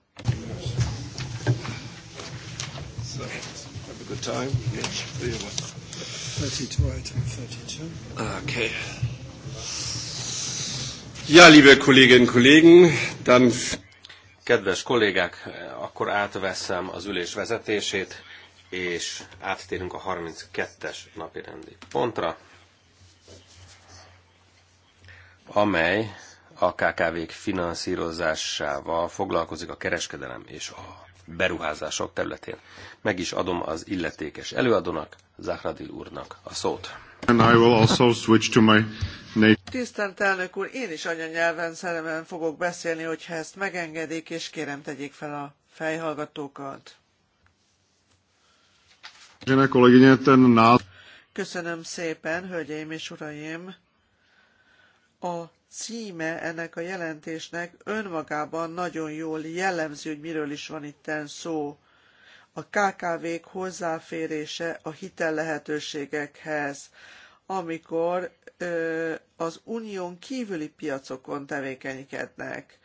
So, have a good time. Yes, Okay. Ja, liebe Kolleginnen und Kollegen, dann... Kedves kollégák, akkor átveszem az ülés vezetését, és áttérünk a 32-es napi rendi pontra, amely a KKV-k finanszírozásával foglalkozik a kereskedelem és a beruházások területén. Meg is adom az illetékes előadónak, Zahradil úrnak a szót. And I will also switch to my Tisztelt elnök úr, én is anyanyelven szeremen fogok beszélni, hogyha ezt megengedik, és kérem tegyék fel a fejhallgatókat. Köszönöm szépen, hölgyeim és uraim! A címe ennek a jelentésnek önmagában nagyon jól jellemzi, hogy miről is van itten szó. A KKV-k hozzáférése a hitellehetőségekhez, amikor ö, az unión kívüli piacokon tevékenykednek.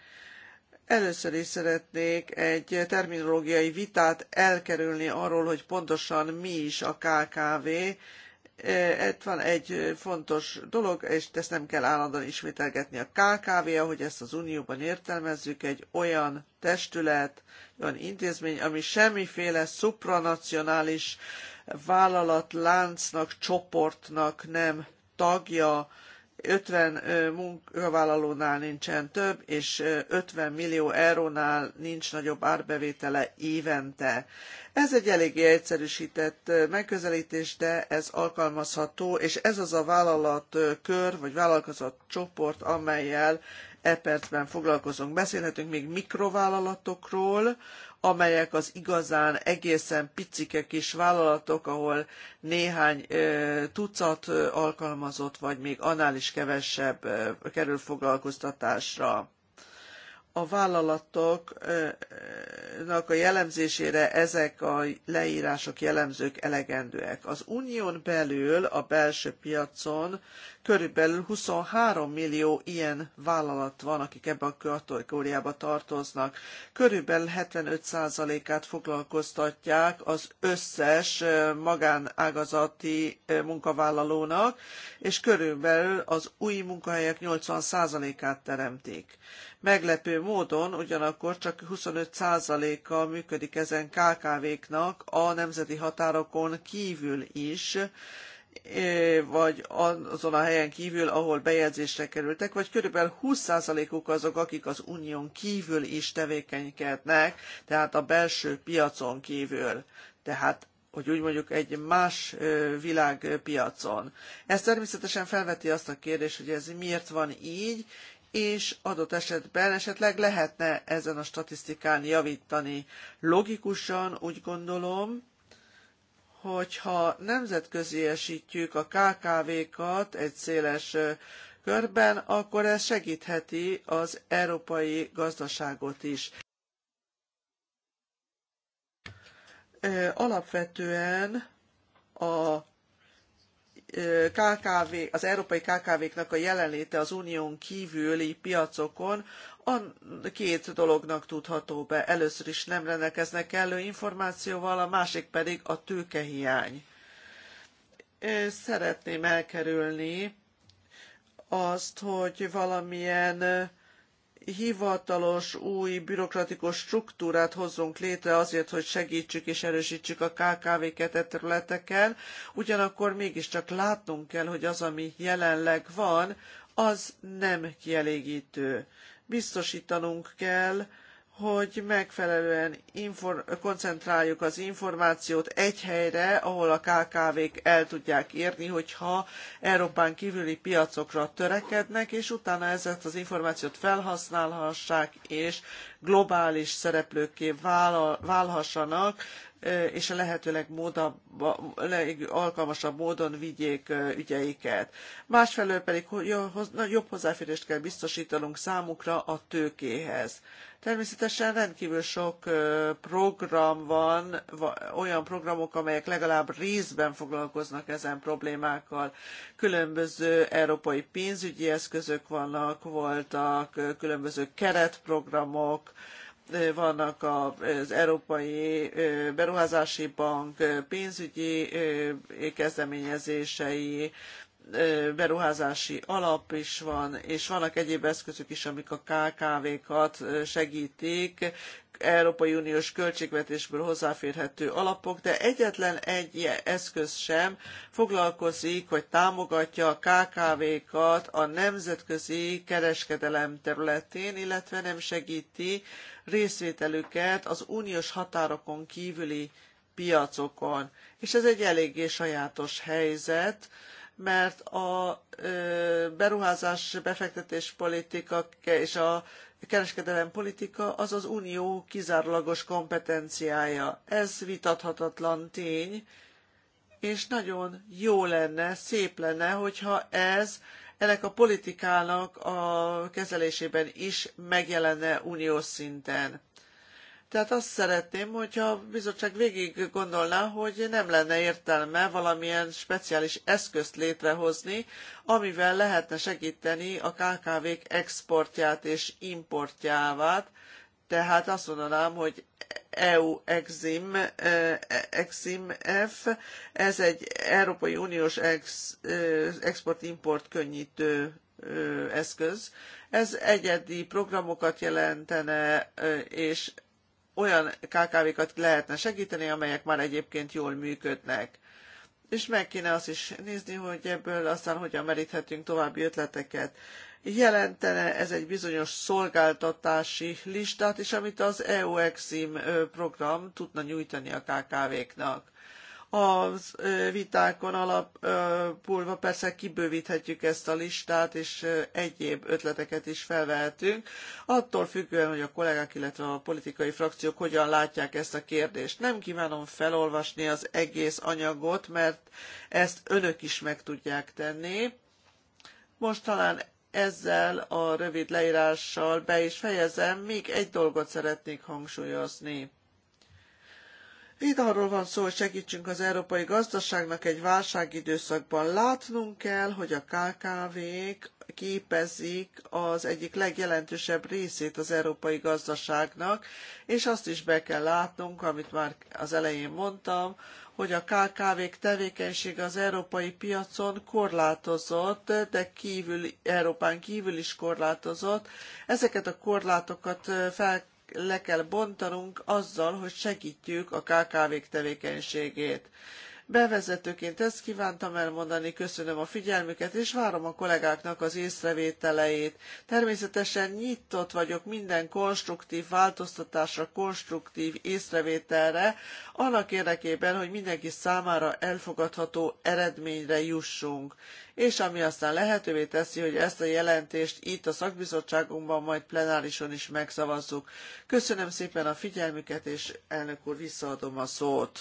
Először is szeretnék egy terminológiai vitát elkerülni arról, hogy pontosan mi is a KKV, itt van egy fontos dolog, és ezt nem kell állandóan ismételgetni. A KKV, ahogy ezt az Unióban értelmezzük, egy olyan testület, olyan intézmény, ami semmiféle szupranacionális vállalatláncnak, csoportnak nem tagja, 50 munkavállalónál nincsen több, és 50 millió eurónál nincs nagyobb árbevétele évente. Ez egy eléggé egyszerűsített megközelítés, de ez alkalmazható, és ez az a vállalatkör vagy vállalkozott csoport, amelyel e percben foglalkozunk. Beszélhetünk még mikrovállalatokról, amelyek az igazán egészen picike kis vállalatok, ahol néhány tucat alkalmazott, vagy még annál is kevesebb kerül foglalkoztatásra a vállalatoknak a jellemzésére ezek a leírások jellemzők elegendőek. Az unión belül, a belső piacon körülbelül 23 millió ilyen vállalat van, akik ebbe a kategóriába tartoznak. Körülbelül 75%-át foglalkoztatják az összes magánágazati munkavállalónak, és körülbelül az új munkahelyek 80%-át teremtik. Meglepő módon ugyanakkor csak 25%-a működik ezen KKV-knak a nemzeti határokon kívül is, vagy azon a helyen kívül, ahol bejegyzésre kerültek, vagy körülbelül 20%-uk azok, akik az unión kívül is tevékenykednek, tehát a belső piacon kívül. Tehát hogy úgy mondjuk egy más világpiacon. Ez természetesen felveti azt a kérdést, hogy ez miért van így, és adott esetben esetleg lehetne ezen a statisztikán javítani. Logikusan úgy gondolom, hogyha nemzetköziesítjük a KKV-kat egy széles körben, akkor ez segítheti az európai gazdaságot is. Alapvetően a KKV, az európai KKV-knak a jelenléte az unión kívüli piacokon a két dolognak tudható be. Először is nem rendelkeznek kellő információval, a másik pedig a tőkehiány. Szeretném elkerülni azt, hogy valamilyen hivatalos új bürokratikus struktúrát hozzunk létre azért, hogy segítsük és erősítsük a KKV-ket e területeken, ugyanakkor mégiscsak látnunk kell, hogy az, ami jelenleg van, az nem kielégítő. Biztosítanunk kell, hogy megfelelően koncentráljuk az információt egy helyre, ahol a KKV-k el tudják érni, hogyha Európán kívüli piacokra törekednek, és utána ezt az információt felhasználhassák, és globális szereplőkké válhassanak, és a lehetőleg módabb, alkalmasabb módon vigyék ügyeiket. Másfelől pedig jobb hozzáférést kell biztosítanunk számukra a tőkéhez. Természetesen rendkívül sok program van, olyan programok, amelyek legalább részben foglalkoznak ezen problémákkal. Különböző európai pénzügyi eszközök vannak, voltak különböző keretprogramok, vannak az Európai Beruházási Bank pénzügyi kezdeményezései, beruházási alap is van, és vannak egyéb eszközök is, amik a KKV-kat segítik Európai Uniós költségvetésből hozzáférhető alapok, de egyetlen egy eszköz sem foglalkozik, hogy támogatja a KKV-kat a nemzetközi kereskedelem területén, illetve nem segíti részvételüket az uniós határokon kívüli piacokon. És ez egy eléggé sajátos helyzet, mert a beruházás befektetés politika és a kereskedelem politika az az unió kizárólagos kompetenciája. Ez vitathatatlan tény, és nagyon jó lenne, szép lenne, hogyha ez ennek a politikának a kezelésében is megjelenne uniós szinten. Tehát azt szeretném, hogyha a bizottság végig gondolná, hogy nem lenne értelme valamilyen speciális eszközt létrehozni, amivel lehetne segíteni a KKV-k exportját és importjávát. Tehát azt mondanám, hogy EU Exim, e, Exim F, ez egy Európai Uniós ex, e, export-import könnyítő e, eszköz. Ez egyedi programokat jelentene, és olyan KKV-kat lehetne segíteni, amelyek már egyébként jól működnek. És meg kéne azt is nézni, hogy ebből aztán hogyan meríthetünk további ötleteket. Jelentene ez egy bizonyos szolgáltatási listát is, amit az EU-Exim program tudna nyújtani a KKV-knak a vitákon alapulva persze kibővíthetjük ezt a listát, és egyéb ötleteket is felvehetünk, attól függően, hogy a kollégák, illetve a politikai frakciók hogyan látják ezt a kérdést. Nem kívánom felolvasni az egész anyagot, mert ezt önök is meg tudják tenni. Most talán ezzel a rövid leírással be is fejezem, még egy dolgot szeretnék hangsúlyozni. Itt arról van szó, hogy segítsünk az európai gazdaságnak egy válságidőszakban. Látnunk kell, hogy a KKV-k képezik az egyik legjelentősebb részét az európai gazdaságnak, és azt is be kell látnunk, amit már az elején mondtam, hogy a KKV-k tevékenysége az európai piacon korlátozott, de kívül, Európán kívül is korlátozott. Ezeket a korlátokat fel le kell bontanunk azzal, hogy segítjük a KKV-k tevékenységét. Bevezetőként ezt kívántam elmondani, köszönöm a figyelmüket, és várom a kollégáknak az észrevételeit. Természetesen nyitott vagyok minden konstruktív változtatásra, konstruktív észrevételre, annak érdekében, hogy mindenki számára elfogadható eredményre jussunk és ami aztán lehetővé teszi, hogy ezt a jelentést itt a szakbizottságunkban, majd plenárison is megszavazzuk. Köszönöm szépen a figyelmüket, és elnök úr, visszaadom a szót.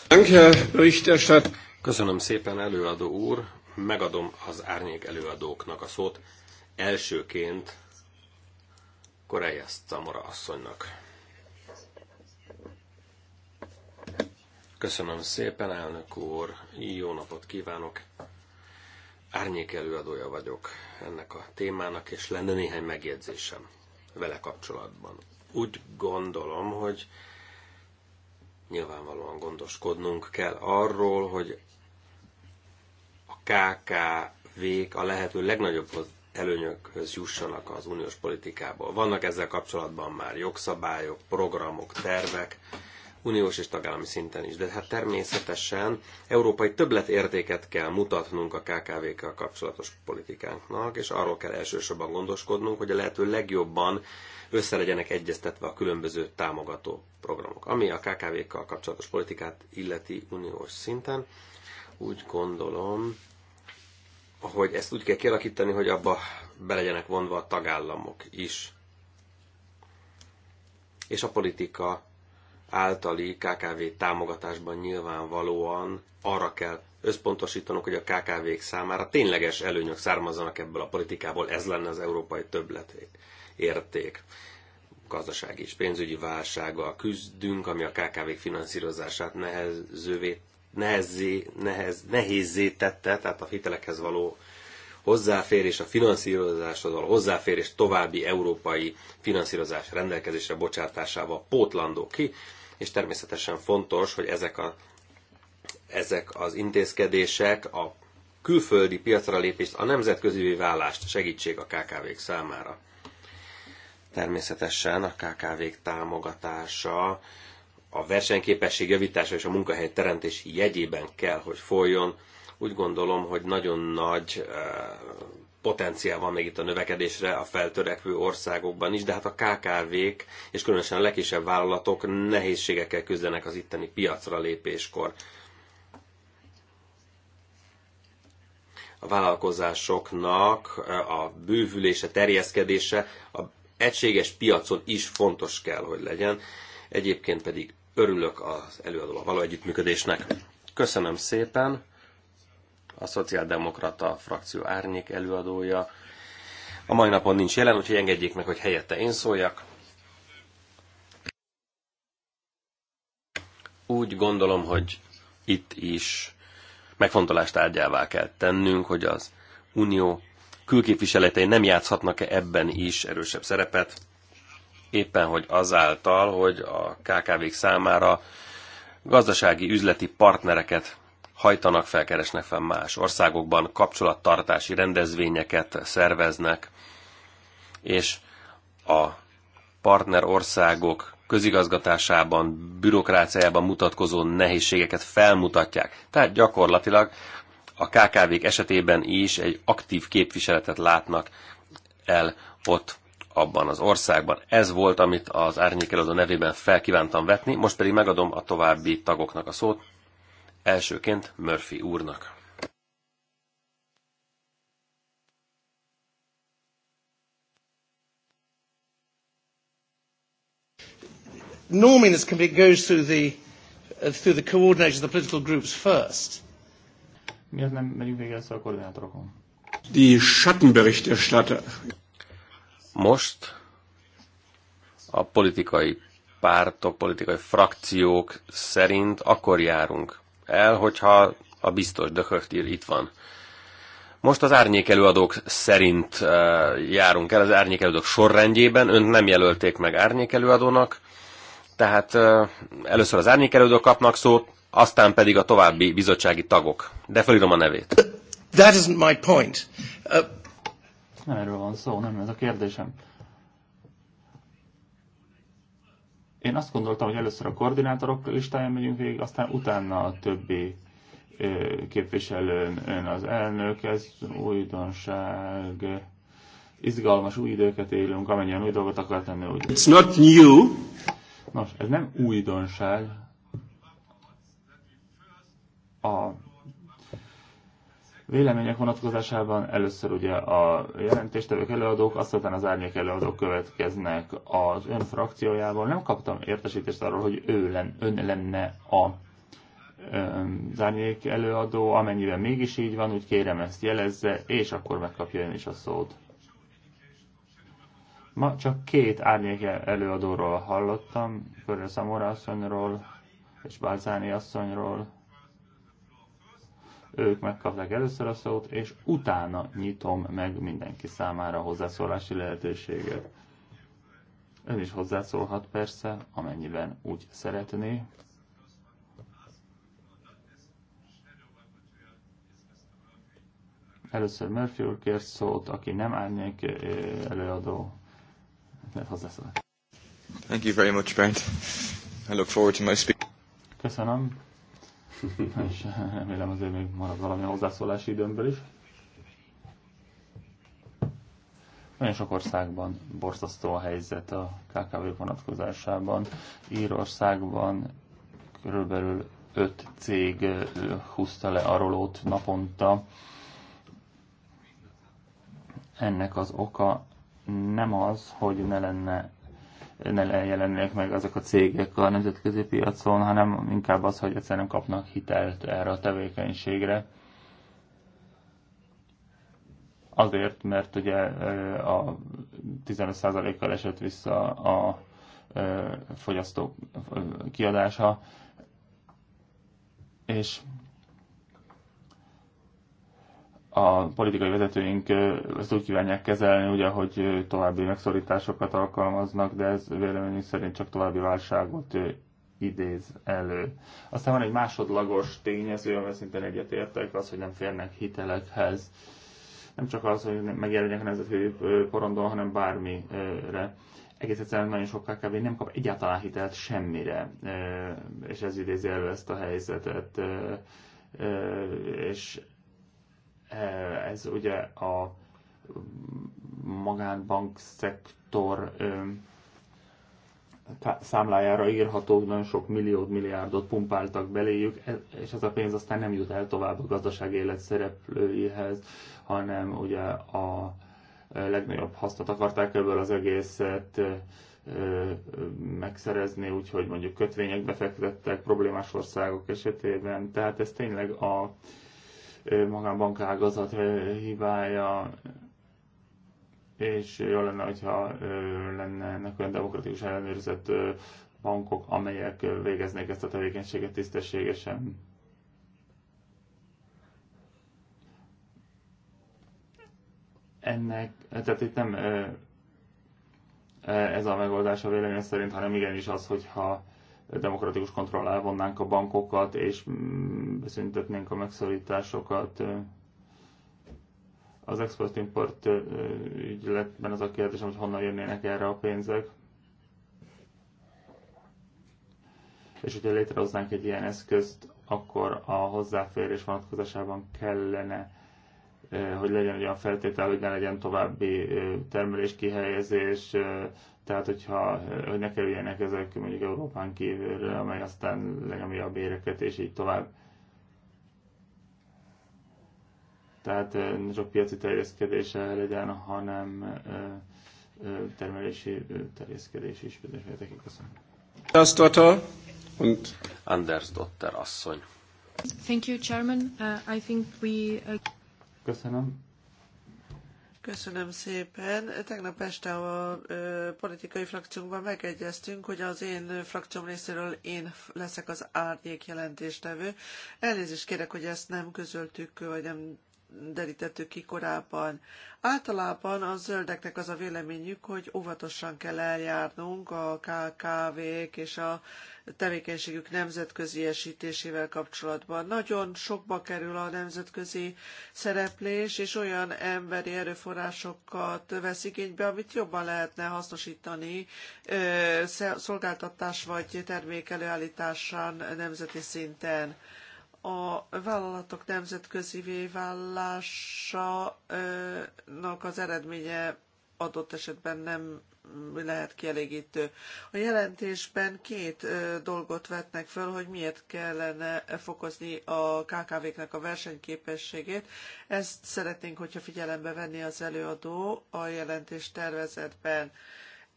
Köszönöm szépen, előadó úr. Megadom az árnyék előadóknak a szót. Elsőként Korejas Camora asszonynak. Köszönöm szépen, elnök úr. Jó napot kívánok árnyék előadója vagyok ennek a témának, és lenne néhány megjegyzésem vele kapcsolatban. Úgy gondolom, hogy nyilvánvalóan gondoskodnunk kell arról, hogy a KKV-k a lehető legnagyobb előnyökhöz jussanak az uniós politikából. Vannak ezzel kapcsolatban már jogszabályok, programok, tervek, uniós és tagállami szinten is. De hát természetesen európai többletértéket kell mutatnunk a KKV-kkel kapcsolatos politikánknak, és arról kell elsősorban gondoskodnunk, hogy a lehető legjobban össze legyenek egyeztetve a különböző támogató programok. Ami a KKV-kkal kapcsolatos politikát illeti uniós szinten, úgy gondolom, hogy ezt úgy kell kialakítani, hogy abba be legyenek vonva a tagállamok is. És a politika általi KKV támogatásban nyilvánvalóan arra kell összpontosítanunk, hogy a KKV-k számára tényleges előnyök származanak ebből a politikából, ez lenne az európai többlet érték. Gazdasági és pénzügyi válsággal küzdünk, ami a KKV-k finanszírozását nehezővé, nehezé, nehez, nehézé tette, tehát a hitelekhez való hozzáférés, a finanszírozáshoz való hozzáférés további európai finanszírozás rendelkezésre bocsátásával pótlandó ki és természetesen fontos, hogy ezek, a, ezek az intézkedések a külföldi piacra lépést, a nemzetközi válást segítség a KKV-k számára. Természetesen a KKV-k támogatása, a versenyképesség javítása és a munkahely teremtés jegyében kell, hogy folyjon. Úgy gondolom, hogy nagyon nagy eh, potenciál van még itt a növekedésre a feltörekvő országokban is, de hát a KKV-k és különösen a legkisebb vállalatok nehézségekkel küzdenek az itteni piacra lépéskor. A vállalkozásoknak a bővülése, terjeszkedése a egységes piacon is fontos kell, hogy legyen. Egyébként pedig örülök az előadóval való együttműködésnek. Köszönöm szépen! a szociáldemokrata frakció árnyék előadója. A mai napon nincs jelen, úgyhogy engedjék meg, hogy helyette én szóljak. Úgy gondolom, hogy itt is megfontolást tárgyává kell tennünk, hogy az unió külképviseletei nem játszhatnak-e ebben is erősebb szerepet, éppen hogy azáltal, hogy a KKV-k számára gazdasági, üzleti partnereket hajtanak, felkeresnek fel más országokban, kapcsolattartási rendezvényeket szerveznek, és a partner országok közigazgatásában, bürokráciájában mutatkozó nehézségeket felmutatják. Tehát gyakorlatilag a KKV-k esetében is egy aktív képviseletet látnak el ott abban az országban. Ez volt, amit az árnyékelődő nevében felkívántam vetni, most pedig megadom a további tagoknak a szót. Elsőként Murphy úrnak. normally this committee goes through the uh, through the of the political groups first. Miért nem megyünk végig ezt a koordinátorokon? Die Schattenberichterstatter. Most a politikai pártok, politikai frakciók szerint akkor járunk el, hogyha a biztos dököktír itt van. Most az árnyékelőadók szerint eh, járunk el, az árnyékelőadók sorrendjében. Önt nem jelölték meg árnyékelőadónak, tehát eh, először az árnyékelőadók kapnak szót, aztán pedig a további bizottsági tagok. De felírom a nevét. That isn't my point. Uh... Nem erről van szó, nem ez a kérdésem. Én azt gondoltam, hogy először a koordinátorok listáján megyünk végig, aztán utána a többi képviselőn ön az elnök, ez újdonság. Izgalmas új időket élünk, amennyien új dolgot akar tenni. Úgy. It's not new. Nos, ez nem újdonság. A Vélemények vonatkozásában először ugye a jelentéstevők előadók, aztán az árnyék előadók következnek az ön frakciójából. Nem kaptam értesítést arról, hogy ő len, ön lenne a az árnyék előadó, amennyiben mégis így van, úgy kérem ezt jelezze, és akkor megkapja ön is a szót. Ma csak két árnyék előadóról hallottam, Körre Szamora asszonyról és Balzáni asszonyról ők megkapták először a szót, és utána nyitom meg mindenki számára a hozzászólási lehetőséget. Ön is hozzászólhat persze, amennyiben úgy szeretné. Először Murphy úr kér szót, aki nem árnyék eh, előadó, mert hozzászólhat. Thank you very much, Brent. I look forward to my speech. Köszönöm és eh, remélem azért még marad valami hozzászólási időmből is. Nagyon sok országban borzasztó a helyzet a KKV vonatkozásában. Írországban körülbelül 5 cég eh, húzta le a rolót naponta. Ennek az oka nem az, hogy ne lenne ne jelenjenek meg azok a cégek a nemzetközi piacon, hanem inkább az, hogy egyszerűen kapnak hitelt erre a tevékenységre. Azért, mert ugye a 15%-kal esett vissza a fogyasztók kiadása, és a politikai vezetőink ezt úgy kívánják kezelni, ugye, hogy további megszorításokat alkalmaznak, de ez véleményünk szerint csak további válságot idéz elő. Aztán van egy másodlagos tényező, amivel szintén egyetértek, az, hogy nem férnek hitelekhez. Nem csak az, hogy megjelenjenek a nemzetközi porondon, hanem bármire. Egész egyszerűen nagyon sok KKV nem kap egyáltalán hitelt semmire, és ez idézi elő ezt a helyzetet és ez ugye a magánbank szektor számlájára írható, nagyon sok milliót, milliárdot pumpáltak beléjük, e- és ez a pénz aztán nem jut el tovább a gazdaság élet szereplőihez, hanem ugye a legnagyobb hasznot akarták ebből az egészet megszerezni, úgyhogy mondjuk kötvények befektettek problémás országok esetében. Tehát ez tényleg a magánbankágazat hibája, és jó lenne, hogyha ennek olyan demokratikus ellenőrzött bankok, amelyek végeznék ezt a tevékenységet tisztességesen. Ennek, tehát itt nem ez a megoldás a véleményem szerint, hanem igenis az, hogyha demokratikus kontroll elvonnánk a bankokat, és mm, beszüntetnénk a megszorításokat. Az export-import ügyletben az a kérdésem, hogy honnan jönnének erre a pénzek. És hogyha létrehoznánk egy ilyen eszközt, akkor a hozzáférés vonatkozásában kellene hogy legyen olyan feltétel, hogy ne legyen további termelés, kihelyezés, tehát hogyha hogy ne kerüljenek ezek mondjuk Európán kívülről, amely aztán lenyomja a béreket, és így tovább. Tehát nem csak piaci terjeszkedése legyen, hanem termelési terjeszkedés is bizonyos mértékig. Köszönöm. Anders Dotter und Anders Dotter asszony. Thank you, Chairman. Uh, I think we... Uh, Köszönöm Köszönöm szépen. Tegnap este a politikai frakciónkban megegyeztünk, hogy az én frakcióm részéről én leszek az árnyék jelentéstevő. Elnézést kérek, hogy ezt nem közöltük, vagy nem derítettük ki korábban. Általában a zöldeknek az a véleményük, hogy óvatosan kell eljárnunk a KKV-k és a tevékenységük nemzetközi esítésével kapcsolatban. Nagyon sokba kerül a nemzetközi szereplés, és olyan emberi erőforrásokat vesz igénybe, amit jobban lehetne hasznosítani szolgáltatás vagy termék előállításán nemzeti szinten a vállalatok nemzetközi válásának az eredménye adott esetben nem lehet kielégítő. A jelentésben két dolgot vetnek föl, hogy miért kellene fokozni a KKV-knek a versenyképességét. Ezt szeretnénk, hogyha figyelembe venni az előadó a jelentés tervezetben.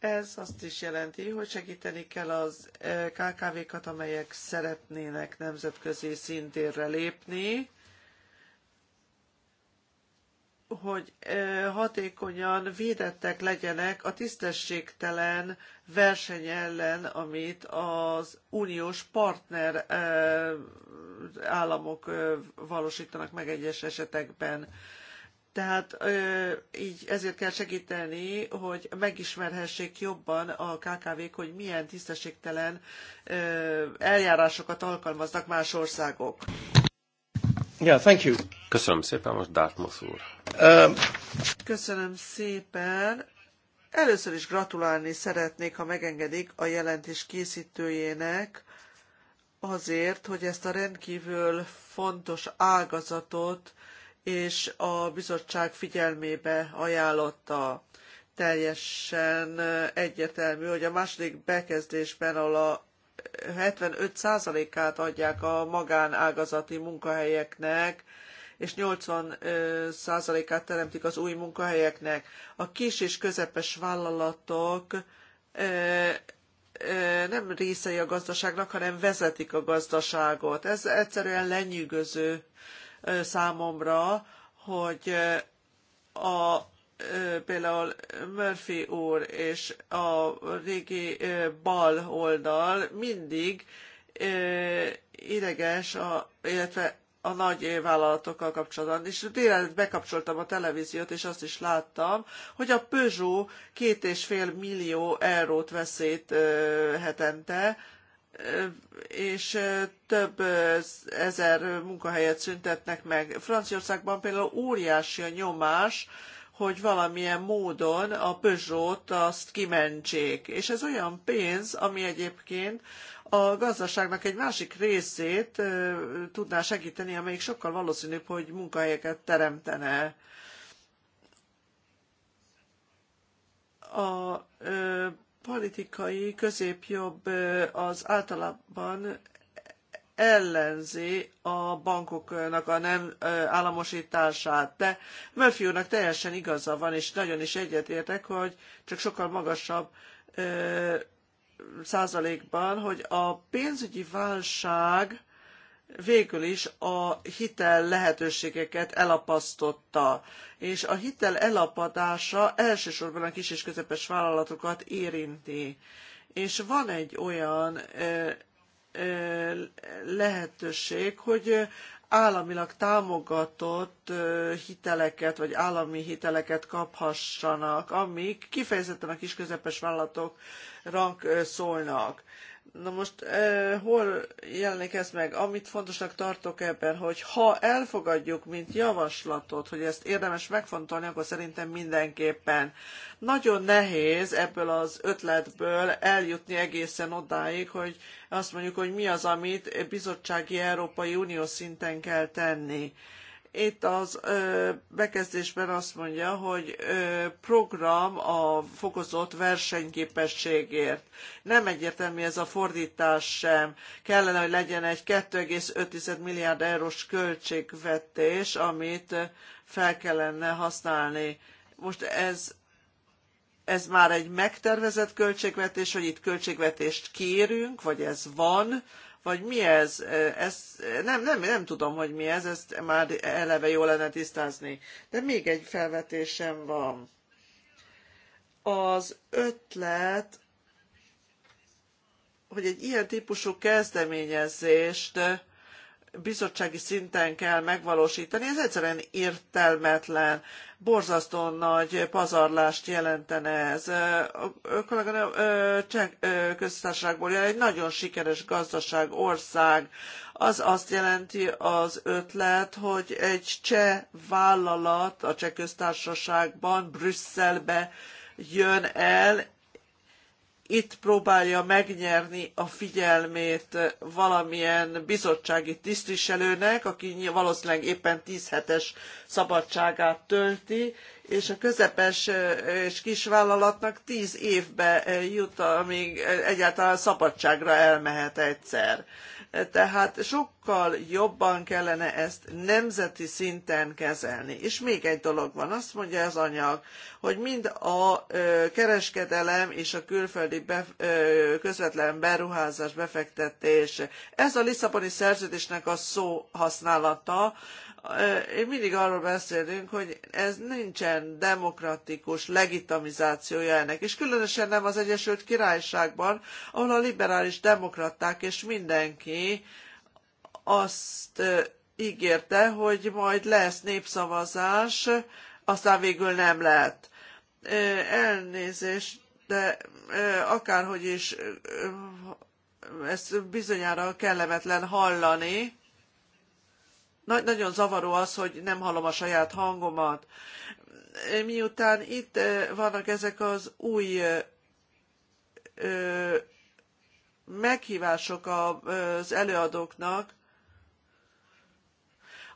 Ez azt is jelenti, hogy segíteni kell az eh, KKV-kat, amelyek szeretnének nemzetközi szintérre lépni, hogy eh, hatékonyan védettek legyenek a tisztességtelen verseny ellen, amit az uniós partner eh, államok valósítanak meg egyes esetekben. Tehát így ezért kell segíteni, hogy megismerhessék jobban a KKV-k, hogy milyen tisztességtelen eljárásokat alkalmaznak más országok. Yeah, thank you. Köszönöm szépen, most Dartmouth úr. Um... Köszönöm szépen. Először is gratulálni szeretnék, ha megengedik, a jelentés készítőjének azért, hogy ezt a rendkívül fontos ágazatot és a bizottság figyelmébe ajánlotta teljesen egyetelmű, hogy a második bekezdésben, ahol a 75%-át adják a magánágazati munkahelyeknek, és 80%-át teremtik az új munkahelyeknek. A kis és közepes vállalatok nem részei a gazdaságnak, hanem vezetik a gazdaságot. Ez egyszerűen lenyűgöző számomra, hogy a például Murphy úr és a régi bal oldal mindig ideges, a, illetve a nagy vállalatokkal kapcsolatban. És délelőtt bekapcsoltam a televíziót, és azt is láttam, hogy a Peugeot két és fél millió eurót veszít hetente, és több ezer munkahelyet szüntetnek meg. Franciaországban például óriási a nyomás, hogy valamilyen módon a Peugeot azt kimentsék. És ez olyan pénz, ami egyébként a gazdaságnak egy másik részét tudná segíteni, amelyik sokkal valószínűbb, hogy munkahelyeket teremtene. A politikai középjobb az általában ellenzi a bankoknak a nem államosítását, de Murphy úrnak teljesen igaza van, és nagyon is egyetértek, hogy csak sokkal magasabb százalékban, hogy a pénzügyi válság végül is a hitel lehetőségeket elapasztotta, és a hitel elapadása elsősorban a kis és közepes vállalatokat érinti. És van egy olyan ö, ö, lehetőség, hogy államilag támogatott hiteleket, vagy állami hiteleket kaphassanak, amik kifejezetten a kis közepes vállalatokra szólnak. Na most eh, hol jelenik ez meg? Amit fontosnak tartok ebben, hogy ha elfogadjuk, mint javaslatot, hogy ezt érdemes megfontolni, akkor szerintem mindenképpen nagyon nehéz ebből az ötletből eljutni egészen odáig, hogy azt mondjuk, hogy mi az, amit bizottsági Európai Unió szinten kell tenni itt az ö, bekezdésben azt mondja, hogy ö, program a fokozott versenyképességért. Nem egyértelmű ez a fordítás sem. Kellene, hogy legyen egy 2,5 milliárd eurós költségvetés, amit fel kellene használni. Most ez ez már egy megtervezett költségvetés, hogy itt költségvetést kérünk, vagy ez van, vagy mi ez? ez nem, nem, nem tudom, hogy mi ez, ezt már eleve jó lenne tisztázni. De még egy felvetésem van. Az ötlet, hogy egy ilyen típusú kezdeményezést bizottsági szinten kell megvalósítani, ez egyszerűen értelmetlen, borzasztó nagy pazarlást jelentene ez. A kolléganő Cseh köztársaságból jön egy nagyon sikeres gazdaság, ország. Az azt jelenti az ötlet, hogy egy cseh vállalat a cseh köztársaságban, Brüsszelbe jön el, itt próbálja megnyerni a figyelmét valamilyen bizottsági tisztviselőnek, aki valószínűleg éppen 10 hetes szabadságát tölti, és a közepes és kisvállalatnak 10 évbe jut, amíg egyáltalán szabadságra elmehet egyszer. Tehát sokkal jobban kellene ezt nemzeti szinten kezelni. És még egy dolog van, azt mondja az anyag, hogy mind a kereskedelem és a külföldi bef, közvetlen beruházás, befektetés, ez a Lisszaboni szerződésnek a szó használata, én mindig arról beszélünk, hogy ez nincsen demokratikus legitimizációja ennek, és különösen nem az Egyesült Királyságban, ahol a liberális demokraták és mindenki azt ígérte, hogy majd lesz népszavazás, aztán végül nem lett. Elnézést, de akárhogy is ezt bizonyára kellemetlen hallani, nagyon zavaró az, hogy nem hallom a saját hangomat. Miután itt vannak ezek az új ö, meghívások az előadóknak,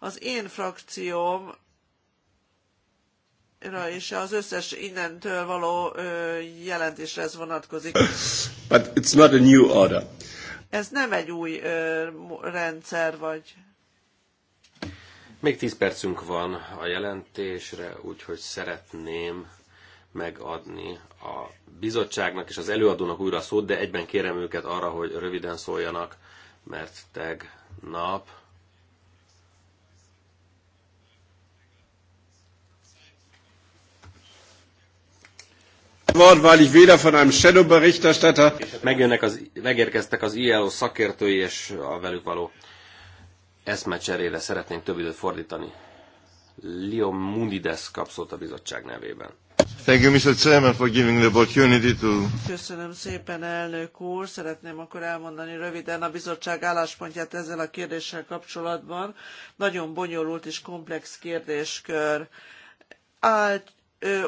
az én frakcióm és az összes innentől való jelentésre ez vonatkozik. But it's not a new order. Ez nem egy új ö, rendszer, vagy még 10 percünk van a jelentésre, úgyhogy szeretném megadni a bizottságnak és az előadónak újra a szót, de egyben kérem őket arra, hogy röviden szóljanak, mert tegnap Wort, weil ich weder von einem Shadow-Berichterstatter... Megjönnek az, megérkeztek az ILO szakértői, és a velük való eszmecserére szeretnénk több időt fordítani. Leo Mundides kapszott a bizottság nevében. Thank you, Mr. Chairman, for giving the opportunity to... Köszönöm szépen, elnök úr. Szeretném akkor elmondani röviden a bizottság álláspontját ezzel a kérdéssel kapcsolatban. Nagyon bonyolult és komplex kérdéskör. Állt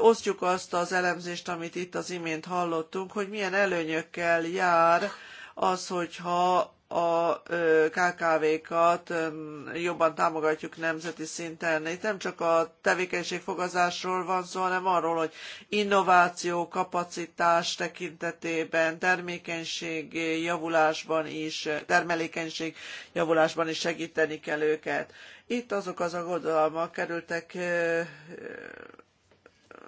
osztjuk azt az elemzést, amit itt az imént hallottunk, hogy milyen előnyökkel jár az, hogyha a KKV-kat jobban támogatjuk nemzeti szinten. Itt nem csak a tevékenységfogazásról van szó, hanem arról, hogy innováció, kapacitás tekintetében, termékenység javulásban is, termelékenység javulásban is segíteni kell őket. Itt azok az aggodalmak kerültek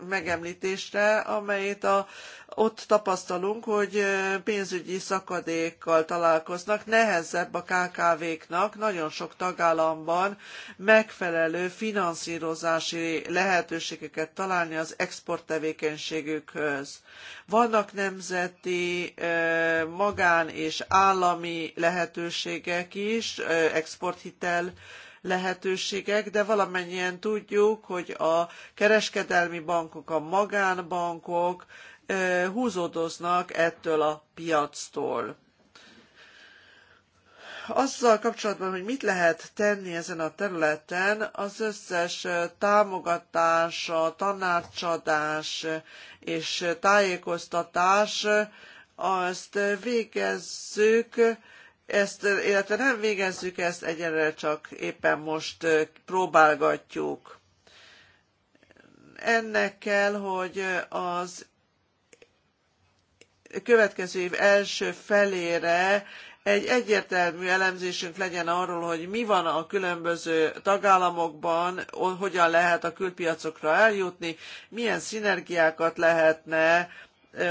megemlítésre, amelyet a, ott tapasztalunk, hogy pénzügyi szakadékkal találkoznak, nehezebb a KKV-knak nagyon sok tagállamban megfelelő finanszírozási lehetőségeket találni az exporttevékenységükhöz. Vannak nemzeti, magán és állami lehetőségek is, exporthitel lehetőségek, de valamennyien tudjuk, hogy a kereskedelmi bankok, a magánbankok húzódoznak ettől a piactól azzal kapcsolatban, hogy mit lehet tenni ezen a területen, az összes támogatás, a tanácsadás és tájékoztatás, azt végezzük ezt, illetve nem végezzük ezt egyelőre, csak éppen most próbálgatjuk. Ennek kell, hogy az következő év első felére egy egyértelmű elemzésünk legyen arról, hogy mi van a különböző tagállamokban, hogyan lehet a külpiacokra eljutni, milyen szinergiákat lehetne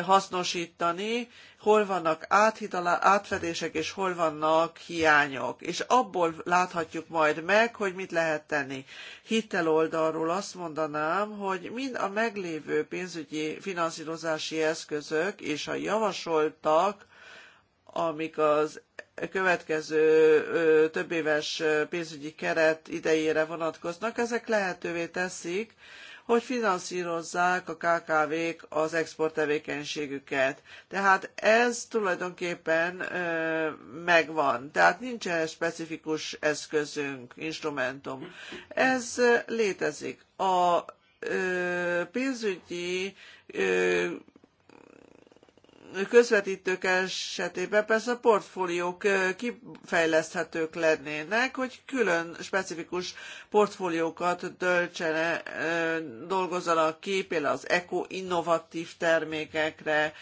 hasznosítani, hol vannak áthidalá, átfedések, és hol vannak hiányok. És abból láthatjuk majd meg, hogy mit lehet tenni. Hitel oldalról azt mondanám, hogy mind a meglévő pénzügyi finanszírozási eszközök és a javasoltak, amik az következő többéves pénzügyi keret idejére vonatkoznak, ezek lehetővé teszik, hogy finanszírozzák a KKV-k az exporttevékenységüket. Tehát ez tulajdonképpen megvan. Tehát nincsen specifikus eszközünk, instrumentum. Ez létezik. A pénzügyi közvetítők esetében persze a portfóliók kifejleszthetők lennének, hogy külön specifikus portfóliókat döltsene, dolgozzanak ki, például az eko-innovatív termékekre,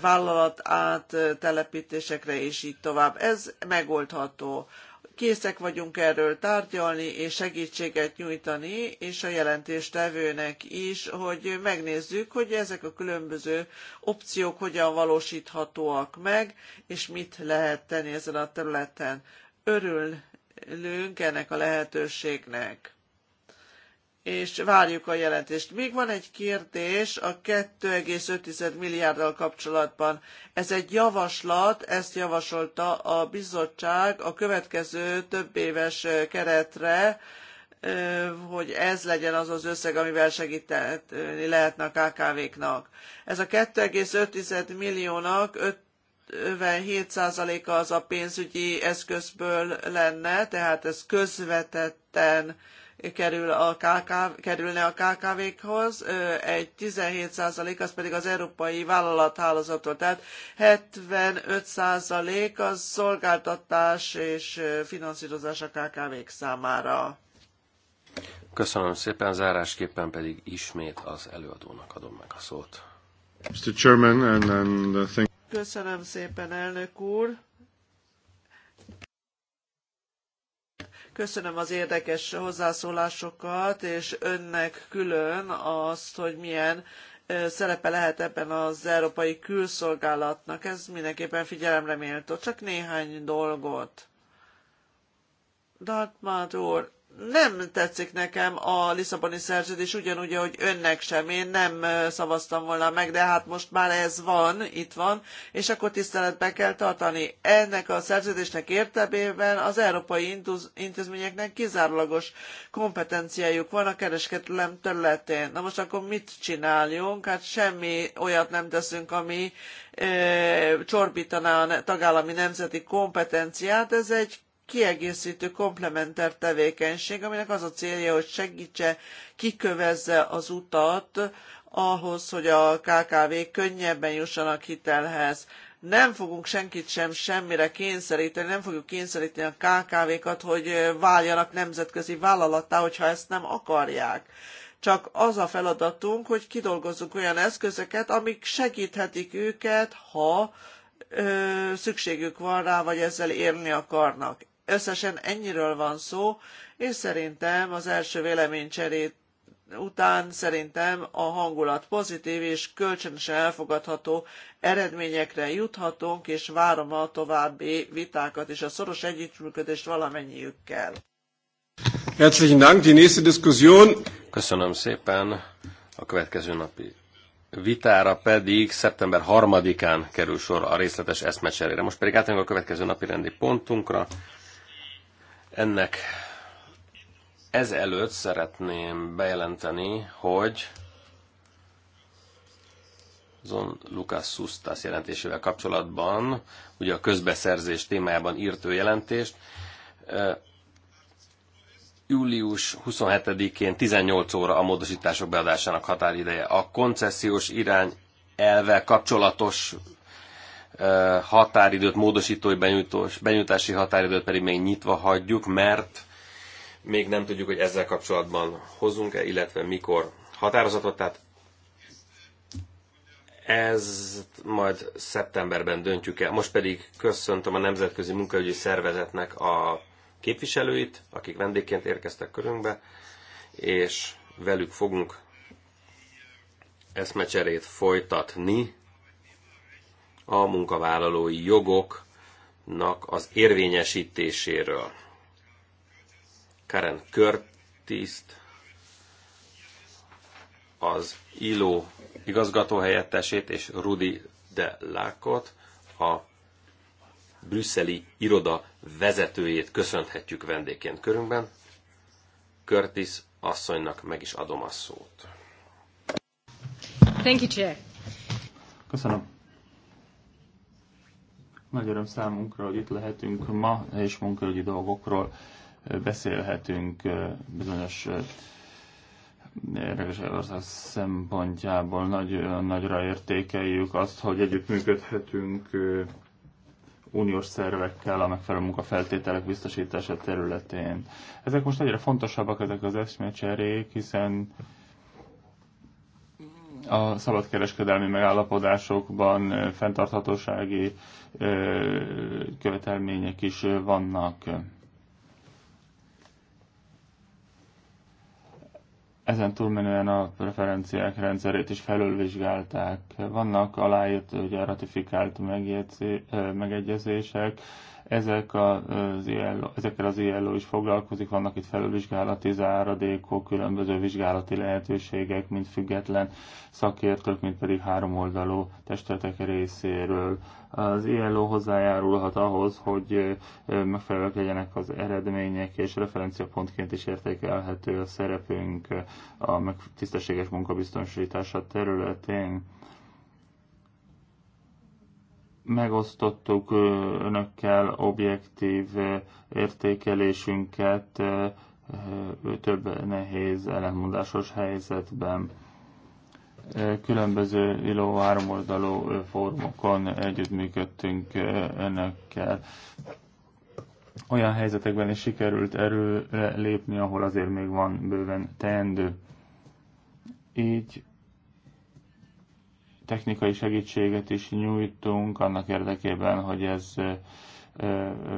vállalat áttelepítésekre és így tovább. Ez megoldható. Készek vagyunk erről tárgyalni és segítséget nyújtani, és a jelentéstevőnek is, hogy megnézzük, hogy ezek a különböző opciók hogyan valósíthatóak meg, és mit lehet tenni ezen a területen. Örülünk ennek a lehetőségnek és várjuk a jelentést. Még van egy kérdés a 2,5 milliárddal kapcsolatban. Ez egy javaslat, ezt javasolta a bizottság a következő több éves keretre, hogy ez legyen az az összeg, amivel segíteni lehetne a KKV-knak. Ez a 2,5 milliónak 57%-a az a pénzügyi eszközből lenne, tehát ez közvetetten kerül a KKV, kerülne a KKV-khoz, egy 17% az pedig az európai vállalathálózattól, tehát 75% az szolgáltatás és finanszírozás a KKV-k számára. Köszönöm szépen, zárásképpen pedig ismét az előadónak adom meg a szót. Mr. Chairman, and, and, uh, thank... Köszönöm szépen, elnök úr! Köszönöm az érdekes hozzászólásokat, és önnek külön azt, hogy milyen szerepe lehet ebben az európai külszolgálatnak. Ez mindenképpen figyelemre méltó. Csak néhány dolgot. Dartmouth úr, nem tetszik nekem a Lisszaboni szerződés, ugyanúgy, hogy önnek sem. Én nem szavaztam volna meg, de hát most már ez van, itt van, és akkor tiszteletben kell tartani. Ennek a szerződésnek értelmében az európai intézményeknek kizárólagos kompetenciájuk van a kereskedelem területén. Na most akkor mit csináljunk? Hát semmi olyat nem teszünk, ami e, csorbítaná a tagállami nemzeti kompetenciát. Ez egy kiegészítő, komplementer tevékenység, aminek az a célja, hogy segítse, kikövezze az utat ahhoz, hogy a KKV könnyebben jussanak hitelhez. Nem fogunk senkit sem semmire kényszeríteni, nem fogjuk kényszeríteni a KKV-kat, hogy váljanak nemzetközi vállalattá, hogyha ezt nem akarják csak az a feladatunk, hogy kidolgozzunk olyan eszközöket, amik segíthetik őket, ha ö, szükségük van rá, vagy ezzel érni akarnak összesen ennyiről van szó, és szerintem az első véleménycserét után szerintem a hangulat pozitív és kölcsönösen elfogadható eredményekre juthatunk, és várom a további vitákat és a szoros együttműködést valamennyiükkel. Herzlichen Dank, die nächste Diskussion. Köszönöm szépen. A következő napi vitára pedig szeptember 3-án kerül sor a részletes eszmecserére. Most pedig átmegyünk a következő napi rendi pontunkra. Ennek ez előtt szeretném bejelenteni, hogy Zon Lucas Sustas jelentésével kapcsolatban, ugye a közbeszerzés témájában írt ő jelentést, július 27-én 18 óra a módosítások beadásának határideje. A koncesziós irány elve kapcsolatos határidőt, módosítói benyújtós, benyújtási határidőt pedig még nyitva hagyjuk, mert még nem tudjuk, hogy ezzel kapcsolatban hozunk-e, illetve mikor határozatot, tehát ez majd szeptemberben döntjük el. Most pedig köszöntöm a Nemzetközi Munkaügyi Szervezetnek a képviselőit, akik vendégként érkeztek körünkbe, és velük fogunk eszmecserét folytatni a munkavállalói jogoknak az érvényesítéséről. Karen curtis az ILO igazgatóhelyettesét és Rudi de Lákot, a brüsszeli iroda vezetőjét köszönhetjük vendégként körünkben. Curtis asszonynak meg is adom a szót. Thank you, Chair. Köszönöm. Nagy öröm számunkra, hogy itt lehetünk ma, és munkaügyi dolgokról beszélhetünk bizonyos Ország szempontjából nagy, nagyra értékeljük azt, hogy együttműködhetünk uniós szervekkel a megfelelő munkafeltételek biztosítása területén. Ezek most egyre fontosabbak ezek az eszmecserék, hiszen a szabadkereskedelmi megállapodásokban fenntarthatósági követelmények is vannak. Ezen túlmenően a preferenciák rendszerét is felülvizsgálták. Vannak aláírt, ugye ratifikált megjegyzések, ezek az ILO, e ezekkel az ILO e is foglalkozik, vannak itt felülvizsgálati záradékok, különböző vizsgálati lehetőségek, mint független szakértők, mint pedig háromoldalú testületek részéről. Az ILO e hozzájárulhat ahhoz, hogy megfelelők legyenek az eredmények, és referenciapontként is értékelhető a szerepünk a tisztességes munkabiztonsítása területén megosztottuk önökkel objektív értékelésünket több nehéz, ellentmondásos helyzetben. Különböző illó háromoldalú fórumokon együttműködtünk önökkel. Olyan helyzetekben is sikerült erőre lépni, ahol azért még van bőven teendő. Így technikai segítséget is nyújtunk annak érdekében, hogy ez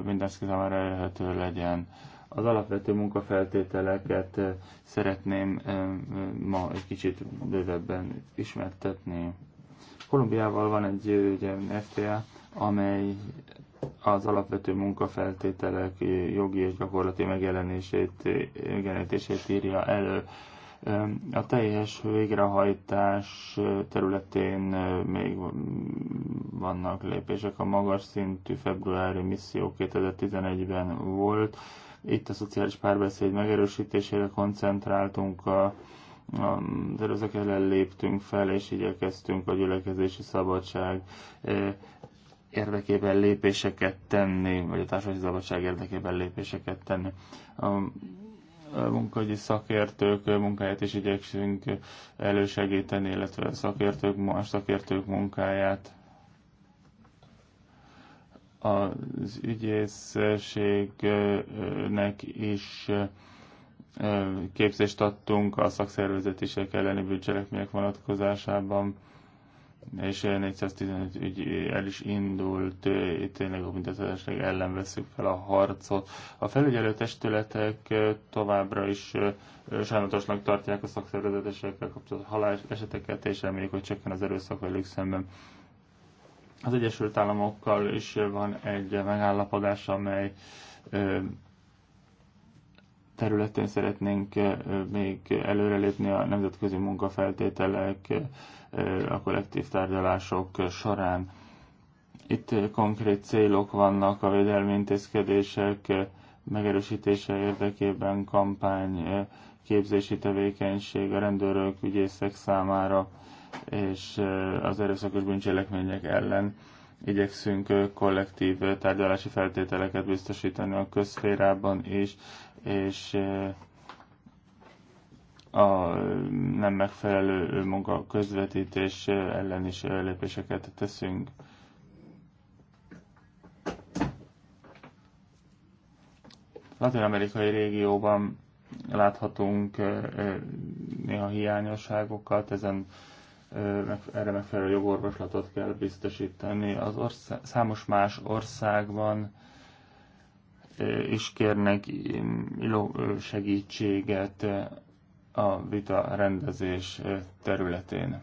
mindenki számára elérhető legyen. Az alapvető munkafeltételeket szeretném ma egy kicsit bővebben ismertetni. Kolumbiával van egy ugye, FTA, amely az alapvető munkafeltételek jogi és gyakorlati megjelenését, megjelenítését írja elő. A teljes végrehajtás területén még vannak lépések. A magas szintű februári misszió 2011-ben volt. Itt a szociális párbeszéd megerősítésére koncentráltunk a de erőszak ellen léptünk fel, és igyekeztünk a gyülekezési szabadság érdekében lépéseket tenni, vagy a társadalmi szabadság érdekében lépéseket tenni. A munkahogyi szakértők munkáját is igyekszünk elősegíteni, illetve szakértők, más szakértők munkáját. Az ügyészségnek is képzést adtunk a szakszervezetések elleni bűncselekmények vonatkozásában és 415 ügy el is indult, tényleg a büntetőesség ellen veszük fel a harcot. A felügyelő testületek továbbra is sajnálatosnak tartják a szakszervezetesekkel kapcsolatos halás eseteket, és reméljük, hogy csökken az erőszak velük szemben. Az Egyesült Államokkal is van egy megállapodás, amely területén szeretnénk még előrelépni a nemzetközi munkafeltételek a kollektív tárgyalások során. Itt konkrét célok vannak a védelmi intézkedések megerősítése érdekében, kampány, képzési tevékenység a rendőrök, ügyészek számára és az erőszakos bűncselekmények ellen igyekszünk kollektív tárgyalási feltételeket biztosítani a közférában is, és a nem megfelelő munka közvetítés ellen is lépéseket teszünk. Latin-amerikai régióban láthatunk néha hiányosságokat, ezen erre megfelelő jogorvoslatot kell biztosítani. Az ország, számos más országban is kérnek segítséget a vita rendezés területén.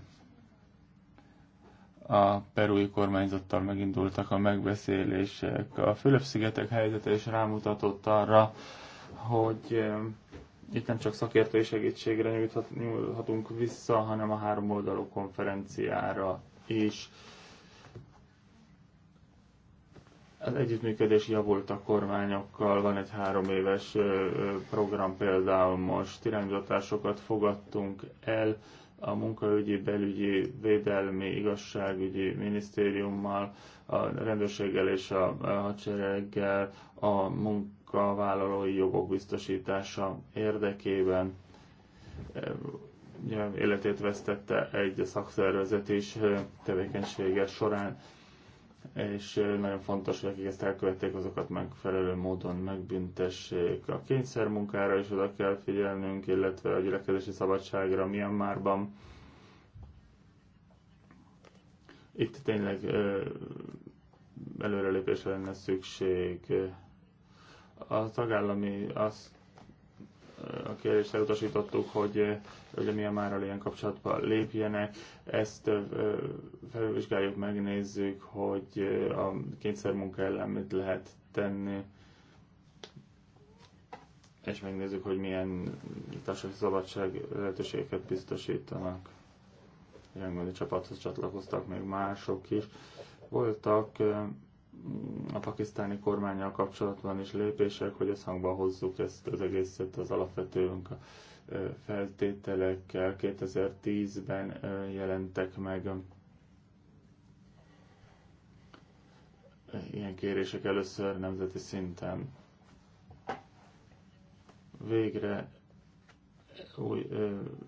A perui kormányzattal megindultak a megbeszélések. A Fülöp-szigetek helyzete is rámutatott arra, hogy itt nem csak szakértői segítségre nyújthatunk vissza, hanem a három oldalú konferenciára is. Az együttműködés javult a kormányokkal, van egy három éves program például most, irányzatásokat fogadtunk el a munkaügyi, belügyi, védelmi, igazságügyi minisztériummal, a rendőrséggel és a hadsereggel, a munkavállalói jogok biztosítása érdekében életét vesztette egy szakszervezet is tevékenysége során és nagyon fontos, hogy akik ezt elkövették, azokat megfelelő módon megbüntessék. A kényszermunkára is oda kell figyelnünk, illetve a gyülekezési szabadságra Myanmarban. Itt tényleg előrelépésre lenne szükség. A tagállami, az a kérést elutasítottuk, hogy milyen eh, már ilyen kapcsolatba lépjenek. Ezt eh, felvizsgáljuk, megnézzük, hogy eh, a kényszermunka ellen mit lehet tenni, és megnézzük, hogy milyen társadalmi szabadság lehetőségeket biztosítanak. Jelenlegi csapathoz csatlakoztak még mások is. Voltak a pakisztáni kormányjal kapcsolatban is lépések, hogy összhangba hozzuk ezt az egészet az alapvető feltételekkel. 2010-ben jelentek meg ilyen kérések először nemzeti szinten. Végre új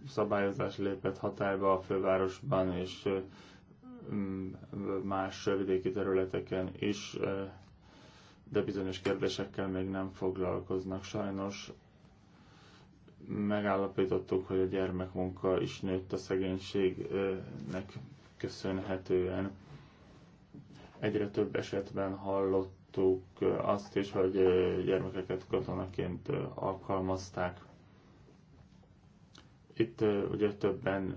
szabályozás lépett hatályba a fővárosban, és Mm, más vidéki területeken is, eh, de bizonyos kérdésekkel még nem foglalkoznak. Sajnos megállapítottuk, hogy a gyermekmunka is nőtt a szegénységnek köszönhetően. Egyre több esetben hallottuk azt is, hogy gyermekeket katonaként alkalmazták itt ugye többen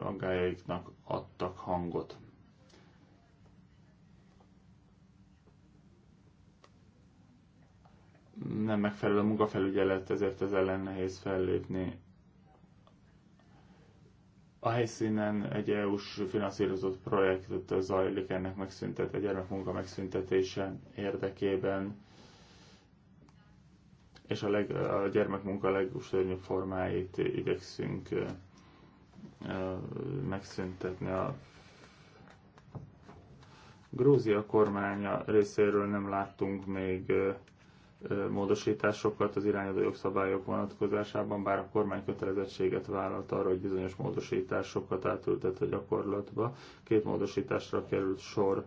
aggájaiknak adtak hangot. Nem megfelelő a munkafelügyelet, ezért ez ellen nehéz fellépni. A helyszínen egy EU-s finanszírozott projekt zajlik ennek megszüntet, a gyermekmunka megszüntetése érdekében és a, leg, a gyermekmunka legszörnyűbb formáit igyekszünk megszüntetni. A Grúzia kormánya részéről nem láttunk még módosításokat az irányadó jogszabályok vonatkozásában, bár a kormány kötelezettséget vállalt arra, hogy bizonyos módosításokat átültet a gyakorlatba. Két módosításra került sor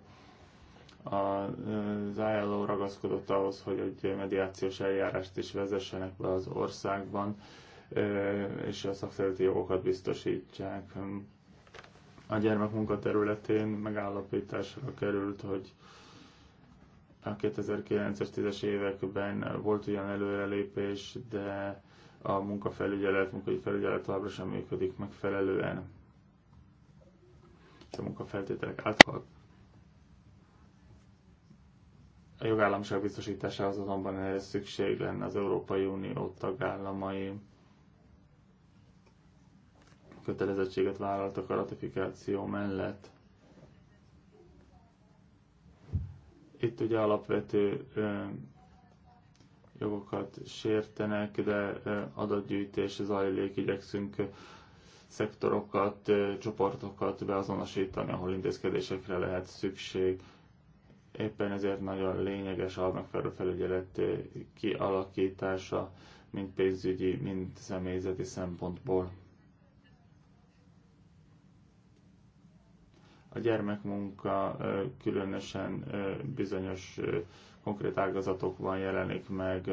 az ILO ragaszkodott ahhoz, hogy egy mediációs eljárást is vezessenek be az országban, és a szakszereti jogokat biztosítsák. A gyermekmunka területén megállapításra került, hogy a 2009-es 10-es években volt ugyan előrelépés, de a munkafelügyelet, munkai felügyelet továbbra sem működik megfelelően. A munkafeltételek áthat, A jogállamiság az azonban ehhez szükség lenne az Európai Unió tagállamai kötelezettséget vállaltak a ratifikáció mellett. Itt ugye alapvető ö, jogokat sértenek, de ö, adatgyűjtés zajlik, igyekszünk ö, szektorokat, csoportokat beazonosítani, ahol intézkedésekre lehet szükség. Éppen ezért nagyon lényeges a felügyelet eh, kialakítása, mint pénzügyi, mint személyzeti szempontból. A gyermekmunka eh, különösen eh, bizonyos konkrét ágazatokban jelenik meg,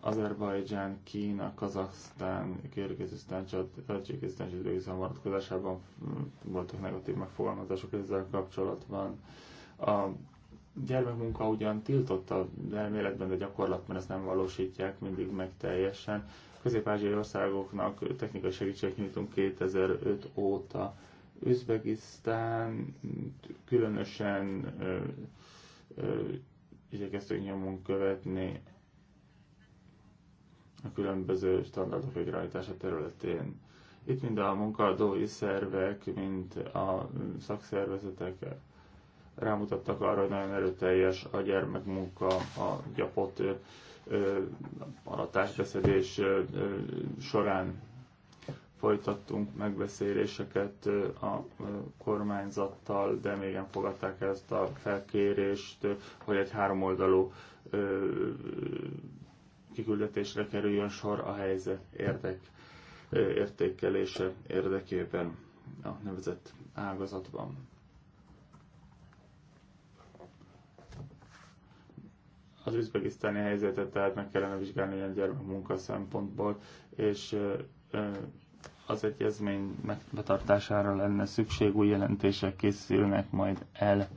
Azerbajdzsán, Kína, Kazaksztán, Kirgizisztán, Tajikisztán és Üzbegisztán vonatkozásában voltak negatív megfogalmazások ezzel kapcsolatban. A gyermekmunka ugyan tiltott a elméletben, de gyakorlatban ezt nem valósítják mindig meg teljesen. Közép-ázsiai országoknak technikai segítséget nyújtunk 2005 óta. Üzbegisztán különösen ö, ö, igyekeztünk nyomunk követni a különböző standardok végrehajtása területén. Itt mind a munkadói szervek, mint a szakszervezetek rámutattak arra, hogy nagyon erőteljes a gyermekmunka, a gyapot alatásbeszedés során folytattunk megbeszéléseket a kormányzattal, de még nem fogadták ezt a felkérést, hogy egy háromoldalú kiküldetésre kerüljön sor a helyzet érdek, értékelése érdekében a nevezett ágazatban. Az üzbegisztáni helyzetet tehát meg kellene vizsgálni ilyen gyermekmunka szempontból, és az egyezmény megbetartására lenne szükség, új jelentések készülnek majd el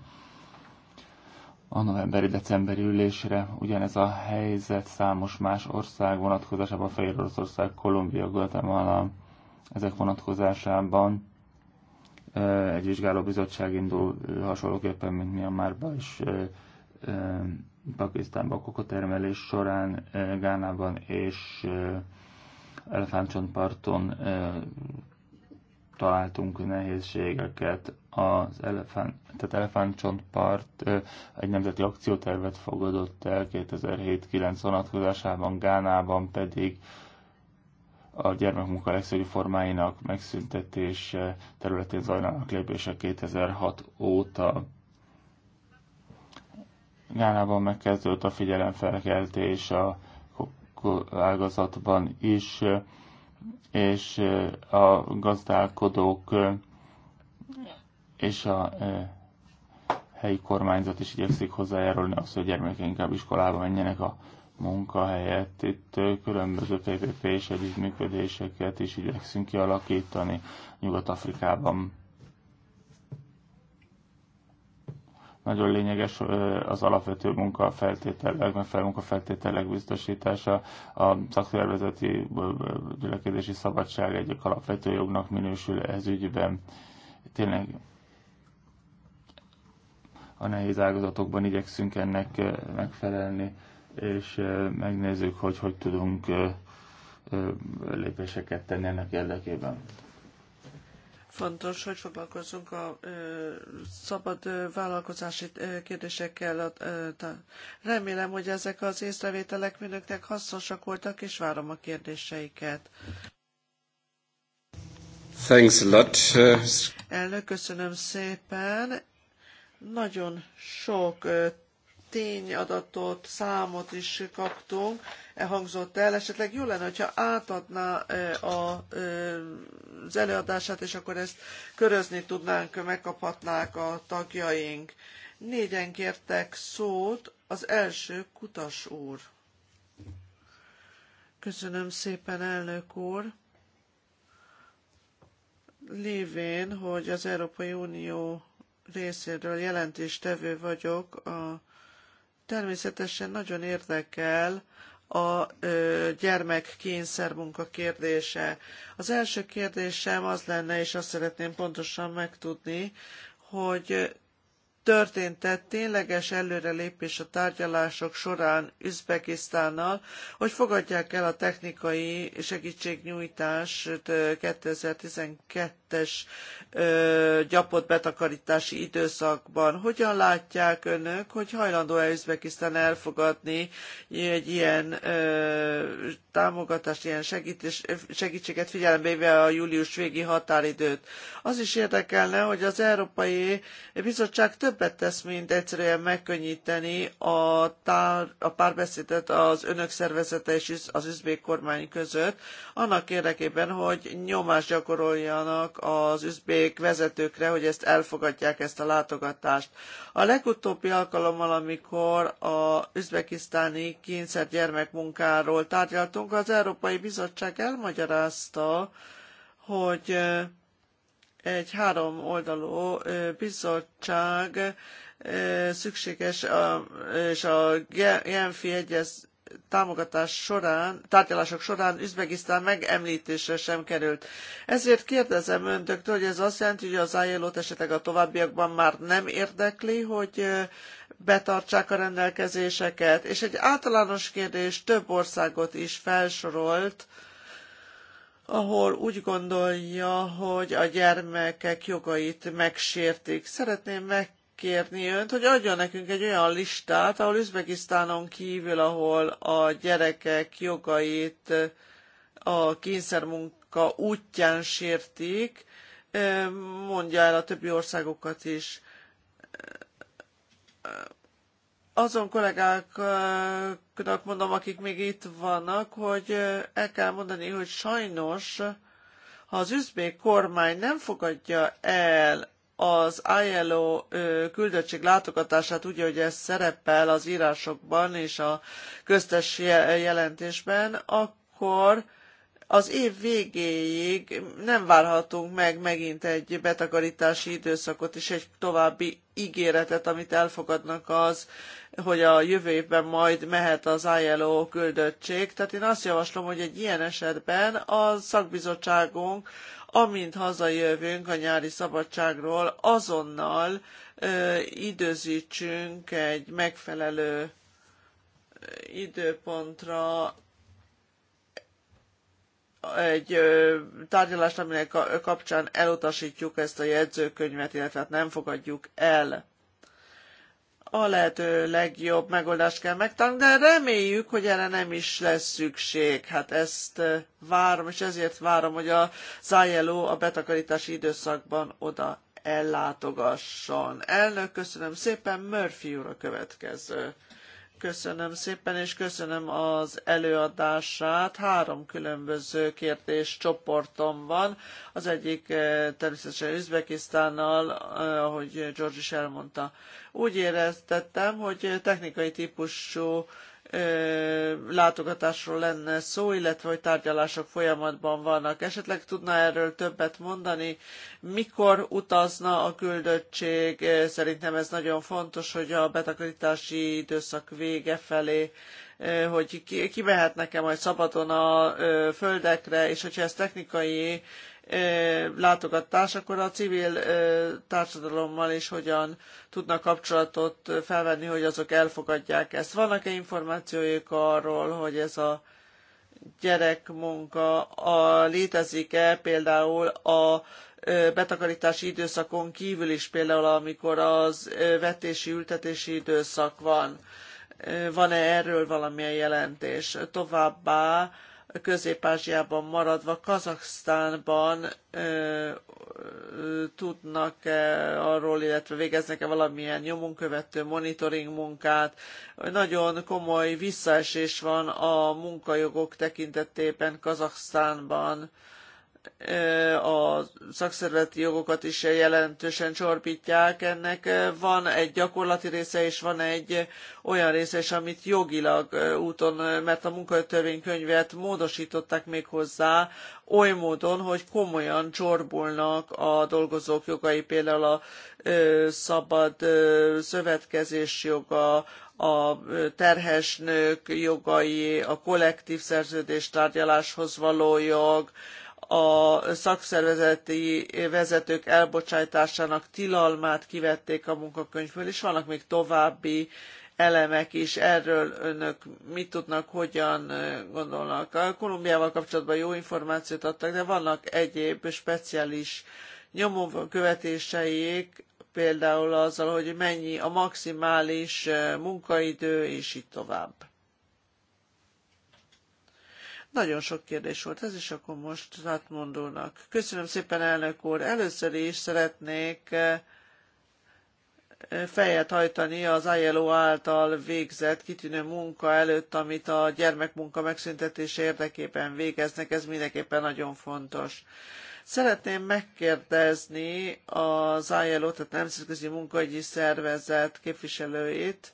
a novemberi-decemberi ülésre. Ugyanez a helyzet számos más ország vonatkozásában, Fehér Oroszország, Kolumbia, Guatemala, ezek vonatkozásában egy vizsgálóbizottság indul hasonlóképpen, mint is, Pakisztánban a kokotermelés során, Gánában és Elefántcsontparton találtunk nehézségeket. Az elefánt, tehát Elefántcsontpart egy nemzeti akciótervet fogadott el 2007-9 vonatkozásában, Gánában pedig a gyermekmunka legszörű formáinak megszüntetése területén zajlanak lépések 2006 óta. Gánában megkezdődött a figyelemfelkeltés a ágazatban is és a gazdálkodók és a helyi kormányzat is igyekszik hozzájárulni az, hogy gyermekek inkább iskolába menjenek a munkahelyet. Itt különböző PPP és együttműködéseket is igyekszünk kialakítani Nyugat-Afrikában Nagyon lényeges az alapvető munkafeltételek, megfelelő munkafeltételek biztosítása, a szakszervezeti gyülekezési szabadság egy alapvető jognak minősül ez ügyben. Tényleg a nehéz ágazatokban igyekszünk ennek megfelelni, és megnézzük, hogy hogy tudunk lépéseket tenni ennek érdekében. Fontos, hogy foglalkozzunk a ö, szabad ö, vállalkozási ö, kérdésekkel. Ö, remélem, hogy ezek az észrevételek mindenkinek hasznosak voltak, és várom a kérdéseiket. Thanks a lot. Uh, Elnök, köszönöm szépen. Nagyon sok tényadatot, számot is kaptunk, hangzott el. Esetleg jó lenne, hogyha átadná a, az előadását, és akkor ezt körözni tudnánk, megkaphatnák a tagjaink. Négyen kértek szót, az első Kutas úr. Köszönöm szépen, elnök úr. Lévén, hogy az Európai Unió részéről jelentéstevő vagyok a Természetesen nagyon érdekel a ö, gyermek kényszermunka kérdése. Az első kérdésem az lenne, és azt szeretném pontosan megtudni, hogy történt-e tényleges előrelépés a tárgyalások során Üzbegisztánnal, hogy fogadják el a technikai segítségnyújtást 2012 2022-es gyapott betakarítási időszakban. Hogyan látják önök, hogy hajlandó-e Üzbekisztán elfogadni egy ilyen támogatást, ilyen segítés, segítséget figyelembe véve a július végi határidőt? Az is érdekelne, hogy az Európai Bizottság többet tesz, mint egyszerűen megkönnyíteni a, tár, a párbeszédet az önök szervezete és az üzbék kormány között, annak érdekében, hogy nyomást gyakoroljanak az üzbék vezetőkre, hogy ezt elfogadják, ezt a látogatást. A legutóbbi alkalommal, amikor a üzbekisztáni kényszer gyermekmunkáról tárgyaltunk, az Európai Bizottság elmagyarázta, hogy egy három oldalú bizottság szükséges, és a Genfi egyez, támogatás során, tárgyalások során Üzbegisztán megemlítésre sem került. Ezért kérdezem öntöktől, hogy ez azt jelenti, hogy az ilo esetleg a továbbiakban már nem érdekli, hogy betartsák a rendelkezéseket. És egy általános kérdés több országot is felsorolt, ahol úgy gondolja, hogy a gyermekek jogait megsértik. Szeretném meg kérni önt, hogy adjon nekünk egy olyan listát, ahol Üzbegisztánon kívül, ahol a gyerekek jogait a kényszermunka útján sértik, mondja el a többi országokat is. Azon kollégáknak mondom, akik még itt vannak, hogy el kell mondani, hogy sajnos, ha az üzbék kormány nem fogadja el az ILO küldöttség látogatását, úgy, hogy ez szerepel az írásokban és a köztes jelentésben, akkor az év végéig nem várhatunk meg megint egy betakarítási időszakot és egy további ígéretet, amit elfogadnak az, hogy a jövő évben majd mehet az ILO küldöttség. Tehát én azt javaslom, hogy egy ilyen esetben a szakbizottságunk amint hazajövünk a nyári szabadságról, azonnal ö, időzítsünk egy megfelelő időpontra egy ö, tárgyalást, aminek kapcsán elutasítjuk ezt a jegyzőkönyvet, illetve hát nem fogadjuk el a lehető legjobb megoldást kell megtalálni, de reméljük, hogy erre nem is lesz szükség. Hát ezt várom, és ezért várom, hogy a ILO a betakarítási időszakban oda ellátogasson. Elnök, köszönöm szépen, Murphy úr a következő. Köszönöm szépen, és köszönöm az előadását. Három különböző kérdéscsoportom van. Az egyik eh, természetesen Üzbekisztánnal, eh, ahogy George is elmondta. Úgy éreztettem, hogy technikai típusú látogatásról lenne szó, illetve hogy tárgyalások folyamatban vannak. Esetleg tudna erről többet mondani? Mikor utazna a küldöttség? Szerintem ez nagyon fontos, hogy a betakarítási időszak vége felé hogy kimehetnek-e majd szabadon a földekre, és hogyha ez technikai látogatás, akkor a civil társadalommal is hogyan tudnak kapcsolatot felvenni, hogy azok elfogadják ezt. Vannak-e információik arról, hogy ez a gyerekmunka a, létezik-e például a betakarítási időszakon kívül is, például amikor az vetési-ültetési időszak van. Van-e erről valamilyen jelentés? Továbbá Közép-Ázsiában maradva, Kazaksztánban ö, ö, tudnak -e arról, illetve végeznek-e valamilyen nyomonkövető monitoring munkát. Nagyon komoly visszaesés van a munkajogok tekintetében Kazaksztánban a szakszervezeti jogokat is jelentősen csorbítják. Ennek van egy gyakorlati része, és van egy olyan része is, amit jogilag úton, mert a munkatörvénykönyvet módosították még hozzá, oly módon, hogy komolyan csorbulnak a dolgozók jogai, például a szabad szövetkezés joga, a terhesnők jogai, a kollektív szerződés tárgyaláshoz való jog, a szakszervezeti vezetők elbocsátásának tilalmát kivették a munkakönyvből, és vannak még további elemek is. Erről önök mit tudnak, hogyan gondolnak? A Kolumbiával kapcsolatban jó információt adtak, de vannak egyéb speciális nyomókövetéseik, például azzal, hogy mennyi a maximális munkaidő, és így tovább. Nagyon sok kérdés volt ez, is akkor most átmondónak. Köszönöm szépen, elnök úr. Először is szeretnék eh, fejet hajtani az ILO által végzett kitűnő munka előtt, amit a gyermekmunka megszüntetése érdekében végeznek. Ez mindenképpen nagyon fontos. Szeretném megkérdezni az ILO, tehát Nemzetközi Munkaügyi Szervezet képviselőit,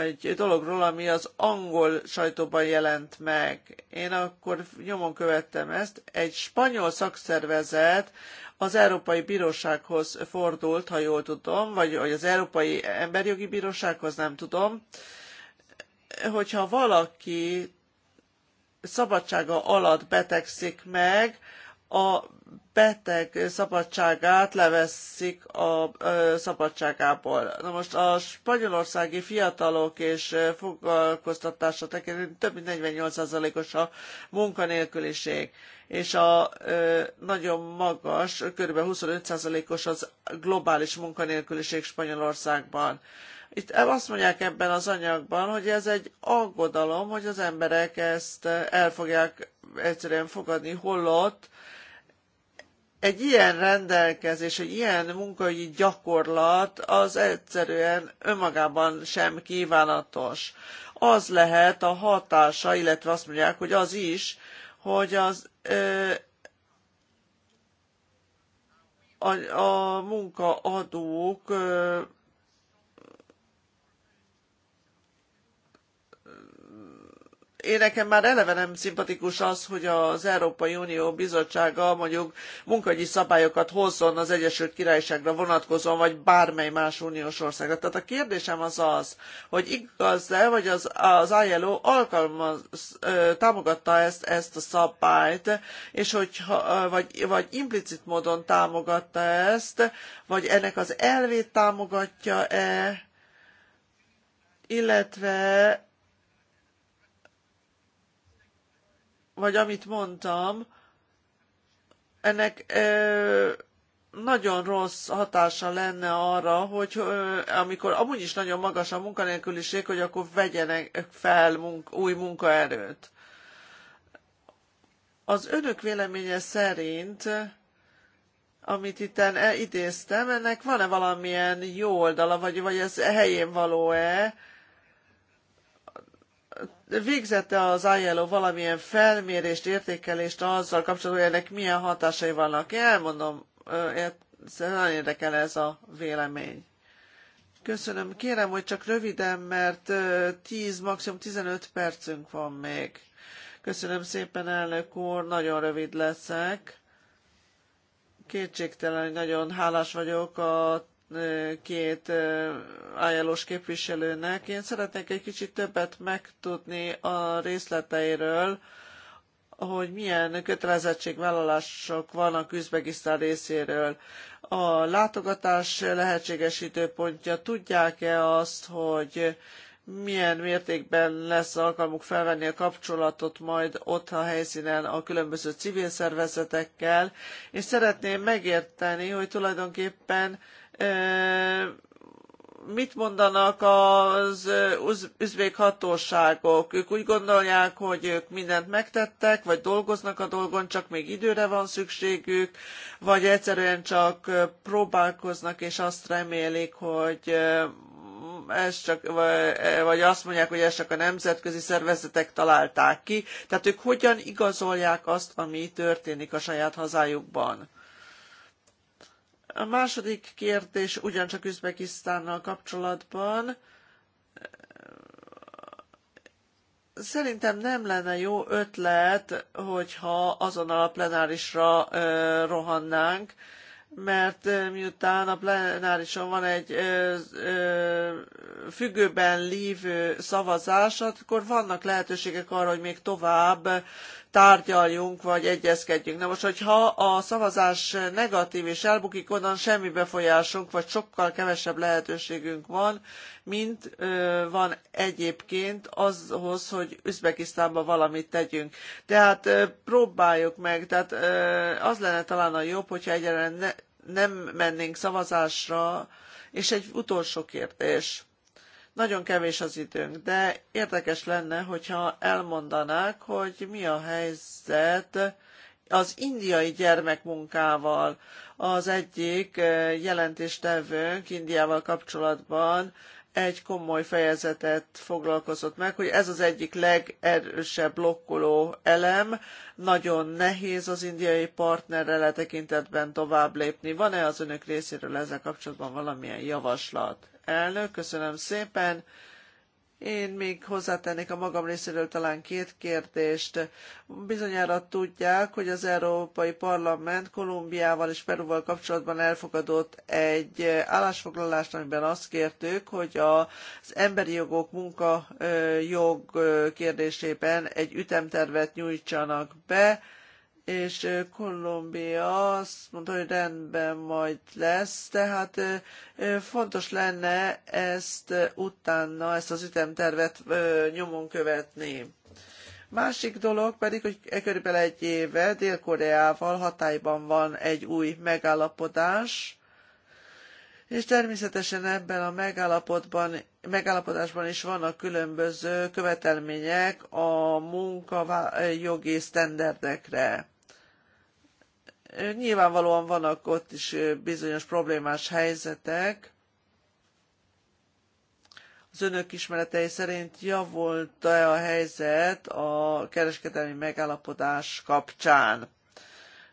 egy dologról, ami az angol sajtóban jelent meg. Én akkor nyomon követtem ezt. Egy spanyol szakszervezet az Európai Bírósághoz fordult, ha jól tudom, vagy az Európai Emberjogi Bírósághoz, nem tudom, hogyha valaki szabadsága alatt betegszik meg, a beteg szabadságát leveszik a szabadságából. Na most a spanyolországi fiatalok és foglalkoztatása tekintetében több mint 48%-os a munkanélküliség, és a nagyon magas, kb. 25%-os az globális munkanélküliség Spanyolországban. Itt e, azt mondják ebben az anyagban, hogy ez egy aggodalom, hogy az emberek ezt el fogják egyszerűen fogadni, holott egy ilyen rendelkezés, egy ilyen munkaügyi gyakorlat az egyszerűen önmagában sem kívánatos. Az lehet a hatása, illetve azt mondják, hogy az is, hogy az ö, a, a munkaadók ö, én nekem már eleve nem szimpatikus az, hogy az Európai Unió Bizottsága mondjuk munkagyi szabályokat hozzon az Egyesült Királyságra vonatkozóan, vagy bármely más uniós országra. Tehát a kérdésem az az, hogy igaz-e, vagy az, az ILO alkalmaz, támogatta ezt, ezt a szabályt, és hogy, vagy, vagy implicit módon támogatta ezt, vagy ennek az elvét támogatja-e, illetve vagy amit mondtam, ennek ö, nagyon rossz hatása lenne arra, hogy ö, amikor amúgy is nagyon magas a munkanélküliség, hogy akkor vegyenek fel munk, új munkaerőt. Az önök véleménye szerint, amit itt e-, idéztem, ennek van-e valamilyen jó oldala, vagy, vagy ez helyén való-e, végzette az ILO valamilyen felmérést, értékelést azzal kapcsolatban, hogy ennek milyen hatásai vannak. Én elmondom, nagyon érdekel ez a vélemény. Köszönöm. Kérem, hogy csak röviden, mert 10, maximum 15 percünk van még. Köszönöm szépen, elnök úr, nagyon rövid leszek. Kétségtelen, hogy nagyon hálás vagyok a két ajánlós képviselőnek. Én szeretnék egy kicsit többet megtudni a részleteiről, hogy milyen kötelezettségvállalások vannak Üzbegisztán részéről. A látogatás lehetséges időpontja, tudják-e azt, hogy milyen mértékben lesz alkalmuk felvenni a kapcsolatot majd ott a helyszínen a különböző civil szervezetekkel, és szeretném megérteni, hogy tulajdonképpen mit mondanak az üzvék hatóságok? Ők úgy gondolják, hogy ők mindent megtettek, vagy dolgoznak a dolgon, csak még időre van szükségük, vagy egyszerűen csak próbálkoznak, és azt remélik, hogy ez csak, vagy azt mondják, hogy ezt csak a nemzetközi szervezetek találták ki. Tehát ők hogyan igazolják azt, ami történik a saját hazájukban? A második kérdés ugyancsak Üzbekisztánnal kapcsolatban. Szerintem nem lenne jó ötlet, hogyha azonnal a plenárisra rohannánk, mert miután a plenárison van egy ö, ö, függőben lévő szavazás, akkor vannak lehetőségek arra, hogy még tovább tárgyaljunk, vagy egyezkedjünk. Na most, hogyha a szavazás negatív és elbukik, onnan semmi befolyásunk, vagy sokkal kevesebb lehetőségünk van, mint ö, van egyébként azhoz, hogy Üzbekisztánban valamit tegyünk. Tehát ö, próbáljuk meg, tehát ö, az lenne talán a jobb, hogyha egyre ne, nem mennénk szavazásra, és egy utolsó kérdés. Nagyon kevés az időnk, de érdekes lenne, hogyha elmondanák, hogy mi a helyzet az indiai gyermekmunkával. Az egyik eh, jelentéstevőnk Indiával kapcsolatban egy komoly fejezetet foglalkozott meg, hogy ez az egyik legerősebb blokkoló elem, nagyon nehéz az indiai partnerrel e tekintetben tovább lépni. Van-e az önök részéről ezzel kapcsolatban valamilyen javaslat? elnök, köszönöm szépen. Én még hozzátennék a magam részéről talán két kérdést. Bizonyára tudják, hogy az Európai Parlament Kolumbiával és Perúval kapcsolatban elfogadott egy állásfoglalást, amiben azt kértük, hogy az emberi jogok, munkajog kérdésében egy ütemtervet nyújtsanak be, és Kolumbia azt mondta, hogy rendben majd lesz, tehát fontos lenne ezt utána, ezt az ütemtervet nyomon követni. Másik dolog pedig, hogy e körülbelül egy éve Dél-Koreával hatályban van egy új megállapodás, és természetesen ebben a megállapodásban is vannak különböző követelmények a munkajogi sztenderdekre. Nyilvánvalóan vannak ott is bizonyos problémás helyzetek. Az önök ismeretei szerint javult-e a helyzet a kereskedelmi megállapodás kapcsán?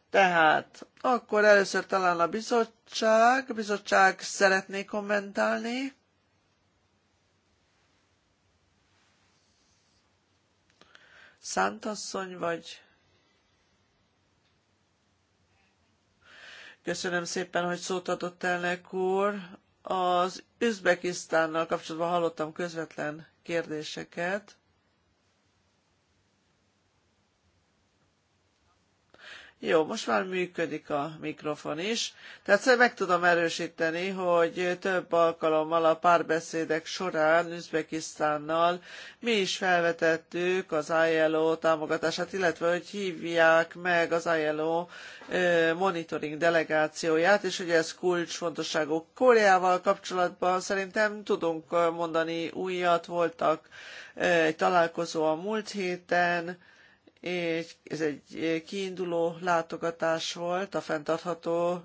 Tehát akkor először talán a bizottság. A bizottság szeretné kommentálni. Szántasszony vagy? Köszönöm szépen, hogy szót adott elnek úr. Az Üzbekisztánnal kapcsolatban hallottam közvetlen kérdéseket. Jó, most már működik a mikrofon is. Tehát meg tudom erősíteni, hogy több alkalommal a párbeszédek során Üzbekisztánnal mi is felvetettük az ILO támogatását, illetve hogy hívják meg az ILO monitoring delegációját, és hogy ez kulcsfontosságú. Koreával kapcsolatban szerintem tudunk mondani újat, voltak egy találkozó a múlt héten, ez egy eh, kiinduló látogatás volt a fenntartható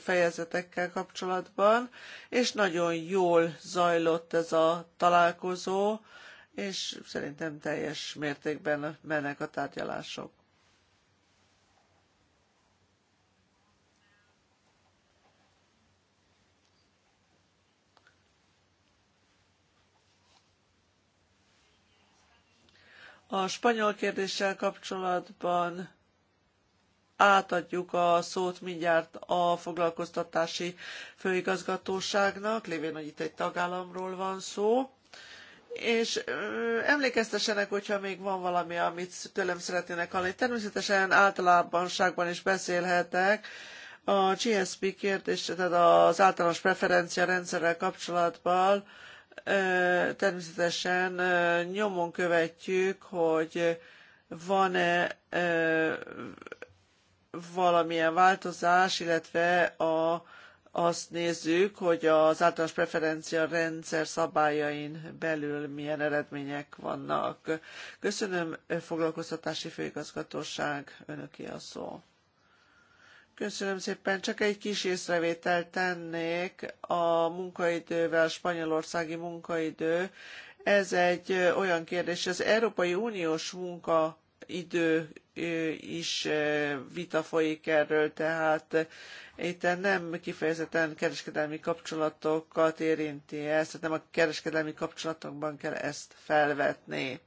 fejezetekkel kapcsolatban, és nagyon jól zajlott ez a találkozó, és szerintem teljes mértékben mennek a tárgyalások. A spanyol kérdéssel kapcsolatban átadjuk a szót mindjárt a foglalkoztatási főigazgatóságnak, lévén, hogy itt egy tagállamról van szó. És emlékeztessenek, hogyha még van valami, amit tőlem szeretnének hallani. Természetesen általánosságban is beszélhetek, a GSP kérdés, tehát az általános preferencia rendszerrel kapcsolatban természetesen nyomon követjük, hogy van-e valamilyen változás, illetve a, azt nézzük, hogy az általános preferencia rendszer szabályain belül milyen eredmények vannak. Köszönöm, foglalkoztatási főigazgatóság, önöki a szó. Köszönöm szépen. Csak egy kis észrevételt tennék a munkaidővel, a spanyolországi munkaidő. Ez egy olyan kérdés, az Európai Uniós munkaidő is vita folyik erről, tehát itt nem kifejezetten kereskedelmi kapcsolatokat érinti ezt, tehát nem a kereskedelmi kapcsolatokban kell ezt felvetni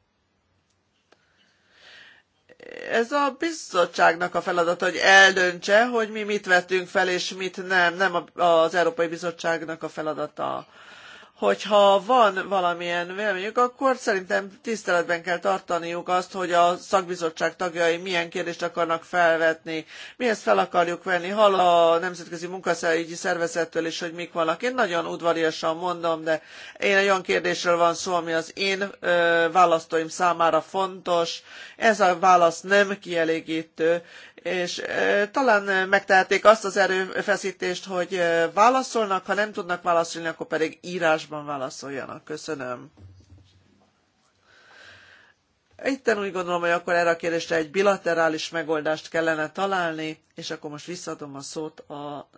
ez a bizottságnak a feladata, hogy eldöntse, hogy mi mit vettünk fel, és mit nem. Nem az Európai Bizottságnak a feladata hogyha van valamilyen véleményük, akkor szerintem tiszteletben kell tartaniuk azt, hogy a szakbizottság tagjai milyen kérdést akarnak felvetni. Mi ezt fel akarjuk venni. Hall a Nemzetközi Munkaszerügyi Szervezettől is, hogy mik vannak. Én nagyon udvariasan mondom, de én egy olyan kérdésről van szó, ami az én ö, választóim számára fontos. Ez a válasz nem kielégítő, és talán megtehetik azt az erőfeszítést, hogy válaszolnak, ha nem tudnak válaszolni, akkor pedig írásban válaszoljanak. Köszönöm. Itten úgy gondolom, hogy akkor erre a kérdésre egy bilaterális megoldást kellene találni, és akkor most visszadom a szót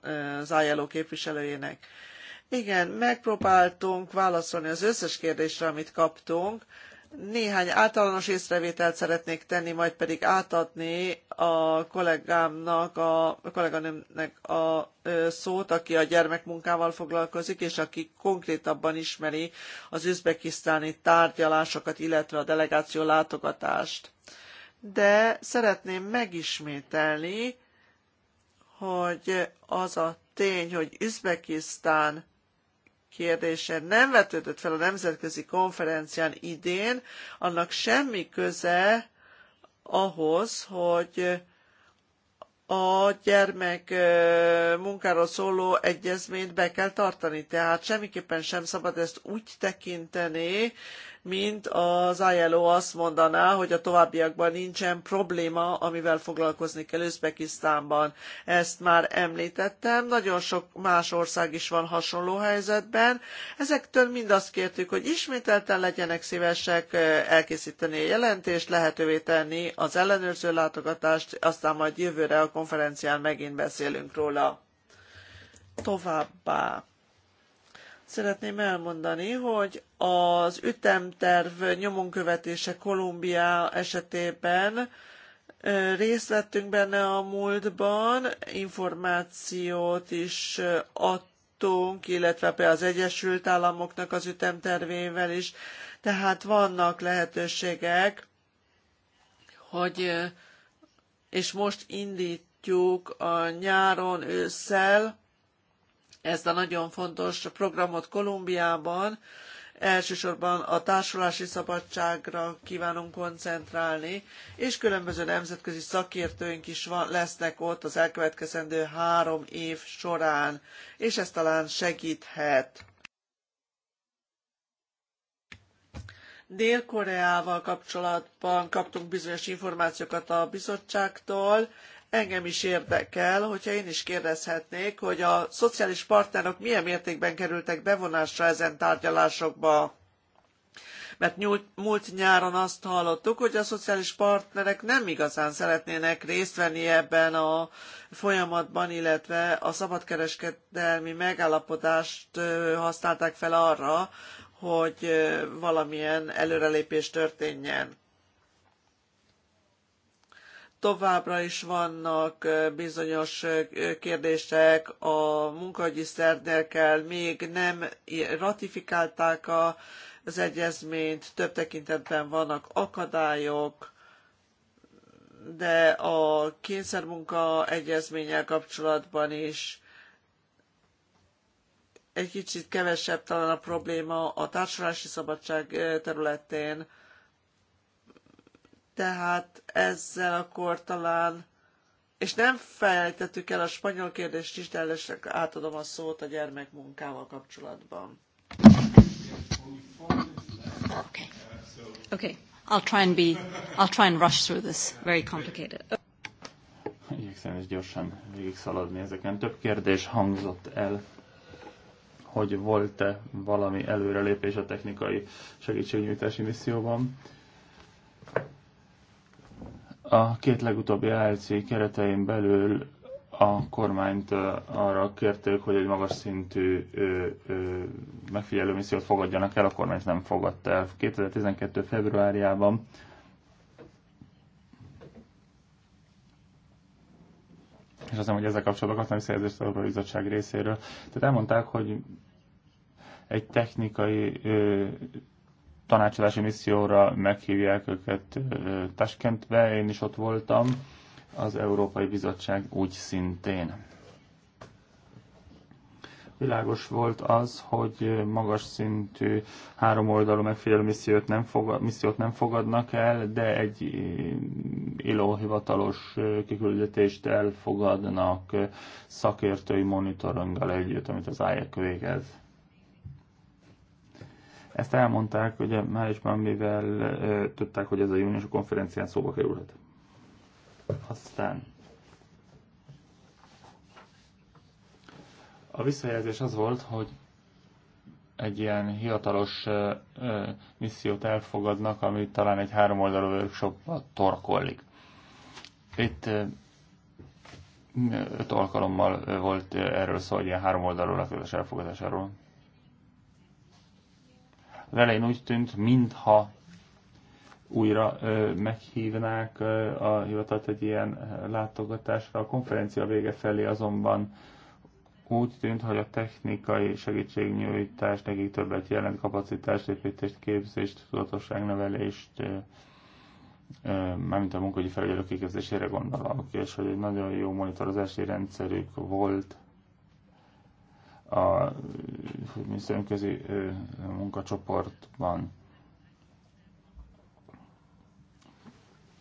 az ILO képviselőjének. Igen, megpróbáltunk válaszolni az összes kérdésre, amit kaptunk. Néhány általános észrevételt szeretnék tenni, majd pedig átadni a kollégámnak, a, kolléganőmnek a szót, aki a gyermekmunkával foglalkozik, és aki konkrétabban ismeri az üzbekisztáni tárgyalásokat, illetve a delegáció látogatást. De szeretném megismételni, hogy az a tény, hogy Üzbekisztán kérdése nem vetődött fel a nemzetközi konferencián idén, annak semmi köze ahhoz, hogy a gyermek munkáról szóló egyezményt be kell tartani. Tehát semmiképpen sem szabad ezt úgy tekinteni, mint az ILO azt mondaná, hogy a továbbiakban nincsen probléma, amivel foglalkozni kell Özbekisztánban. Ezt már említettem, nagyon sok más ország is van hasonló helyzetben. Ezektől mind azt kértük, hogy ismételten legyenek szívesek elkészíteni a jelentést, lehetővé tenni az ellenőrző látogatást, aztán majd jövőre a konferencián megint beszélünk róla. Továbbá Szeretném elmondani, hogy az ütemterv nyomonkövetése Kolumbia esetében részt vettünk benne a múltban, információt is adtunk, illetve például az Egyesült Államoknak az ütemtervével is, tehát vannak lehetőségek, hogy és most indítjuk a nyáron, ősszel, ezt a nagyon fontos programot Kolumbiában. Elsősorban a társulási szabadságra kívánunk koncentrálni, és különböző nemzetközi szakértőink is van, lesznek ott az elkövetkezendő három év során, és ez talán segíthet. Dél-Koreával kapcsolatban kaptunk bizonyos információkat a bizottságtól, engem is érdekel, hogyha én is kérdezhetnék, hogy a szociális partnerok milyen mértékben kerültek bevonásra ezen tárgyalásokba mert múlt nyáron azt hallottuk, hogy a szociális partnerek nem igazán szeretnének részt venni ebben a folyamatban, illetve a szabadkereskedelmi megállapodást használták fel arra, hogy valamilyen előrelépés történjen továbbra is vannak bizonyos kérdések, a munkahogyi szernekkel még nem ratifikálták az egyezményt, több tekintetben vannak akadályok, de a kényszermunka egyezménnyel kapcsolatban is egy kicsit kevesebb talán a probléma a társulási szabadság területén, tehát ezzel akkor talán, és nem felejtettük el a spanyol kérdést is, de először átadom a szót a gyermekmunkával kapcsolatban. Okay. Okay. I'll try and be, I'll try and rush through this very complicated. Igyekszem is gyorsan végig szaladni ezeken. Több kérdés hangzott el, hogy volt-e valami előrelépés a technikai segítségnyújtási misszióban. A két legutóbbi ALC keretein belül a kormányt arra kérték, hogy egy magas szintű megfigyelő missziót fogadjanak el, a kormány nem fogadta el. 2012. februárjában és azt hogy ezzel kapcsolatban kaptam szerzést a bizottság részéről. Tehát elmondták, hogy egy technikai ö, tanácsadási misszióra meghívják őket Taskentbe, én is ott voltam, az Európai Bizottság úgy szintén. Világos volt az, hogy magas szintű háromoldalú megfigyelő missziót nem, fogad, missziót nem fogadnak el, de egy ILO hivatalos kiküldetést elfogadnak szakértői monitoringgal együtt, amit az IEC végez ezt elmondták, ugye májusban, mivel ö, tudták, hogy ez a június konferencián szóba kerülhet. Aztán a visszajelzés az volt, hogy egy ilyen hivatalos missziót elfogadnak, ami talán egy három oldalú workshopba torkollik. Itt ö, öt alkalommal volt erről szó, hogy ilyen három oldalú elfogadásáról. Az elején úgy tűnt, mintha újra ö, meghívnák ö, a hivatalt egy ilyen látogatásra. A konferencia vége felé azonban úgy tűnt, hogy a technikai segítségnyújtás nekik többet jelent, kapacitást, építést, képzést, tudatosságnevelést, mármint a munkahogyi felügyelők kiképzésére gondolok, és hogy egy nagyon jó monitorozási rendszerük volt, a miniszterünközi munkacsoportban.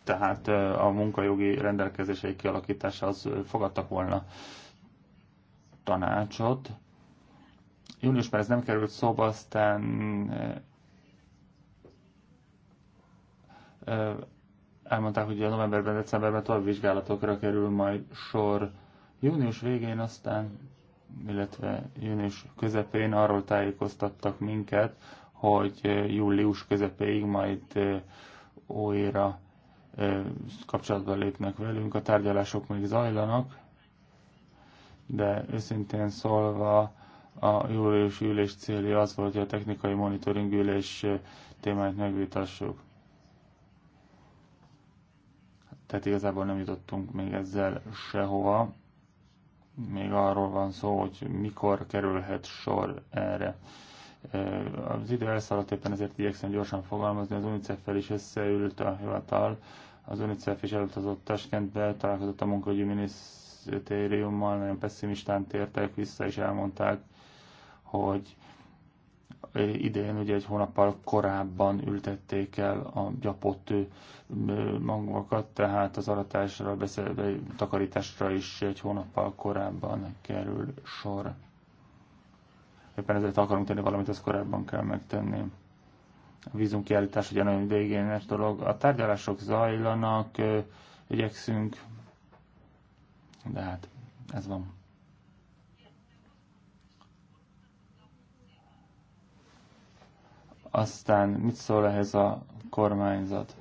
Tehát a munkajogi rendelkezései kialakítása az fogadtak volna tanácsot. Júniusban ez nem került szóba, aztán elmondták, hogy a novemberben, decemberben tovább vizsgálatokra kerül majd sor. Június végén aztán illetve június közepén arról tájékoztattak minket, hogy eh, július közepéig majd eh, újra eh, kapcsolatba lépnek velünk. A tárgyalások még zajlanak, de őszintén szólva a július ülés célja az volt, hogy a technikai monitoring ülés témáit megvitassuk. Tehát igazából nem jutottunk még ezzel sehova még arról van szó, hogy mikor kerülhet sor erre. Az idő elszaladt, éppen ezért igyekszem gyorsan fogalmazni, az UNICEF-fel is összeült a hivatal, az UNICEF is elutazott Taskentbe, találkozott a munkahogyi minisztériummal, nagyon pessimistán tértek vissza, és elmondták, hogy idén, ugye egy hónappal korábban ültették el a gyapott magvakat, tehát az aratásra, beszélve takarításra is egy hónappal korábban kerül sor. Éppen ezért akarunk tenni valamit, ezt korábban kell megtenni. A vízumkiállítás ugye nagyon ideigényes dolog. A tárgyalások zajlanak, igyekszünk, de hát ez van. Aztán mit szól ehhez a kormányzat?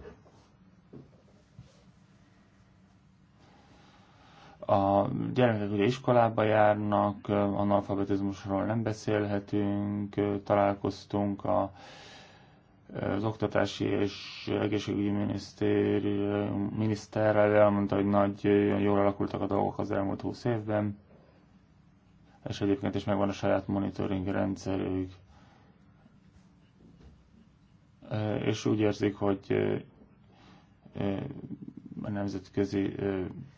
A gyermekek ugye iskolába járnak, analfabetizmusról nem beszélhetünk, találkoztunk a, az oktatási és egészségügyi minisztérium miniszterrel, elmondta, hogy nagy, jól alakultak a dolgok az elmúlt húsz évben, és egyébként is megvan a saját monitoring rendszerük és úgy érzik, hogy a nemzetközi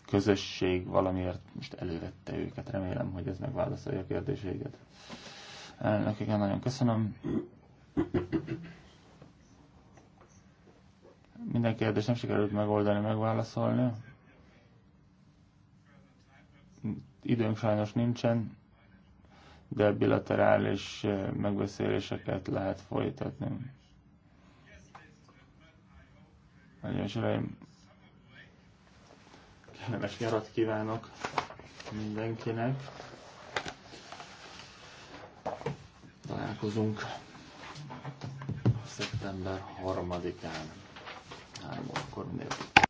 közösség valamiért most elővette őket. Remélem, hogy ez megválaszolja a kérdéséget. Elnök, igen, nagyon köszönöm. Minden kérdés nem sikerült megoldani, megválaszolni. Időnk sajnos nincsen, de bilaterális megbeszéléseket lehet folytatni. Nagyon és Uraim, kellemes nyarat kívánok mindenkinek. Találkozunk szeptember harmadikán. Három órakor mindenki.